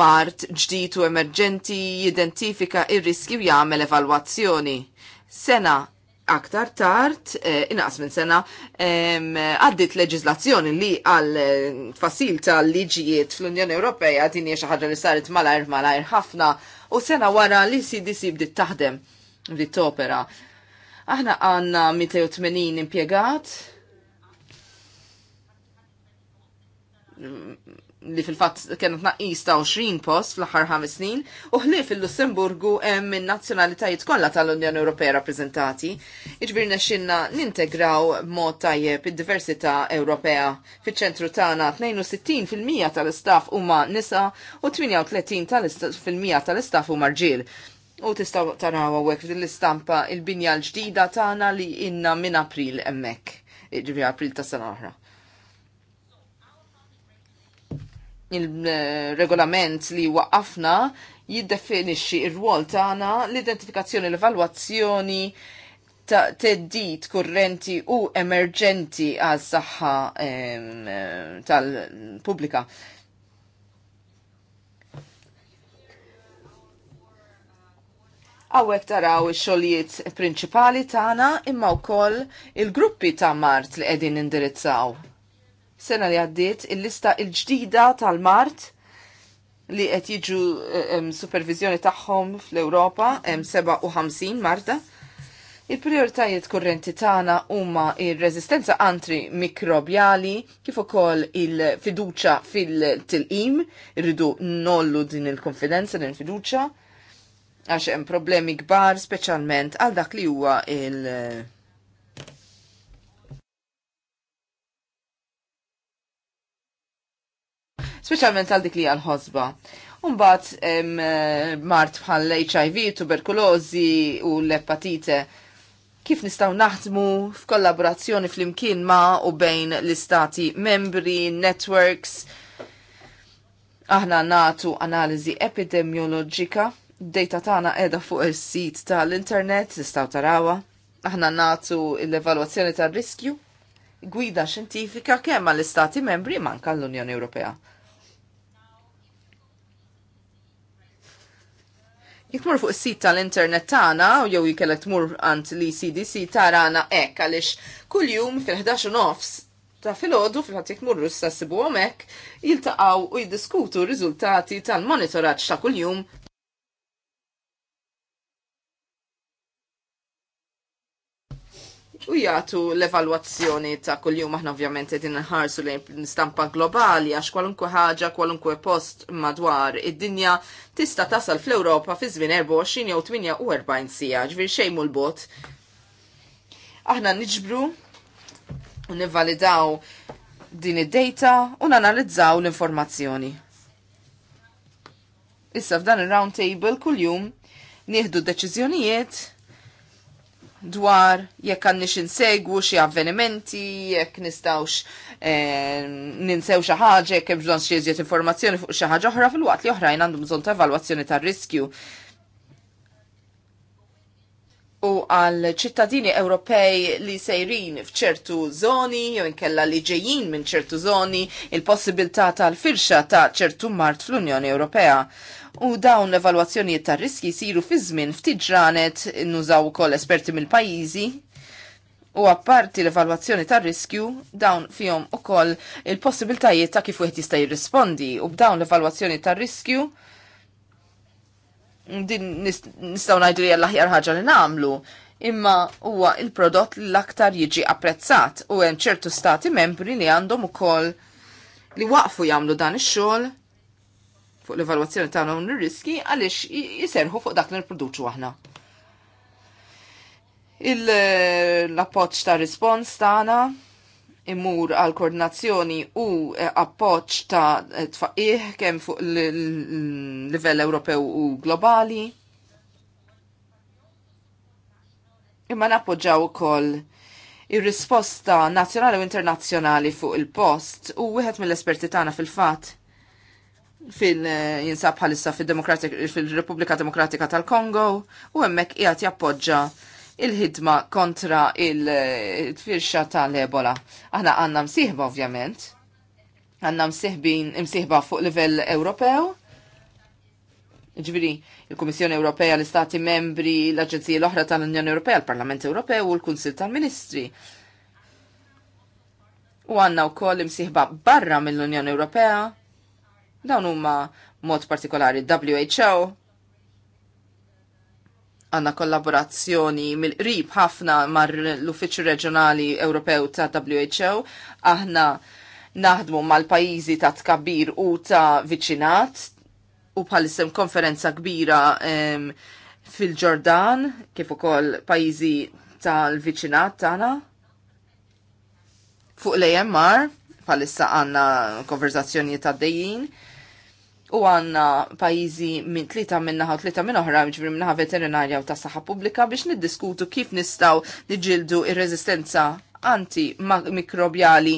mart ġdid u emerġenti jidentifika ir-riski u jagħmel evalwazzjoni. Sena aktar tard, eh, inqas minn sena, għaddit leġizlazzjoni li għal eh, fasil tal-liġijiet fl-Unjoni Ewropea din hija xi ħaġa li saret malajr malajr ħafna u sena wara li CDC bdiet taħdem bdiet opera. Aħna għandna 280 impjegat li fil-fatt kienu tnaqqis ta' 20 post fl-aħħar ħames snin, u ħlief il-Lussemburgu hemm minn nazzjonalitajiet kollha tal-Unjoni Ewropea rappreżentati. Iġbirna xinna nintegraw mod tajjeb id-diversità Ewropea. Fiċ-ċentru tagħna 62% tal-istaff huma nisa u 38% tal-istaff huma rġiel. U tistaw taraw għawek fil-istampa il-binja l-ġdida tagħna li inna minn April hemmhekk. Ġivi April ta' sena oħra. il-regolament li waqqafna jiddefinixxi r-rwol tagħna l-identifikazzjoni l-evalwazzjoni ta' teddit kurrenti u emerġenti għaż saħħa tal-pubblika. Għawek taraw il-xolijiet prinċipali tagħna imma wkoll il-gruppi ta' mart li qegħdin indirizzaw sena li għaddiet il-lista il-ġdida tal-Mart li qed jiġu eh, supervizjoni tagħhom fl-Ewropa hemm 57 Marta. Il-prioritajiet kurrenti tagħna huma ir-reżistenza antri mikrobjali kif ukoll il-fiduċa fil-tilqim, irridu nollu din il-konfidenza din il-fiduċa għax hemm problemi kbar speċjalment għal dak li huwa il- speċjalment għal dik li għal ħosba. Umbat eh, mart bħal HIV, tuberkulozi u l-epatite kif nistaw naħdmu f'kollaborazzjoni fl-imkien ma' u bejn l-istati membri, networks. Aħna natu analizi epidemiologika, data tagħna qiegħda fuq is-sit tal-internet tistgħu tarawha. Aħna natu l-evalwazzjoni tar-riskju, gwida xjentifika kemm għall-istati membri manka l-Unjoni Ewropea. Jek fuq fuq sit tal-internet tagħna u jew jikellek tmur għand li CDC tara għana hekk għaliex kuljum fil-11 nofs ta' filgħodu fil-ħadd jekk murru issa sibu għomek, jiltaqgħu u jiddiskutu r-riżultati tal-monitoraġġ ta' kuljum u jagħtu l-evalwazzjoni ta' kuljum aħna ovvjament qegħdin nħarsu lejn stampa globali għax kwalunkwe ħaġa, kwalunkwe post madwar id-dinja tista' tasal fl-Ewropa fi żmien 24 jew 48 sija, ġifier xejn l Aħna niġbru u nivvalidaw din id-data u nanalizzaw l-informazzjoni. Issa f'dan il-round table kuljum nieħdu deċiżjonijiet dwar jekk għandniex insegwu xi avvenimenti, jekk nistgħux eh, ninsew xi ħaġa, jekk hemm bżonn xi informazzjoni fuq xi ħaġa oħra fil-waqt li oħrajn għandhom bżonn ta' evalwazzjoni tar-riskju. U għal ċittadini Ewropej li sejrin f'ċertu zoni, jew inkella li ġejjin minn ċertu zoni, il-possibilità tal-firxa ta' ċertu mart fl-Unjoni Ewropea u dawn l-evalwazzjonijiet tar riski siru fi żmien ftit ġranet nużaw ukoll esperti mill-pajjiżi u apparti l-evalwazzjoni tar riskju dawn fihom ukoll il-possibiltajiet ta' kif wieħed jista' jirrispondi u b'dawn l-evalwazzjoni tar riskju din nistgħu ngħidu li l-aħjar ħaġa li nagħmlu imma huwa il-prodott l-aktar jiġi apprezzat u hemm ċertu stati membri li għandhom ukoll li waqfu jagħmlu dan ix-xogħol fuq l-evalwazzjoni ta' dawn ir-riski għaliex jiserħu fuq dak li nipproduċu aħna. Il-appoċ ta' rispons tagħna imur għal koordinazzjoni u eh, appoċ ta' tfaqih kemm fuq l-livell Ewropew u globali. Imma nappoġġaw ukoll ir-risposta nazzjonali u internazzjonali fuq il-post u wieħed mill-esperti tagħna fil-fatt fil eh, jinsab bħalissa fil-Repubblika Demokratika tal-Kongo u hemmhekk qiegħed jappoġġa il-ħidma kontra il-firxa eh, tal-Ebola. Aħna għandna msieħba ovvjament, għandna msieħbin msieħba fuq livell Ewropew. Ġviri, il-Komissjoni Ewropea, l-Istati Membri, l-Aġenzija l-oħra tal-Unjoni Ewropea, l-Parlament Ewropew u l-Kunsil tal-Ministri. U għanna u koll imsiħba barra mill-Unjoni Ewropea, Dawn huma mod partikolari WHO, għanna kollaborazzjoni mill-qrib ħafna mar l-Uffiċċju Reġjonali Ewropew ta' WHO, aħna naħdmu mal-pajjiżi ta' tkabbir u ta' viċinat u bħalissem konferenza kbira fil-Ġordan kif ukoll pajjiżi tal-viċinat tagħna. Fuq l mar bħalissa għandna konverzazzjoni ta' dejjin u għanna pajizi minn tlita minna u tlita minn oħra, ġifri minnaħa veterinarja u ta' saħħa pubblika biex niddiskutu kif nistaw niġildu ir-rezistenza mikrobjali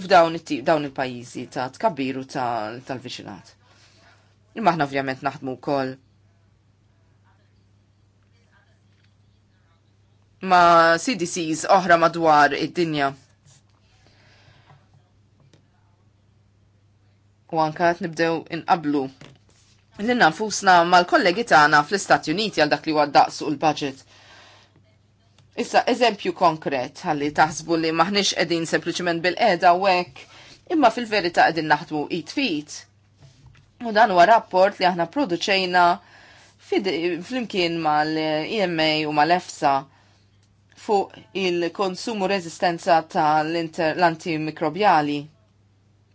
f'dawn dawn il-pajizi ta' tkabbiru tal-viċinat. Imma aħna ovvjament naħdmu wkoll ma' CDCs oħra madwar id-dinja. u anka nibdew inqablu li nfusna mal-kollegi tagħna fl-Istati Uniti għal dak li huwa daqs u l-budget. Issa eżempju konkret ħalli taħsbu li maħniex qegħdin sempliċement bil-qeda u hekk, imma fil-verità qegħdin naħdmu it fit. U dan huwa rapport li aħna produċejna fl-imkien mal-EMA u mal-EFSA fuq il-konsumu rezistenza tal-antimikrobjali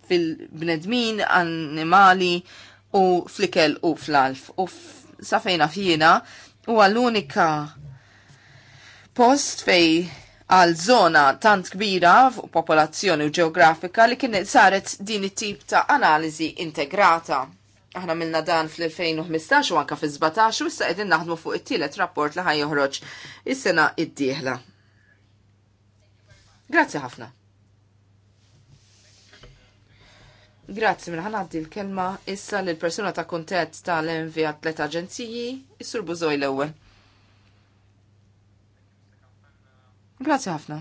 fil-bnedmin, animali u flikel u fl-alf. U safejna fjina u għall-unika post fej għal zona tant kbira fuq popolazzjoni u ġeografika li kien saret din it-tip ta' analiżi integrata. Aħna milna dan fl-2015 u anka fil-17 u issa qegħdin naħdmu fuq it-tielet rapport li ħaj joħroġ is-sena id-dieħla. Grazzi ħafna. Grazzi minn mela ħanaddi l-kelma issa l persuna ta' ta' tal-envi għat aġenziji, is-sur Buzoj l-ewwel. Grazzi ħafna.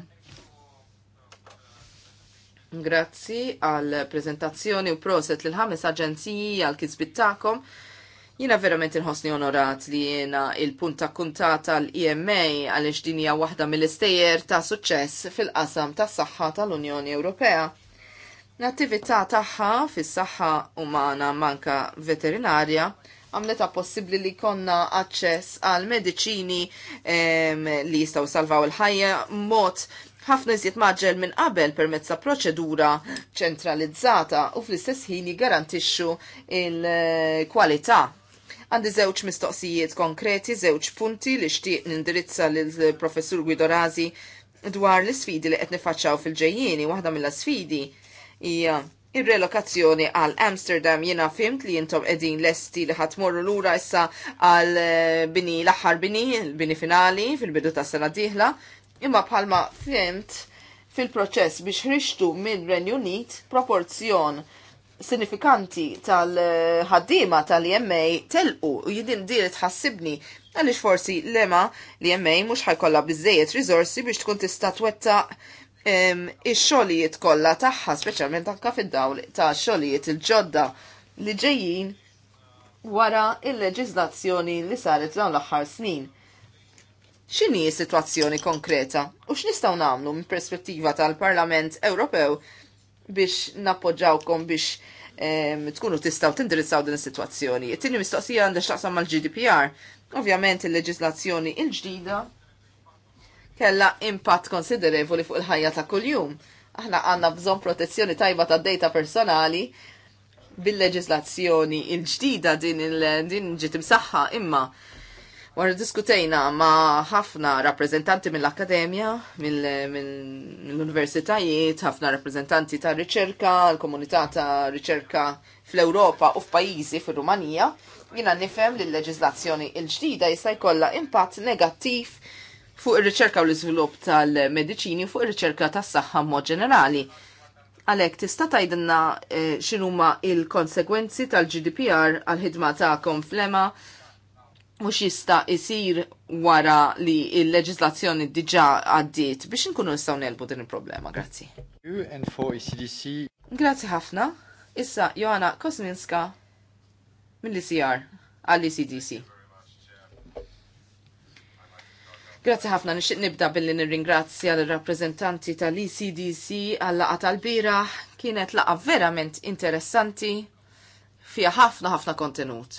Grazzi għal prezentazzjoni u proset lil ħames aġenziji għal kizbittakom. Jina verament inħossni onorat li jena il-punta kuntata l ima għal din hija waħda mill-istejjer ta' suċċess fil-qasam tas-saħħa tal-Unjoni Ewropea. L-attività tagħha fis-saħħa umana manka veterinarja għamlet possibbli li konna aċċess għal mediċini li jistgħu salvaw il-ħajja mod ħafna iżjed maġġel minn qabel permezz ta' proċedura ċentralizzata u fl-istess ħin jigarantixxu il-kwalità. Għandi żewġ mistoqsijiet konkreti, żewġ punti li xtieq nindirizza lill-professur Guido Razi dwar l-sfidi li qed nifaċċaw fil-ġejjieni, waħda mill-sfidi hija ir-relokazzjoni għal Amsterdam jiena fimt li jintom edin lesti li ħatmorru lura issa għal eh, bini l-aħħar bini, l-bini finali fil-bidu ta' sena diħla, imma bħalma fimt fil-proċess biex ħriġtu minn Renju Unit proporzjon sinifikanti tal-ħaddima tal-EMA telqu u jidin dir tħassibni għalix forsi lema li EMA mux ħajkolla bizzejiet rizorsi biex tkun tista' twetta' ix-xogħlijiet kollha tagħha, speċjalment anka fid-dawl ta' xogħlijiet il-ġodda li ġejjin wara il-leġiżlazzjoni li saret dawn l-aħħar snin. X'inhi s-sitwazzjoni konkreta u x'nistgħu nagħmlu minn perspettiva tal-Parlament Ewropew biex nappoġġawkom biex tkunu tistaw tindirizzaw din is-sitwazzjoni. It-tieni mistoqsija għandha x'taqsam mal-GDPR. Ovvjament il leġizlazzjoni il-ġdida kella impatt konsiderevoli fuq il-ħajja ta' kuljum. Aħna għanna bżon protezzjoni tajba ta' data personali bil-leġislazzjoni il-ġdida din il-din ġiet imsaħħa imma Wara diskutejna ma' ħafna rappreżentanti mill-akademja, mill-universitajiet, ħafna rappreżentanti ta' riċerka, l-komunità ta' riċerka fl-Ewropa u f'pajjiżi fir-Rumanija, jina nifhem li l-leġislazzjoni l-ġdida jista' jkollha impatt negattiv fuq ir-riċerka u l-iżvilupp tal-mediċini u fuq ir-riċerka tas-saħħa mod ġenerali. Għalhekk tista' tgħidilna eh, x'inhuma il-konsegwenzi tal-GDPR għal-ħidma tagħkom flema u x'jista' isir wara li il-leġislazzjoni diġà għaddiet biex inkunu nistgħu nelbu din il-problema. Grazzi. E Grazzi ħafna. Issa Johanna Kosminska mill-ICR għall-ICDC. Grazzi ħafna nixtieq nibda billi nirringrazzja l rappreżentanti tal-ECDC għalla laqgħa tal-bira kienet laqa verament interessanti fiha ħafna ħafna kontenut.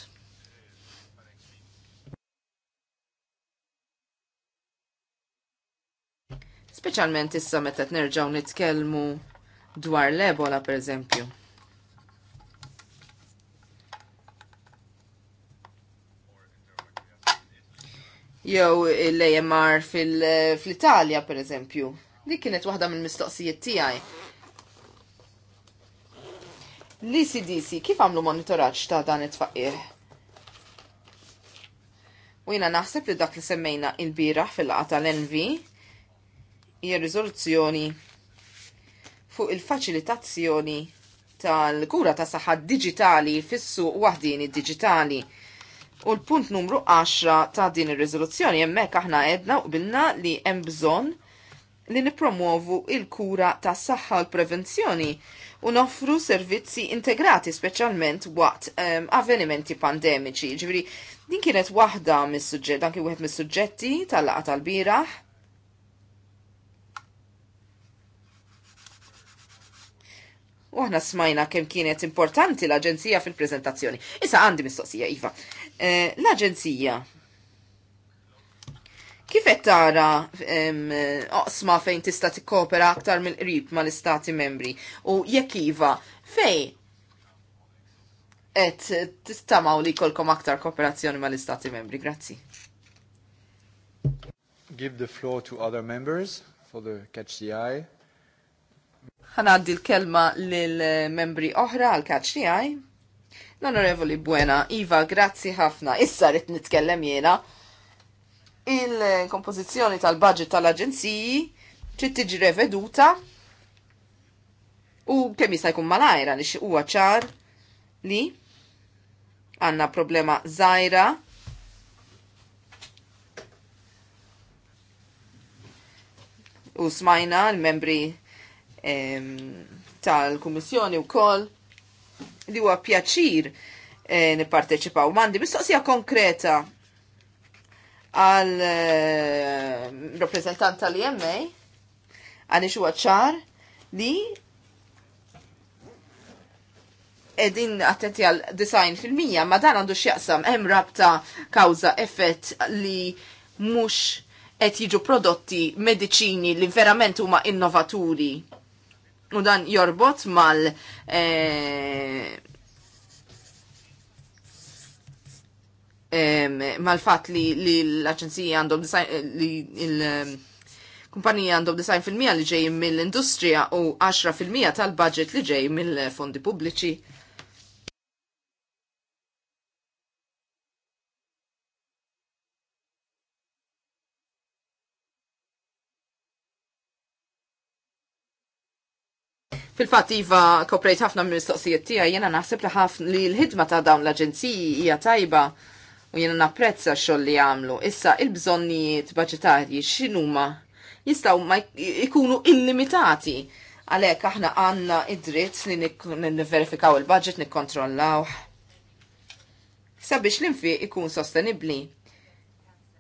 Speċjalment issa meta nerġgħu nitkellmu dwar l-ebola pereżempju. jew l-AMR fil-Italja per eżempju. Dik kienet waħda mill-mistoqsijiet tiegħi. l icdc kif għamlu monitoraċ ta' dan it-tfaqqih? U jina naħseb li dak li semmejna il bira fil-laqa tal-NV jir riżoluzzjoni fuq il-faċilitazzjoni tal-kura ta' saħħa digitali fis-suq waħdini digitali U l-punt numru 10 ta' din ir-riżoluzzjoni hemmhekk aħna għedna u bilna li hemm bżonn li nipromuovu il-kura ta' saħħa u l-prevenzjoni u noffru servizzi integrati speċjalment waqt um, avvenimenti pandemiċi. Ġifieri din kienet waħda mis suġġetti anke wieħed mis-suġġetti tal-laqa tal-bieraħ. U aħna smajna kemm kienet importanti l-Aġenzija fil-preżentazzjoni. Issa għandi mistoqsija, Iva. Eh, L-Aġenzija Kif qed tara oqsma fejn tista' tikkopera aktar mill-qrib mal-istati membri u jekk iva fej qed tistamaw li jkollkom aktar kooperazzjoni mal-istati membri. Grazzi. Give the floor to other members for the catch the eye. Ħanaddi l-kelma lil membri oħra għal catch the eye. L-Onorevoli Buena, Iva, grazzi ħafna. Issa rrit nitkellem jena. Il-kompożizzjoni tal-budget tal-aġenziji trid tiġi reveduta u kemm jista' jkun malajra li huwa ċar li għandna problema żgħira u smajna l-membri tal-Kummissjoni u koll li huwa pjaċir eh, nipparteċipaw. Mandi mistoqsija konkreta għal eh, rappresentant tal-IMA għan huwa ċar li edin attenti għal design fil-mija, ma dan għandu xjaqsam hemm rabta kawza effett li mhux qed jiġu prodotti mediċini li verament huma innovaturi u dan jorbot mal e, e, mal-fat li, l-aċenzija għandhom eh, li il-kumpanija għandhom fil-mija li ġej mill-industrija u 10% tal-budget li ġej mill-fondi pubbliċi. Fil-fatt iva koprejt ħafna mill-mistoqsijiet tiegħi jiena naħseb li ħafna li l-ħidma ta' dawn l-aġenziji hija tajba u jiena napprezza x-xogħol li jagħmlu. Issa il-bżonnijiet baġitarji x'inhuma jistgħu ma jkunu illimitati. Għalhekk aħna għandna id-dritt li nivverifikaw il-budget nikkontrollaw. Sabiex l infi ikun sostenibbli.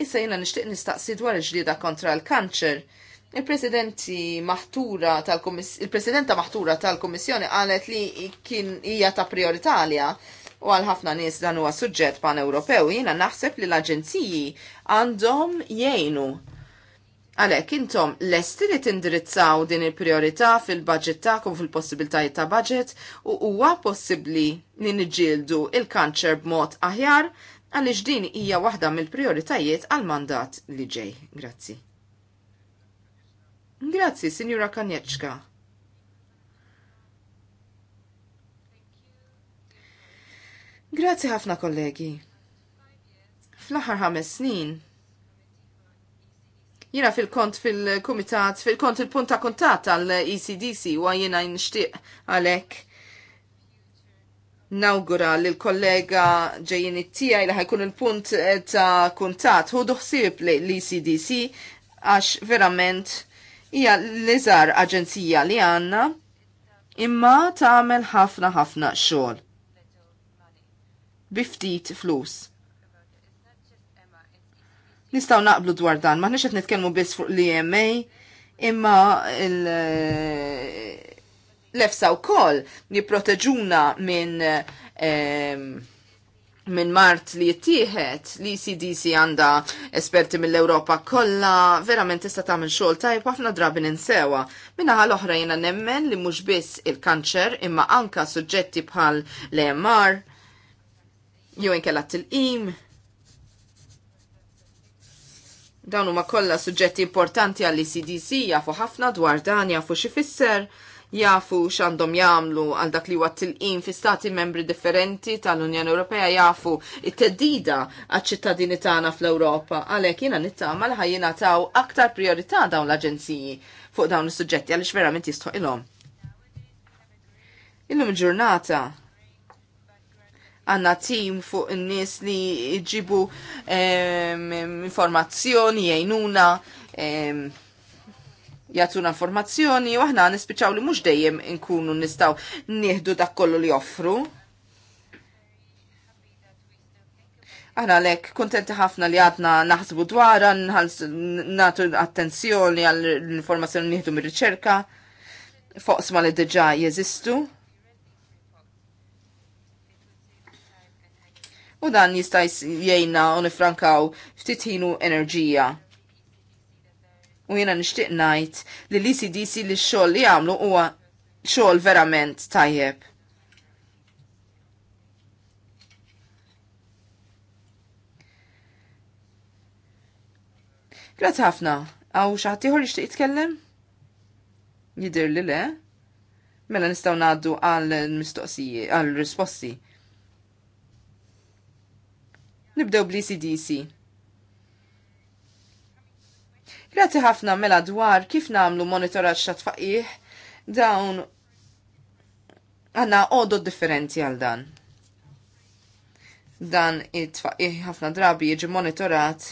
Issa jiena nixtieq nistaqsi dwar il-ġlieda kontra l-kanċer Il-presidenti maħtura tal-komissjoni, il-presidenta maħtura tal-komissjoni għalet li kien hija ta' prioritalja u għal ħafna nies dan huwa suġġett pan-Ewropew jiena naħseb li l-aġenziji għandhom jgħinu. Għalhekk intom lesti li tindirizzaw din il-priorità fil-budget tagħkom fil-possibiltajiet ta' budget u huwa possibbli li niġildu il-kanċer b'mod aħjar għaliex din hija waħda mill-prioritajiet għal mandat li ġej. Grazzi. Grazzi, Signora Kanieczka. Grazzi ħafna kollegi. Fl-aħħar ħames snin, jina fil-kont fil-komitat, fil-kont il-punta kontat għal-ECDC u jina nxtieq għalek nawgura l kollega it Tija il ħajkun il-punt ta' kontat. hu duħsib l-ECDC għax verament hija l-iżar aġenzija li għanna imma tagħmel ħafna ħafna xogħol. Biftit flus. Nistaw naqblu dwar dan, ma qed nitkellmu biss fuq l-EMA, imma l-EFSA wkoll jipproteġuna minn eh, minn Mart li jittieħed li CDC għanda esperti mill-Europa kollha verament tista' tagħmel xogħol tajb ħafna drabi ninsewa. Minnaħa l-oħra jiena nemmen li mhux biss il-kanċer imma anka suġġetti bħal l-EMR jew inkella til-qim. Dawn huma kollha suġġetti importanti għall ecdc jafu ħafna dwar dan jafu xi fisser jafu x'għandhom jagħmlu għal dak li huwa tilqim fi stati membri differenti tal-Unjoni Ewropea jafu it-teddida għaċ-ċittadini tagħna fl-Ewropa. Għalhekk jiena nittama l ħajjina taw aktar priorità dawn l-aġenziji fuq dawn is-suġġetti għaliex verament jistħoq ilhom. Illum ġurnata għanna tim fuq n-nis li jġibu informazzjoni jgħinuna Jatuna informazzjoni u aħna nispiċċaw li mhux dejjem inkunu nistgħu nieħdu dak kollu li joffru. Aħna lek kontenti ħafna li għadna naħsbu dwarha, nagħtu attenzjoni għall informazzjoni nieħdu mir-riċerka sma li diġà jeżistu. U dan jista' jgħinna u nifrankaw ftit ħinu enerġija u jena nishtiq najt li l-ECDC li xoll li għamlu huwa xoll verament tajjeb. Grat ħafna, għaw xaħtiħor li xtiq jitkellem? Jidir li le? Mela nistaw naddu għal mistoqsiji, għal risposti. Nibdew bl-ECDC. Grazzi ħafna mela dwar kif namlu monitoraġġ ta' tfaqih dawn għanna għodu differenti għal dan. Dan it-tfaqih ħafna drabi jiġi monitorat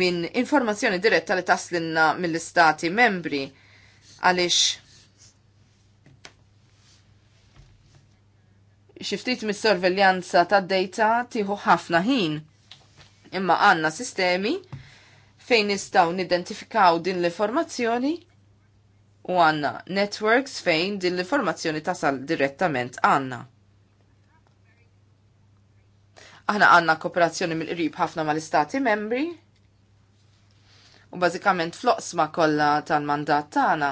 minn informazzjoni diretta li taslinna mill-istati membri għalix xiftit mis-sorveljanza ta' data tiħu ħafna ħin. Imma għanna sistemi fejn nistgħu nidentifikaw din l-informazzjoni u għanna networks fejn din l-informazzjoni tasal direttament għanna. Aħna għanna kooperazzjoni mill-qrib ħafna mal-istati membri u bażikament floqsma kollha tal-mandat tagħna.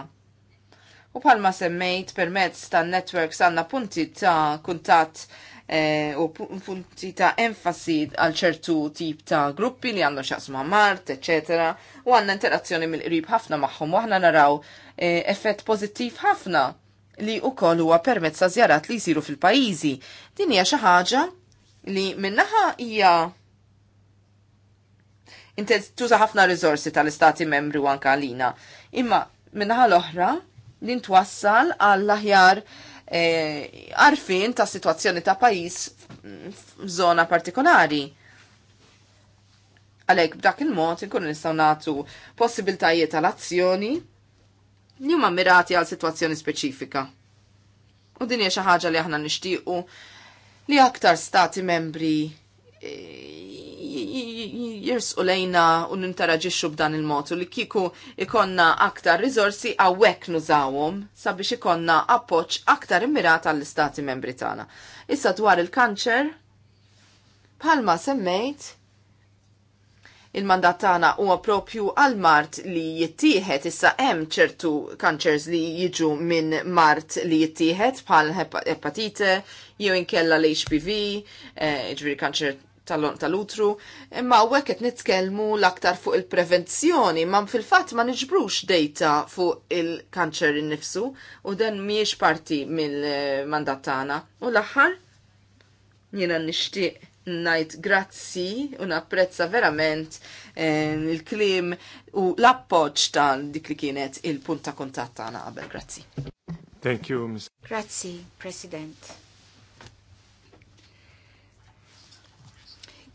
U palma semmejt permezz tan networks għanna punti ta' kuntat Eh, u punti ta' enfasi għal ċertu tip ta' gruppi li għandu xaqsma mart, eccetera, u għanna interazzjoni mill-qrib ħafna maħħum u għanna naraw eh, effett pozittiv ħafna li u koll huwa permezz ta' zjarat li jisiru fil-pajizi. Din hija xi ħaġa li minnaħa hija inti tuża ħafna riżorsi tal-istati membri u anka għalina. Imma minnaħa l-oħra li ntwassal għall aħjar E, għarfin ta' situazzjoni ta' pajis f'żona partikolari. Għalek b'dak il-mod inkunu nistgħu nagħtu possibiltajiet tal azzjoni li huma mirati għal situazzjoni speċifika. U din hija xi ħaġa li aħna nixtiequ li aktar stati membri e, jirsqu lejna u nintaraġixxu b'dan il-mod li kieku ikonna aktar rizorsi għawek nużawhom sabiex ikonna appoġġ aktar immirat għall-istati membri tagħna. Issa dwar il-kanċer bħalma semmejt il-mandat tagħna huwa propju għal mart li jittieħed issa hemm ċertu kanċers li jiġu minn mart li jittieħed bħal hepatite jew inkella l-HPV, eh, ġifieri kanċer tal-utru, imma u qed nitkellmu l-aktar fuq il-prevenzjoni, ma fil-fatt ma niġbrux data fuq il-kanċer innifsu u dan miex parti mill-mandat tagħna. U l-aħħar jiena nixtieq najt grazzi u napprezza verament eh, il-klim u l-appoġġ ta' dik li kienet il-punt ta' kuntatt tagħna qabel. Grazzi. Thank you, Ms. Grazzi, President.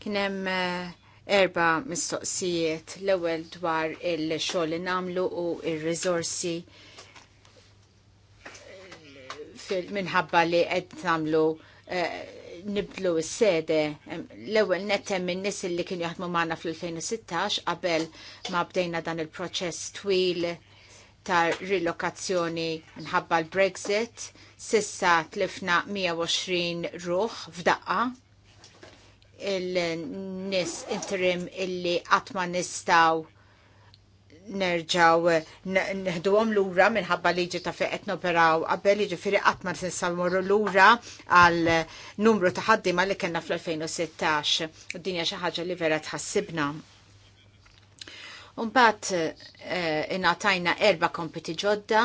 Kienem eh, erba mistoqsijiet l-ewel dwar il-xogħol li namlu u il-rizorsi minħabba li qed namlu eh, nibdlu s-sede. L-ewel netem minn nis li kien jaħdmu maħna fl-2016 qabel ma bdejna dan il-proċess twil ta' rilokazzjoni minħabba l-Brexit. Sissa tlifna 120 ruħ f'daqqa il-nis interim illi għatma nistaw nerġaw l lura minħabba liġi ta' fejn qed noperaw qabel jiġifieri qatt ma l lura għal numru ta' ħaddiema li kellna fl-2016. Dinja xi ħaġa li vera tħassibna. Umbat eh, inna tajna erba kompiti ġodda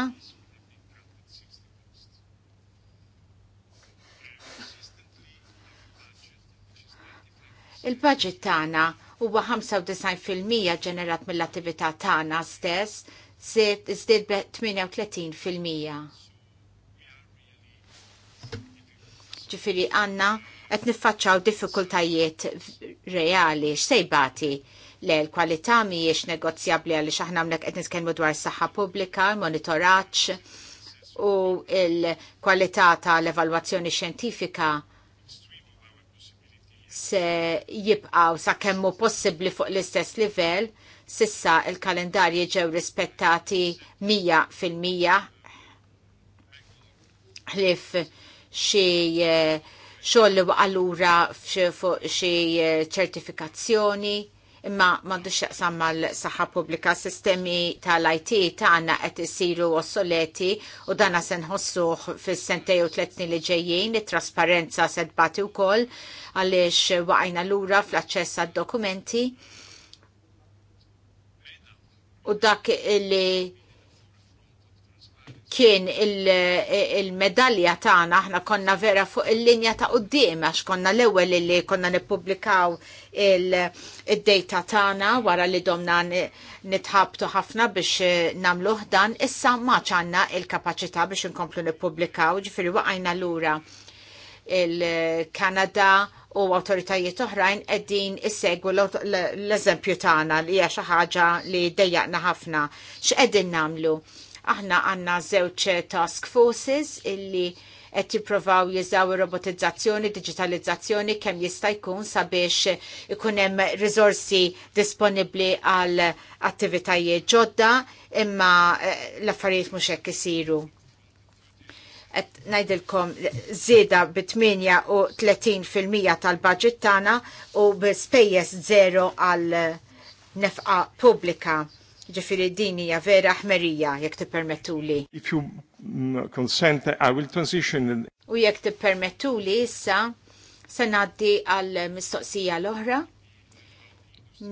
Il-budget tagħna huwa 95% ġenerat mill-attività tagħna stess, żied iżdied 38%. Ġifieri għandna qed niffaċċaw diffikultajiet reali x'sejbati le l-kwalità mhijiex negozjabbli għaliex aħna hawnhekk qed nitkellmu dwar saħħa pubblika, monitoraġġ u l-kwalità tal-evalwazzjoni xjentifika se jibqaw sa kemmu possibli fuq l-istess livell, sissa il-kalendarji ġew rispettati 100% ħlif xie eh, xogħol allura fuq xi eh, ċertifikazzjoni imma mandu xaqsam mal-saħħa pubblika sistemi tal-IT tagħna qed isiru ossoleti u dana se nħossuh fis-sentej u tliet li ġejjin, it-trasparenza se tbati wkoll għaliex waqajna lura fl-aċċess għad-dokumenti u dak li kien il-medalja il tagħna aħna konna vera fuq il-linja ta' qudiem għax konna l-ewwel li konna nippubblikaw il-data tagħna wara li domna nitħabtu ħafna biex eh, nagħmluh dan issa ma ċanna il-kapaċità biex inkomplu nippubblikaw ġifieri waqajna lura il-Kanada u awtoritajiet oħrajn qegħdin issegwu l-eżempju tagħna li hija xi ħaġa li dejjaqna ħafna. X'qegħdin nagħmlu? Aħna għanna zewċ task forces illi qed jippruvaw jiżaw ir-robotizzazzjoni, digitalizzazzjoni kemm jista' jkun sabiex ikun hemm riżorsi disponibbli għal attivitajiet ġodda imma eh, l-affarijiet mhux hekk isiru. Qed ngħidilkom żieda bi 38% tal budget tagħna u bi spejjeż zero għal nefqa pubblika Ġifiri din hija vera ħmerija jekk tippermettuli. If you mm, consent, I will transition. U jekk tippermettuli issa se ngħaddi għal mistoqsija l-oħra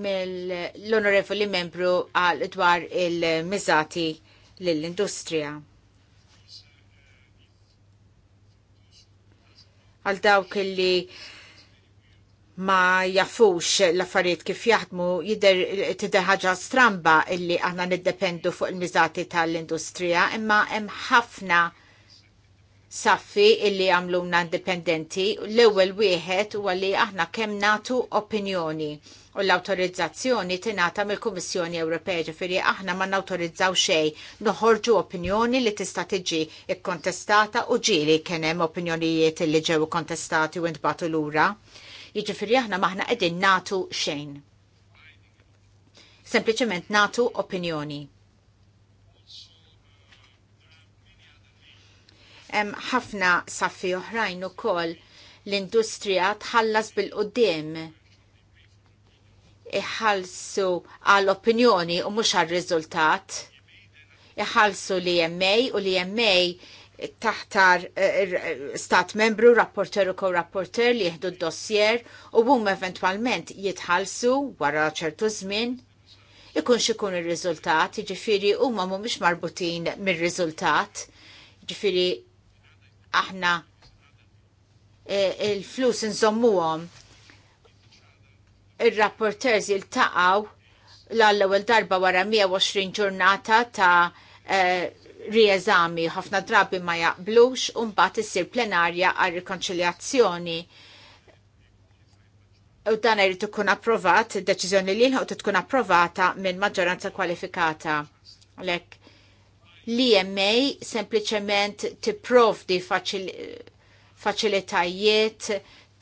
mill-onorevoli membru għal dwar il-miżati lill-industrija. Għal dawk li ma jafux l-affarijiet kif jaħdmu jidher tidher ħaġa stramba illi aħna niddependu fuq il-miżati tal-industrija, imma hemm ħafna saffi illi għamluna indipendenti. L-ewwel wieħed huwa li aħna kemm nagħtu opinjoni u l-autorizzazzjoni tingħata mill-Kummissjoni Ewropea ġifieri aħna ma nawtorizzaw xejn noħorġu opinjoni li tista' tiġi kkontestata u ġieli kien hemm opinjonijiet li ġew kontestati u ntbagħtu lura. Jiġifieri aħna maħna qegħdin natu xejn. Sempliċement natu opinjoni. Hemm ħafna saffi oħrajn ukoll l-industrija tħallas bil-qudiem iħalsu għall-opinjoni u mhux għal-riżultat iħalsu li MA u li MA taħtar eh, eh, stat membru, rapporter u kow rapporter li jihdu d-dossier u bum eventualment jitħalsu wara ċertu żmien ikun xikun il-rizultat, ġifiri u ma mumiex marbutin mir-rizultat, ġifiri aħna eh, il-flus għom. il-rapporters jiltaqaw l-ewwel darba wara 120 ġurnata ta' rieżami ħafna drabi ma jaqblux u mbagħad issir plenarja għal rikonċiljazzjoni. U dan irid ikun approvat, id-deċiżjoni li jinħu tkun approvata minn maġġoranza kwalifikata. Lek l-EMA sempliċement tipprovdi faċilitajiet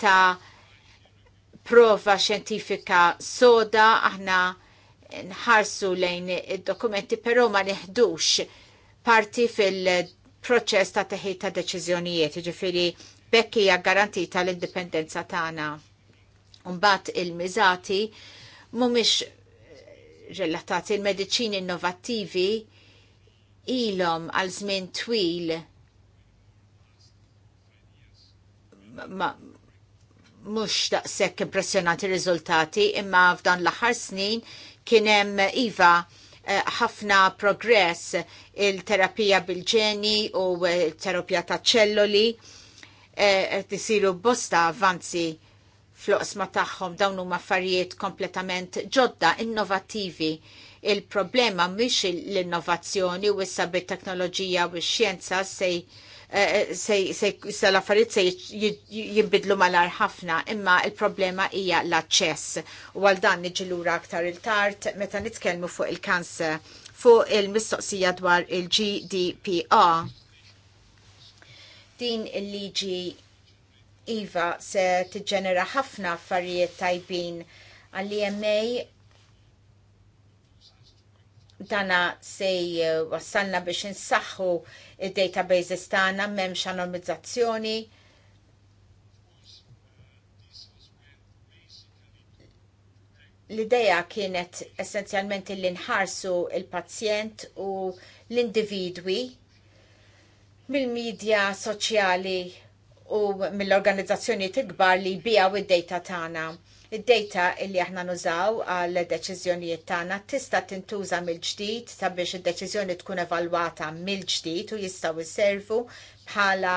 ta' prova xjentifika soda aħna nħarsu lejn id-dokumenti, però ma neħdux parti fil-proċess ta' teħid ta' deċiżjonijiet, ġifiri bekk hija garantita l-indipendenza tagħna. Mbagħad il-miżati mhumiex relatati il-mediċini innovattivi ilhom għal żmien twil ma mhux daqshekk impressjonanti riżultati imma f'dan l-aħħar snin kien hemm iva Eh, ħafna uh, progress il-terapija bil-ġeni u eh, terapija ta' ċelloli eh, qed isiru bosta avvanzi fl osma tagħhom dawn huma affarijiet kompletament ġodda innovattivi il-problema mhix l-innovazzjoni u issa bit-teknoloġija u x-xjenza se Eh, se l-affarijiet se jibidlu malar ħafna, imma il-problema hija l-aċċess. U għal dan niġi lura aktar il-tard meta nitkellmu fuq il-kanser fuq il-mistoqsija dwar il-GDPR. Din il-liġi Iva se tiġġenera ħafna affarijiet tajbin għall-EMA dana se eh, wassalna biex insaħħu il-databases tagħna m'hemmx anonimizzazzjoni. L-ideja kienet essenzjalment li nħarsu il-pazjent u l-individwi mill-medja soċjali u mill-organizzazzjoni tikbar li bijaw id-data tagħna. Id-data li aħna nużaw għal deċiżjonijiet tagħna tista' tintuża mill-ġdid sabiex id-deċiżjoni tkun evalwata mill-ġdid u jistgħu jservu bħala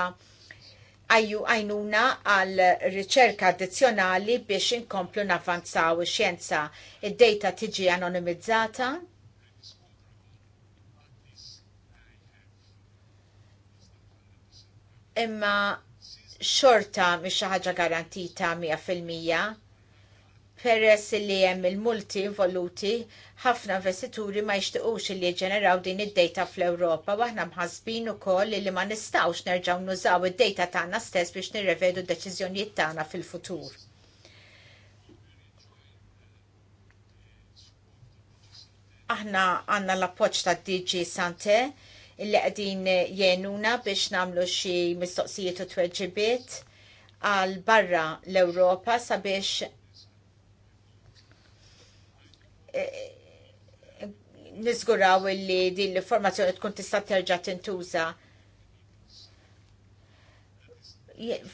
għajju għajnuna għal riċerka addizzjonali biex inkomplu navvanzaw ix-xjenza. Id-data tiġi anonimizzata, imma xorta mhix xi ħaġa garantita 100% peress li hemm il-multi involuti, ħafna investituri ma jixtiequx li jiġġeneraw din id-data fl-Ewropa u aħna mħasbin ukoll li ma nistgħux nerġgħu nużaw id-data tagħna stess biex nirrevedu d-deċiżjonijiet tagħna fil-futur. aħna għanna l-appoċ ta' DG Sante illi qegħdin jenuna biex nagħmlu xi mistoqsijiet u tweġibiet għal barra l-Ewropa sabiex eh, nizguraw illi din l-informazzjoni tkun tista' terġa' tintuża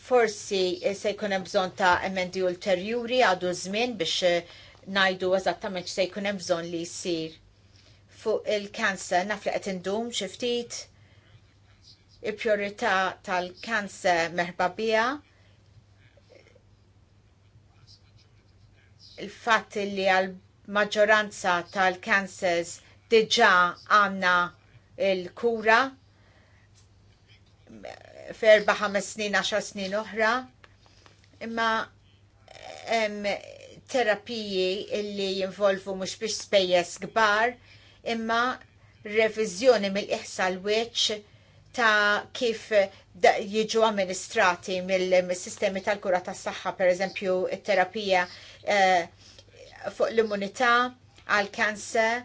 forsi se jkun hemm bżonn ta' emendi ulterjuri għadu żmien biex eh, ngħidu eżattament x'se jkun hemm bżonn li jsir fuq il-kanser naf li qed indum xi ftit il-priorità tal-kanser meħba biha il-fatt li għal maġġoranza tal-kansers diġà għandna il-kura f'erba' ħames snin, għaxar snin oħra, imma terapiji illi jinvolvu mhux biex spejjeż kbar imma reviżjoni mill-iħsa l-weċ ta' kif jiġu amministrati mill-sistemi tal-kura tas saħħa per eżempju, terapija eh, fuq l-immunità għal-kanser,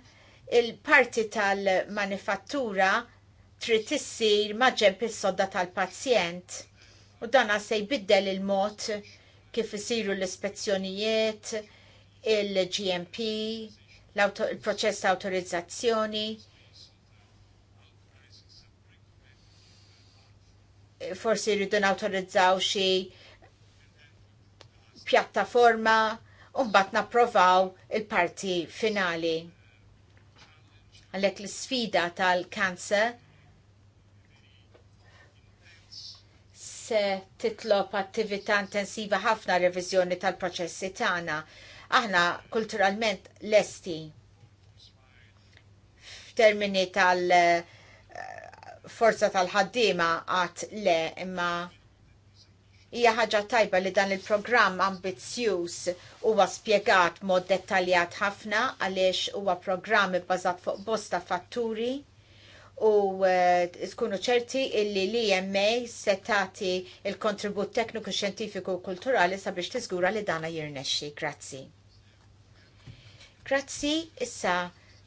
il-parti tal-manifattura trid tissir maġġem is-sodda tal-pazjent. U dan se jbiddel il-mod kif isiru l-ispezzjonijiet, il-GMP, il-proċess ta' autorizzazzjoni. Forsi rridu nautorizzaw xi pjattaforma u mbagħad napprovaw il-parti finali. Għalhekk l isfida tal-kanser se titlob attività intensiva ħafna revizjoni tal-proċessi tagħna Aħna kulturalment lesti f'termini tal-forza eh, tal-ħaddiema għat le imma hija ħaġa tajba li dan il-programm ambizzjuż huwa spjegat mod dettaljat ħafna għaliex huwa programm ibbażat fuq bosta fatturi u eh, tkunu ċerti illi li ima se tagħti l kontribut tekniku xjentifiku u kulturali sabiex tiżgura li dana jirnexxi. Grazzi. Grazzi, issa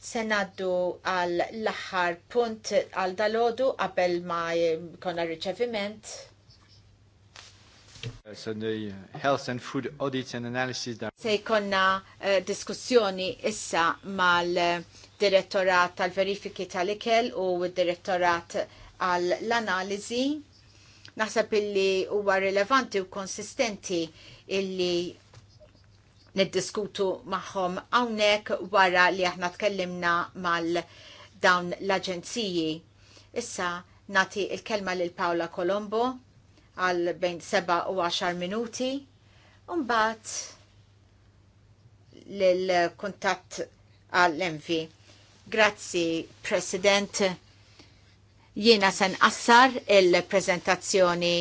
se għal l-aħħar punt għal dalodu qabel ma konna riċeviment. So the health and food audits and analysis that... Se jkonna uh, eh, diskussjoni issa mal direttorat tal-verifiki tal-ikel u direttorat għall-analizi. Naħseb illi huwa rilevanti u konsistenti illi niddiskutu maħħom għawnek wara li aħna tkellimna mal dawn l-aġenziji. Issa nati il-kelma lil Paola Colombo għal bejn 7 u 10 minuti. Umbat lil kuntatt għall-envi. Grazzi, President. Jiena sen assar il-prezentazzjoni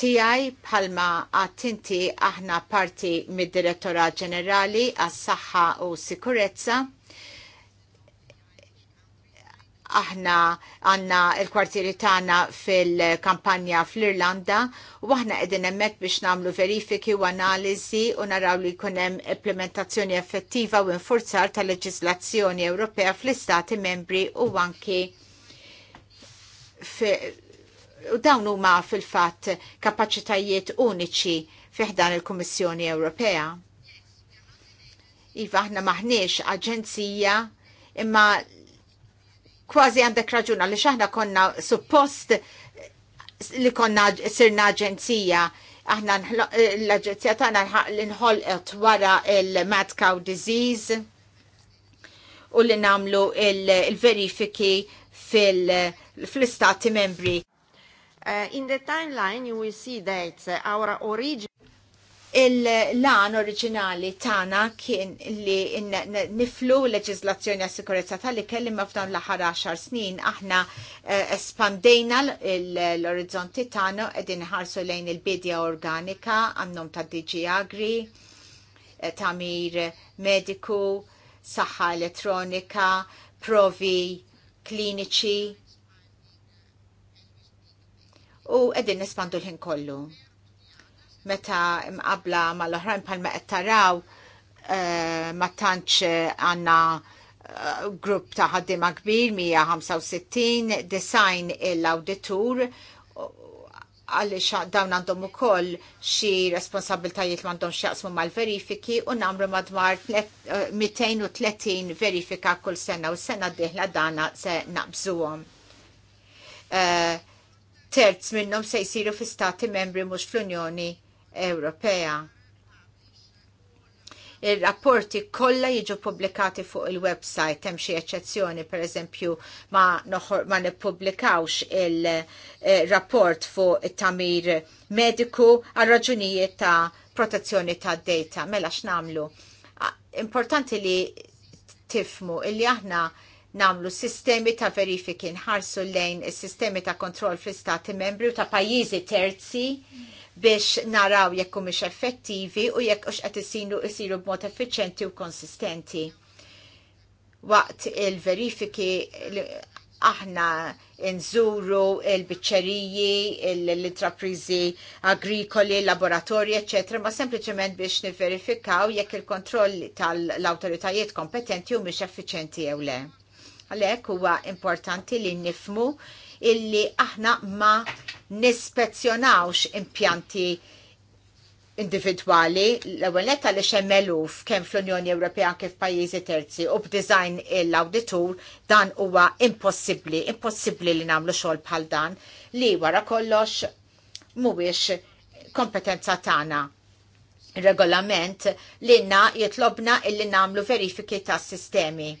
tijaj palma għattinti aħna parti mid-Direttorat Ġenerali għas saħħa u Sikurezza aħna għanna il-kwartieri tagħna fil-kampanja fl-Irlanda u aħna qegħdin hemmhekk biex nagħmlu verifiki u analiżi u naraw li jkun hemm implementazzjoni effettiva u infurzar tal leġislazzjoni Ewropea fl-istati membri u anki u dawn huma fil-fatt kapaċitajiet uniċi fiħdan il-Kummissjoni Ewropea. Iva aħna maħniex aġenzija imma kważi għandek raġuna għalli xaħna konna suppost li konna sirna aġenzija aħna l-aġenzija tagħna l-inħolqet wara il-mad cow disease u li namlu il-verifiki fil-istati membri. Uh, in the timeline you will see that our origin Il-lan oriġinali tana kien li niflu leġizlazzjoni għas sikurezza tal-li kellim f'dan l-aħħar 10 snin aħna eh, espandejna l-orizzonti tana edin ħarsu lejn il-bidja organika għannum ta' diġi Agri, eh, tamir mediku, saħħa elettronika, provi kliniċi, u edin espandu l-ħin kollu meta mqabla mal-oħrajn bħalma qed taraw eh, ma tantx eh, għandna eh, grupp ta' ħaddiema kbir 165 design l-awditur għalix dawn għandhom ukoll xi responsabiltajiet m'għandhom x'jaqsmu mal-verifiki u nagħmlu madwar 230 verifika kull sena u sena diħla dana se naqbżuhom. Uh, terz minnhom se jsiru fi stati membri mhux fl-Unjoni Ewropea. Ir-rapporti kollha jiġu pubblikati fuq il-website hemm xi eċċezzjoni pereżempju ma ma nippubblikawx il-rapport fuq it-tamir mediku għal raġunijiet ta' protezzjoni ta' data. Mela x'namlu? Importanti li tifmu illi aħna namlu sistemi ta' verifiki nħarsu lejn is-sistemi ta' kontroll fl-istati membri u ta' pajjiżi terzi biex naraw jekk mhux effettivi u jekk hux qed isiru isiru b'mod effiċenti u konsistenti. Waqt il-verifiki aħna nżuru il-biċċeriji, l-intraprizi agrikoli, laboratorji, ecc. ma sempliciment biex niverifikaw jekk il-kontroll tal-autoritajiet kompetenti u mhux effiċenti jew le. Għalhekk huwa importanti li nifmu illi aħna ma nispezzjonawx impjanti individuali, l-ewwel netta li xemmeluf kemm fl-Unjoni Ewropea kif pajjiżi terzi u b'design l-awditur dan huwa impossibbli, impossibbli li nagħmlu xogħol bħal dan li wara kollox mhuwiex kompetenza tagħna regolament l-inna jitlobna illi namlu verifiki ta' sistemi.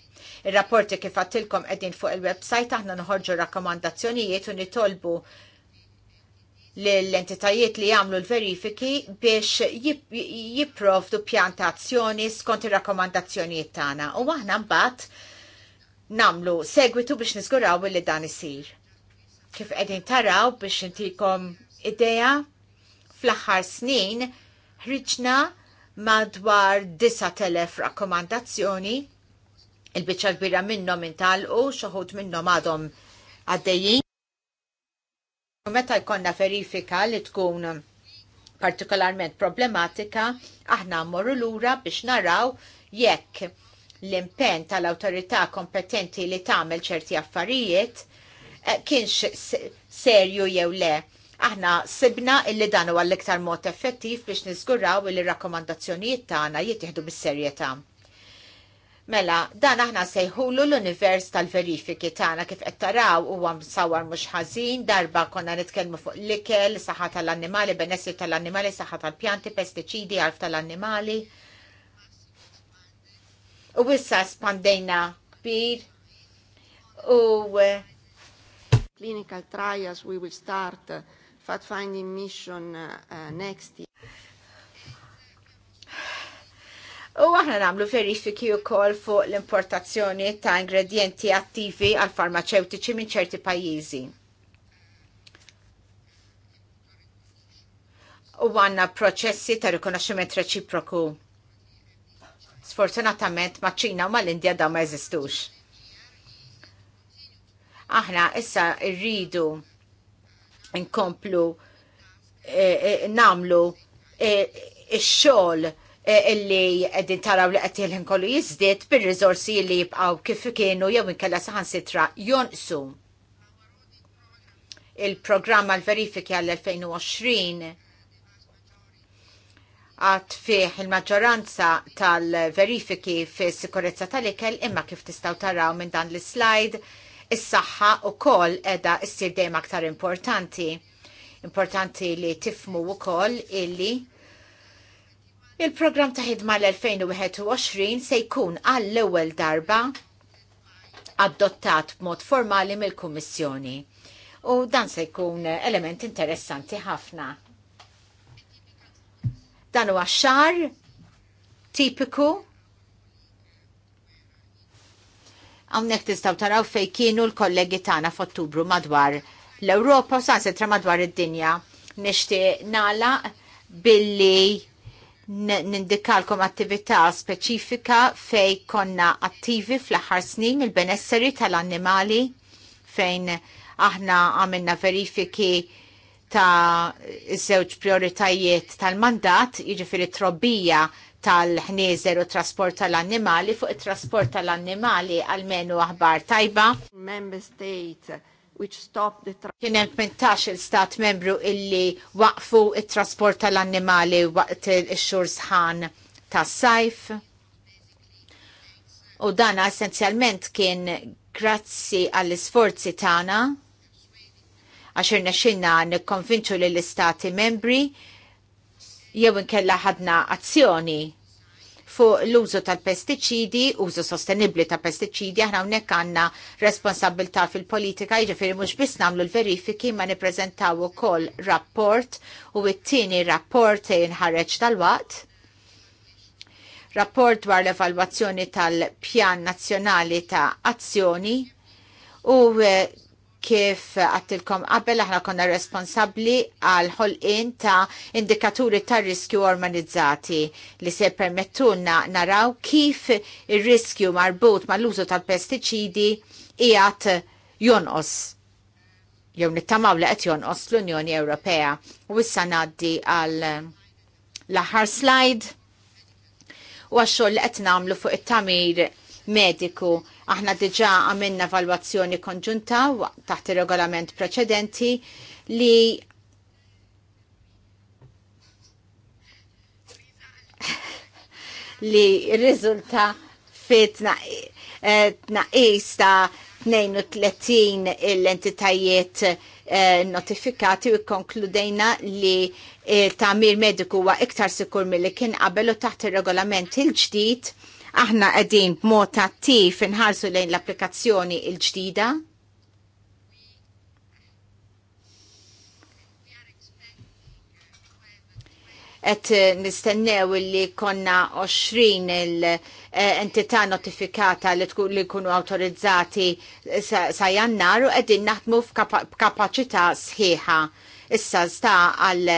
Il-rapporti kif għattilkom għedin fuq il-websajt aħna nħorġu rakkomandazzjonijiet u nitolbu l-entitajiet li jagħmlu l-verifiki biex jipprovdu pjantazzjoni skont ir-rakkomandazzjonijiet tagħna. U aħna mbagħad namlu segwitu biex niżguraw li dan isir. Kif qegħdin taraw biex intikom idea fl-aħħar snin ħriġna madwar 9,000 rakkomandazzjoni. Il-bicċa kbira minnhom intalqu, xoħut minnhom għadhom għaddejjin. Meta jkollna verifika li tkun partikolarment problematika, aħna mmorru lura biex naraw jekk l-impen tal-autorità kompetenti li tagħmel ċerti affarijiet eh, kienx serju jew le Aħna sibna illi dan huwa l-iktar mod effettiv biex niżguraw illi rakkomandazzjonijiet tagħna jittieħdu bis-serjetà. Mela, dan aħna sejħulu l-univers tal-verifiki tagħna kif qed taraw huwa msawar mhux ħażin, darba konna nitkellmu fuq l-ikel, saħħa tal-annimali, benessri tal-annimali, saħħa tal-pjanti, pestiċidi, għalf tal-annimali. U issa spandejna kbir u eh, clinical trials we will start eh, fact-finding mission uh, uh, next year. U aħna namlu verifiki u kol fuq l-importazzjoni ta' ingredienti attivi għal farmaceutiċi minn ċerti pajjiżi. U għanna proċessi ta' rikonoxximent reċiproku. Sfortunatament ma' ċina u mal-Indja da' ma' eżistux. Aħna issa irridu nkomplu eh, eh, namlu eh, ix-xogħol illi qegħdin taraw li qed jilħin kollu jiżdied bir-riżorsi li jibqgħu kif kienu jew inkella saħansitra jonqsu. Il-programm l verifiki għall 2020 għat fih il-maġġoranza tal-verifiki fi sikurezza tal-ikel imma kif tistaw taraw minn dan l-slide Is-saħħa wkoll edha ssir dejjem aktar importanti. Importanti li tifmu wkoll illi il-programm ta' ħidma l-2021 se jkun għall-ewwel darba adottat b'mod formali mill-Kummissjoni. U dan se jkun element interessanti ħafna. Dan huwa xar tipiku għamnek tistaw taraw fejn kienu l-kollegi tagħna f'Ottubru madwar l-Ewropa u sansetra madwar id-dinja. Nixtieq nala billi nindikalkom attività speċifika fej konna attivi fl-aħħar snin il-benesseri tal-annimali fejn aħna għamilna verifiki ta' iż-żewġ prioritajiet tal-mandat, jiġifieri trobbija tal-ħnieżer u trasport tal-annimali fuq it-trasport tal-annimali għalmenu aħbar tajba. Member State which the Kien hemm 18 il-stat membru illi waqfu it-trasport tal-annimali waqt ix-xhur sħan tas-sajf. U dana essenzjalment kien grazzi għall-isforzi tagħna għax irnexxinna nikkonvinċu lill-istati membri jew inkella ħadna azzjoni fuq l-użu tal-pestiċidi, użu sostenibli ta' pestiċidi, aħna hawnhekk għandna responsabilità fil-politika, jiġifieri mhux biss nagħmlu l-verifiki ma nippreżentaw ukoll rapport u t-tieni rapport se jinħareġ tal-waqt. Rapport dwar l-evalwazzjoni tal-Pjan Nazzjonali ta' Azzjoni u eh, kif għattilkom qabel aħna konna responsabli għal ħolqien ta' indikaturi ta' riskju organizzati li se permettuna naraw kif ir-riskju marbut mal-użu tal-pestiċidi qiegħed jonqos jew nittamaw li qed jonqos l-Unjoni Ewropea. U issa ngħaddi għal l-aħħar slide u għax-xogħol li qed nagħmlu fuq it-tamir mediku Aħna diġa għamilna valwazzjoni konġunta taħt ir-regolament preċedenti li li rizulta fit eh, naqis ta' 32 l-entitajiet eh, notifikati u konkludejna li eh, tamir mediku huwa iktar sikur mill-li kien qabel u taħt ir regolament il-ġdid aħna qegħdin b'mod attiv inħarsu lejn l-applikazzjoni l-ġdida? Et eh, nistennew eh, li konna 20 il-entità notifikata li kunu autorizzati sa, jannar u qegħdin naħdmu f'kapacità sħiħa. Issa sta għal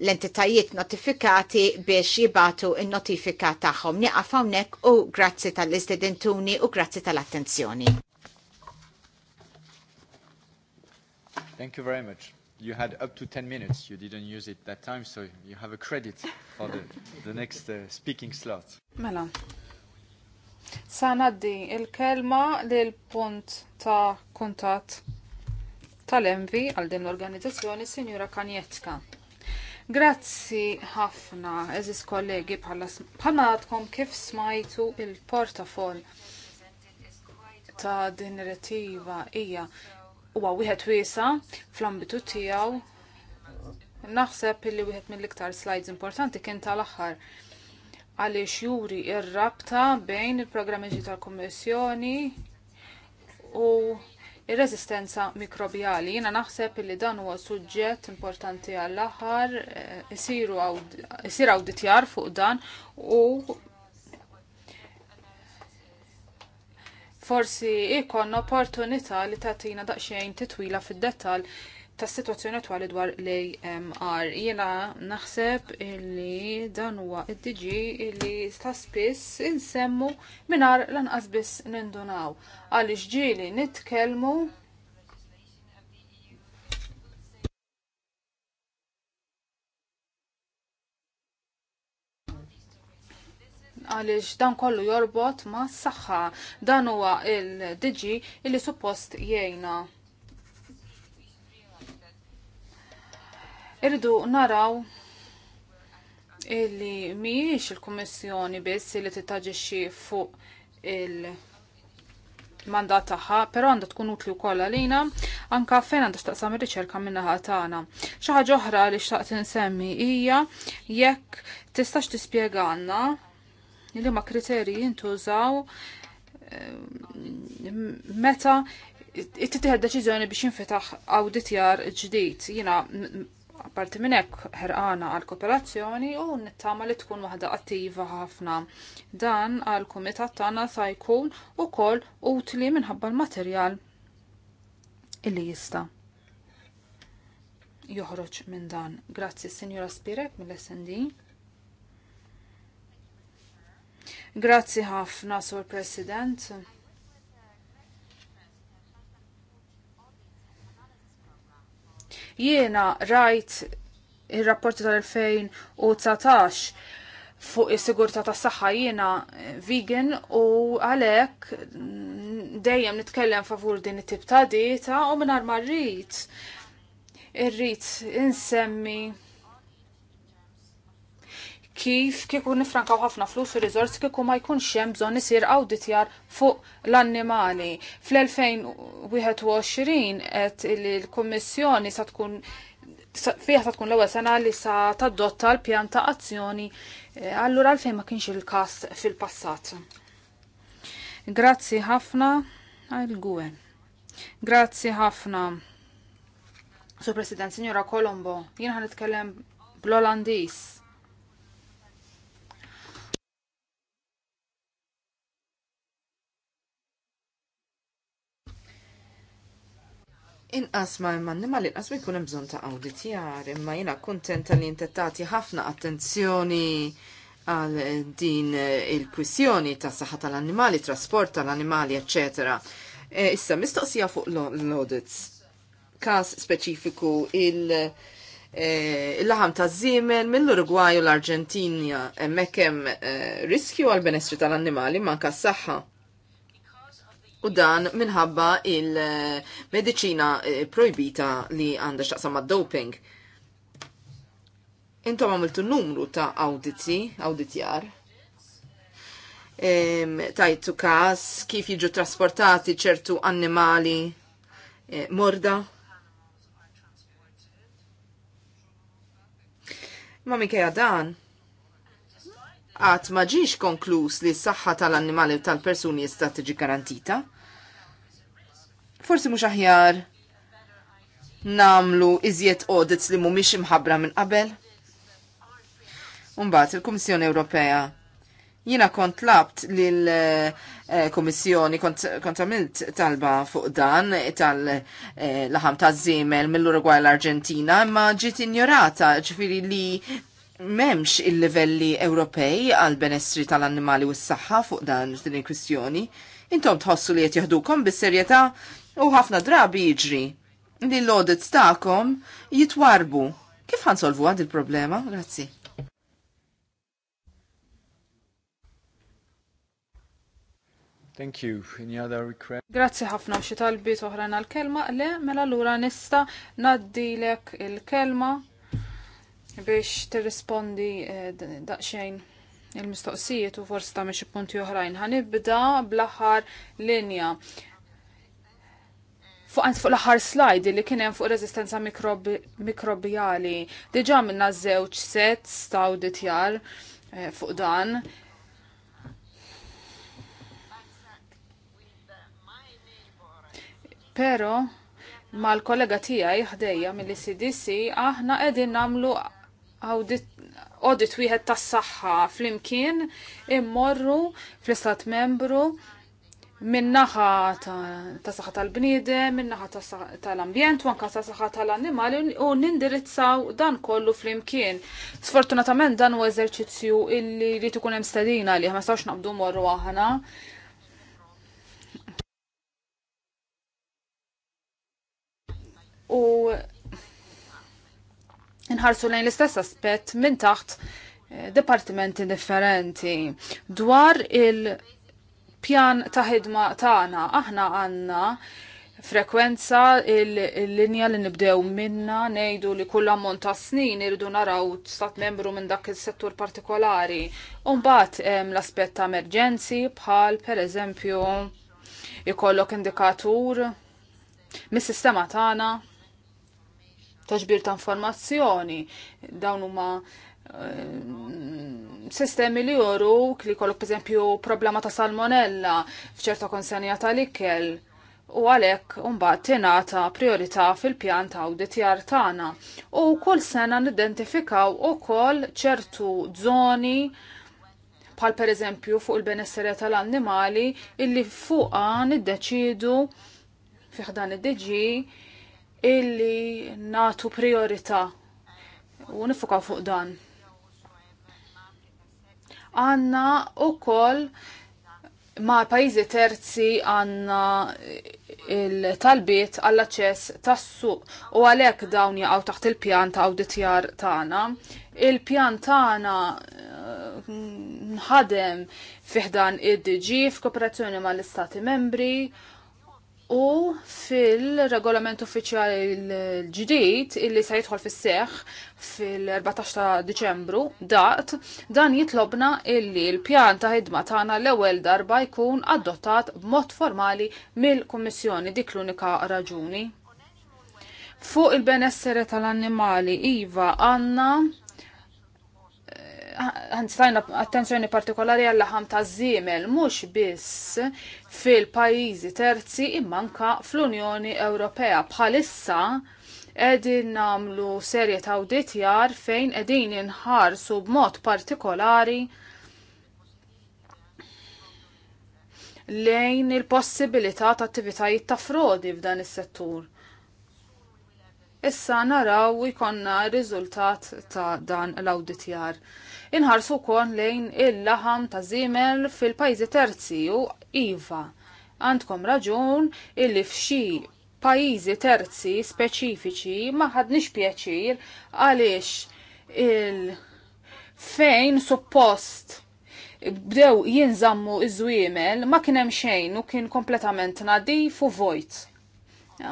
l-entitajiet notifikati biex jibatu il-notifika tagħhom. Nieqaf hawnhekk u grazzi tal-istedentuni u grazzi tal-attenzjoni. Thank you very much. You had up to 10 minutes. You didn't use it that time, so you have a credit for the, the next uh, speaking slot. Mela. Sanaddi, il-kelma lil punt ta' kuntat tal-envi għal din l-organizzazzjoni Signora Kanjetka. Grazzi ħafna, eżis kollegi, bħalma għadkom kif smajtu il-portafol ta' din retiva hija huwa wieħed wiesa fl-ambitu tiegħu. Naħseb li wieħed mill-iktar slides importanti kien tal-aħħar għaliex juri r rabta bejn il-programmi tal-Kummissjoni u ir rezistenza mikrobjali. Jiena naħseb li dan huwa suġġett importanti għall-aħħar, eh, isir awditjar fuq dan u forsi ikon opportunità li tagħtina daqsxejn titwila fid-dettall ta' situazzjoni attuali dwar l-AMR. Jena naħseb illi dan huwa id-diġi illi ta' spiss insemmu minar lanqas biss nindunaw. Għaliex ġieli nitkellmu għaliex dan kollu jorbot ma' s-saxħa. Dan huwa il-diġi illi suppost jgħina Irridu naraw illi mhijiex il-Kummissjoni biss li titaġixxi fuq il- mandat tagħha, però għandha tkun utli wkoll għalina anka fejn għandha x'taqsam ir-riċerka min-naħa tagħna. Xi ħaġa oħra li xtaqt insemmi hija jekk tistax tispjegana li ma kriterji jintużaw eh, meta it-tiħed deċiżjoni biex jinfetaħ awditjar ġdid. Jina Apparti minn hekk ħerqana għal kooperazzjoni u nittama li tkun waħda attiva ħafna. Dan għal kumitat tagħna sa jkun ukoll utli minħabba l-materjal illi jista' joħroġ minn dan. Grazzi Sinjora Spirek mill-SND. Grazzi ħafna, Sur President. Jiena rajt il-rapporti tal-2019 fuq is-sigurtà tas-saħħa jiena eh, vegan u għalhekk mm, dejjem nitkellem favur din it-tip ta' dieta u mingħajr ma rrid irrid insemmi kif kieku nifrankaw ħafna flus u rizors kieku ma jkunx hemm bżonn isir awditjar fuq l-annimali. Fl-2021 qed il-Kummissjoni sa tkun fiha sa tkun l-ewwel sena li sa tadotta l-pjan ta' azzjoni eh, allura għalfejn ma kienx il kast fil-passat. Grazzi ħafna għal gwen Grazzi ħafna. Sur President, Signora Colombo, jien ħan nitkellem bl-Olandis Inqas ma imman imma l-inqas ma jkun hemm bżonn ta' awditjar, imma jiena kuntenta li inti tagħti ħafna attenzjoni għal din eh, il-kwissjoni ta' saħħa tal-annimali, trasport tal-annimali, eċċetera. Eh, issa mistoqsija fuq l-audits. Każ speċifiku il- eh, il-laħam ta' zimen mill-Uruguay u l-Arġentina hemmhekk hemm riskju għal benestri tal-annimali manka s-saħħa u dan minħabba il-medicina eh, projbita li għandha x'aqsam mad-doping. Intom għamiltu numru ta' audizi, audizjar. tajtu kas kif jiġu trasportati ċertu annimali eh, morda. Ma minkejja dan, għat maġiġ konkluż li s-saxħa tal-annimali tal-persuni jista' tiġi garantita. Forsi mhux aħjar namlu iżjed audits li mhumiex imħabbra minn qabel. Umbagħad il-Kummissjoni Ewropea jina kont labt l-Komissjoni, eh, kont, kont għamilt talba fuq dan, tal-laħam eh, ta' zimel mill-Uruguay l-Argentina, ma ġiet ignorata, ġifiri li memx il-livelli Ewropej għal benessri tal-annimali u s-saħħa fuq dan din il-kwistjoni, intom tħossu li qed jaħdukom bis-serjetà u ħafna drabi jiġri li l-audits tagħkom jitwarbu. Kif solvu għad il-problema? Grazzi. Thank you. Any other request? Grazzi ħafna xi talbiet oħrajn l kelma Le, mela lura nista' naddilek il-kelma biex tirrispondi eh, daqsxejn il-mistoqsijiet u forsi ta' xi punti oħrajn. Għanibda bl-aħħar linja. Fuq għant fuq l-aħħar slajd li kien hemm fuq rezistenza mikrobjali. Diġà minna żewġ sets ta' awditjar eh, fuq dan. Pero mal-kollega tiegħi ħdejja mill-CDC aħna qegħdin nagħmlu audit wieħed tas-saħħa flimkien immorru fl-istat membru minnaħa ta' saħħa tal-bniedem, minnaħa tal-ambjent, u anka ta' saħħa tal-annimali u nindirizzaw dan kollu flimkien. Sfortunatament dan u eżerċizzju illi li tkun hemm stedina li ma stawx naqbdu morru aħna. U nħarsu lejn l-istess aspett minn taħt eh, departimenti differenti. Dwar il-pjan ta' ħidma tagħna aħna għandna frekwenza il-linja li nibdew minna nejdu li kull ammont ta' snin irridu naraw stat membru minn dak il-settur partikolari. Umbat l-aspett ta' emerġenzi bħal per eżempju ikollok indikatur mis-sistema tagħna taġbir ta' informazzjoni. Dawn huma eh, sistemi li joru li kollok pereżempju problema ta' salmonella f'ċerta konsenja tal-ikel u għalek unbat tinata priorità fil-pjan ta' auditjar tagħna. U kull sena nidentifikaw ukoll ċertu zoni bħal per eżempju fuq il-benessere tal-annimali illi fuqa n-deċidu fiħdan id deġi illi natu priorità u nifuka fuq dan. Għanna u koll ma' pajzi terzi għanna il-talbiet għall-aċċess tas-suq u għalhekk dawn jaqgħu taħt il-pjan ta' awditjar tagħna. Il-pjan tagħna eh, nħadem fiħdan id-DG f'kooperazzjoni mal-Istati Membri U fil-regolament uffiċjali l-ġdid illi se jidħol fis-seħħ fil-14 ta' Diċembru dat dan jitlobna illi l-pjan ta' ħidma tagħna l-ewwel darba jkun adottat b'mod formali mill-Kummissjoni dik l-unika raġuni. Fuq il-benessere tal-annimali iva għandna għantajna attenzjoni partikolari għalla ħam ta' zimel, mux biss fil-pajizi terzi immanka fl-Unjoni Ewropea. Bħalissa edin namlu serje ta' auditjar fejn edin sub b'mod partikolari lejn il-possibilità ta' attivitajiet ta' frodi f'dan is-settur. Issa naraw ikonna riżultat ta' dan l-auditjar inħarsu kon lejn il-laħam ta' zimel fil-pajzi terzi u iva. Għandkom raġun illi f'xi pajzi terzi speċifiċi ma ħadniex pjaċir għaliex il fejn suppost bdew jinżammu iż-żwiemel ma kien hemm xejn u kien kompletament nadif u vojt.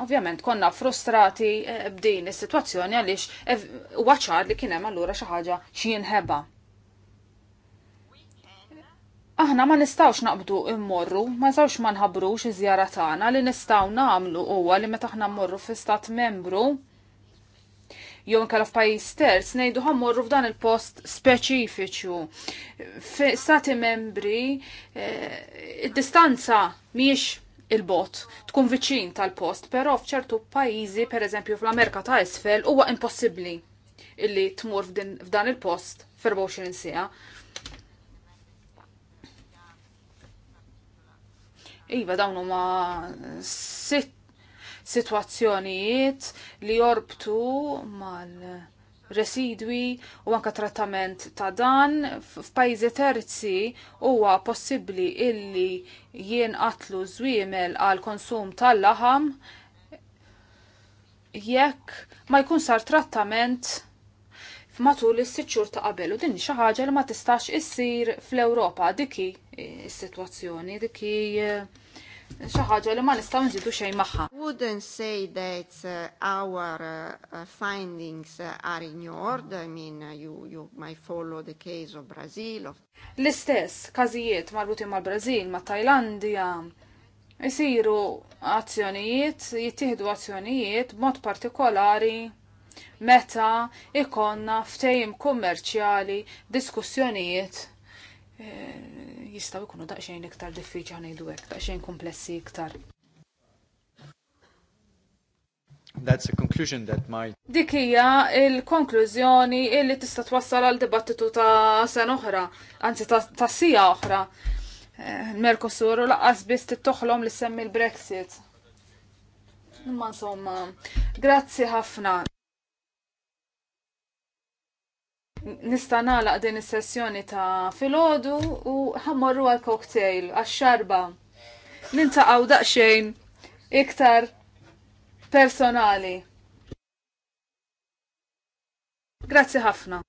Ovvjament konna frustrati eh, b'din is-sitwazzjoni għaliex waċar eh, li kien hemm allura xi ħaġa xi jinħeba. Aħna ma nistawx naqbdu immorru, ma nistawx ma nħabrux iż tagħna li nistgħu nagħmlu huwa li meta aħna mmorru fi stat membru jew inkella f'pajjiż terz ngħidu ħammorru f'dan il-post speċifiċu. Stati membri eh, id-distanza mhijiex il-bot tkun viċin tal-post, però f'ċertu pajjiżi, pereżempju fl-Amerika ta' isfel, huwa impossibbli illi tmur f'dan il-post f'24 sija. Iva dawn huma sit situazzjonijiet li jorbtu mal-residwi u anka trattament ta' dan f'pajjiżi terzi huwa possibbli illi qatlu żwiemel għal konsum tal-laħam jekk ma jkun sar trattament matul is-sitt ta' qabel u din xi ħaġa li ma tistax issir fl-Ewropa diki eh, is-sitwazzjoni diki eh, xi ħaġa li ma nistgħu nżidu xejn magħha. Wouldn't say that eh, our findings are ignored, I mean you you might follow the case of Brazil of L-istess każijiet marbutin mal-Brażil, ma' Tajlandja, isiru azzjonijiet, jittieħdu azzjonijiet b'mod partikolari meta ikonna ftejim kummerċjali diskussjonijiet eh, jistaw ikunu daqxejn iktar diffiċi ħanejdu hekk, daqxejn komplessi iktar. That's a conclusion that might. Dik hija il-konklużjoni illi tista' twassal għal dibattitu ta' sen oħra, anzi ta', sija oħra. Eh, Merkosur u laqqas biss tittoħlom li semmi l-Brexit. Imma insomma, grazzi ħafna. nista' nagħlaq din is-sessjoni ta' filgħodu u ħammorru għal cocktail għax-xarba. Nintaqgħu daqsxejn iktar personali. Grazzi ħafna.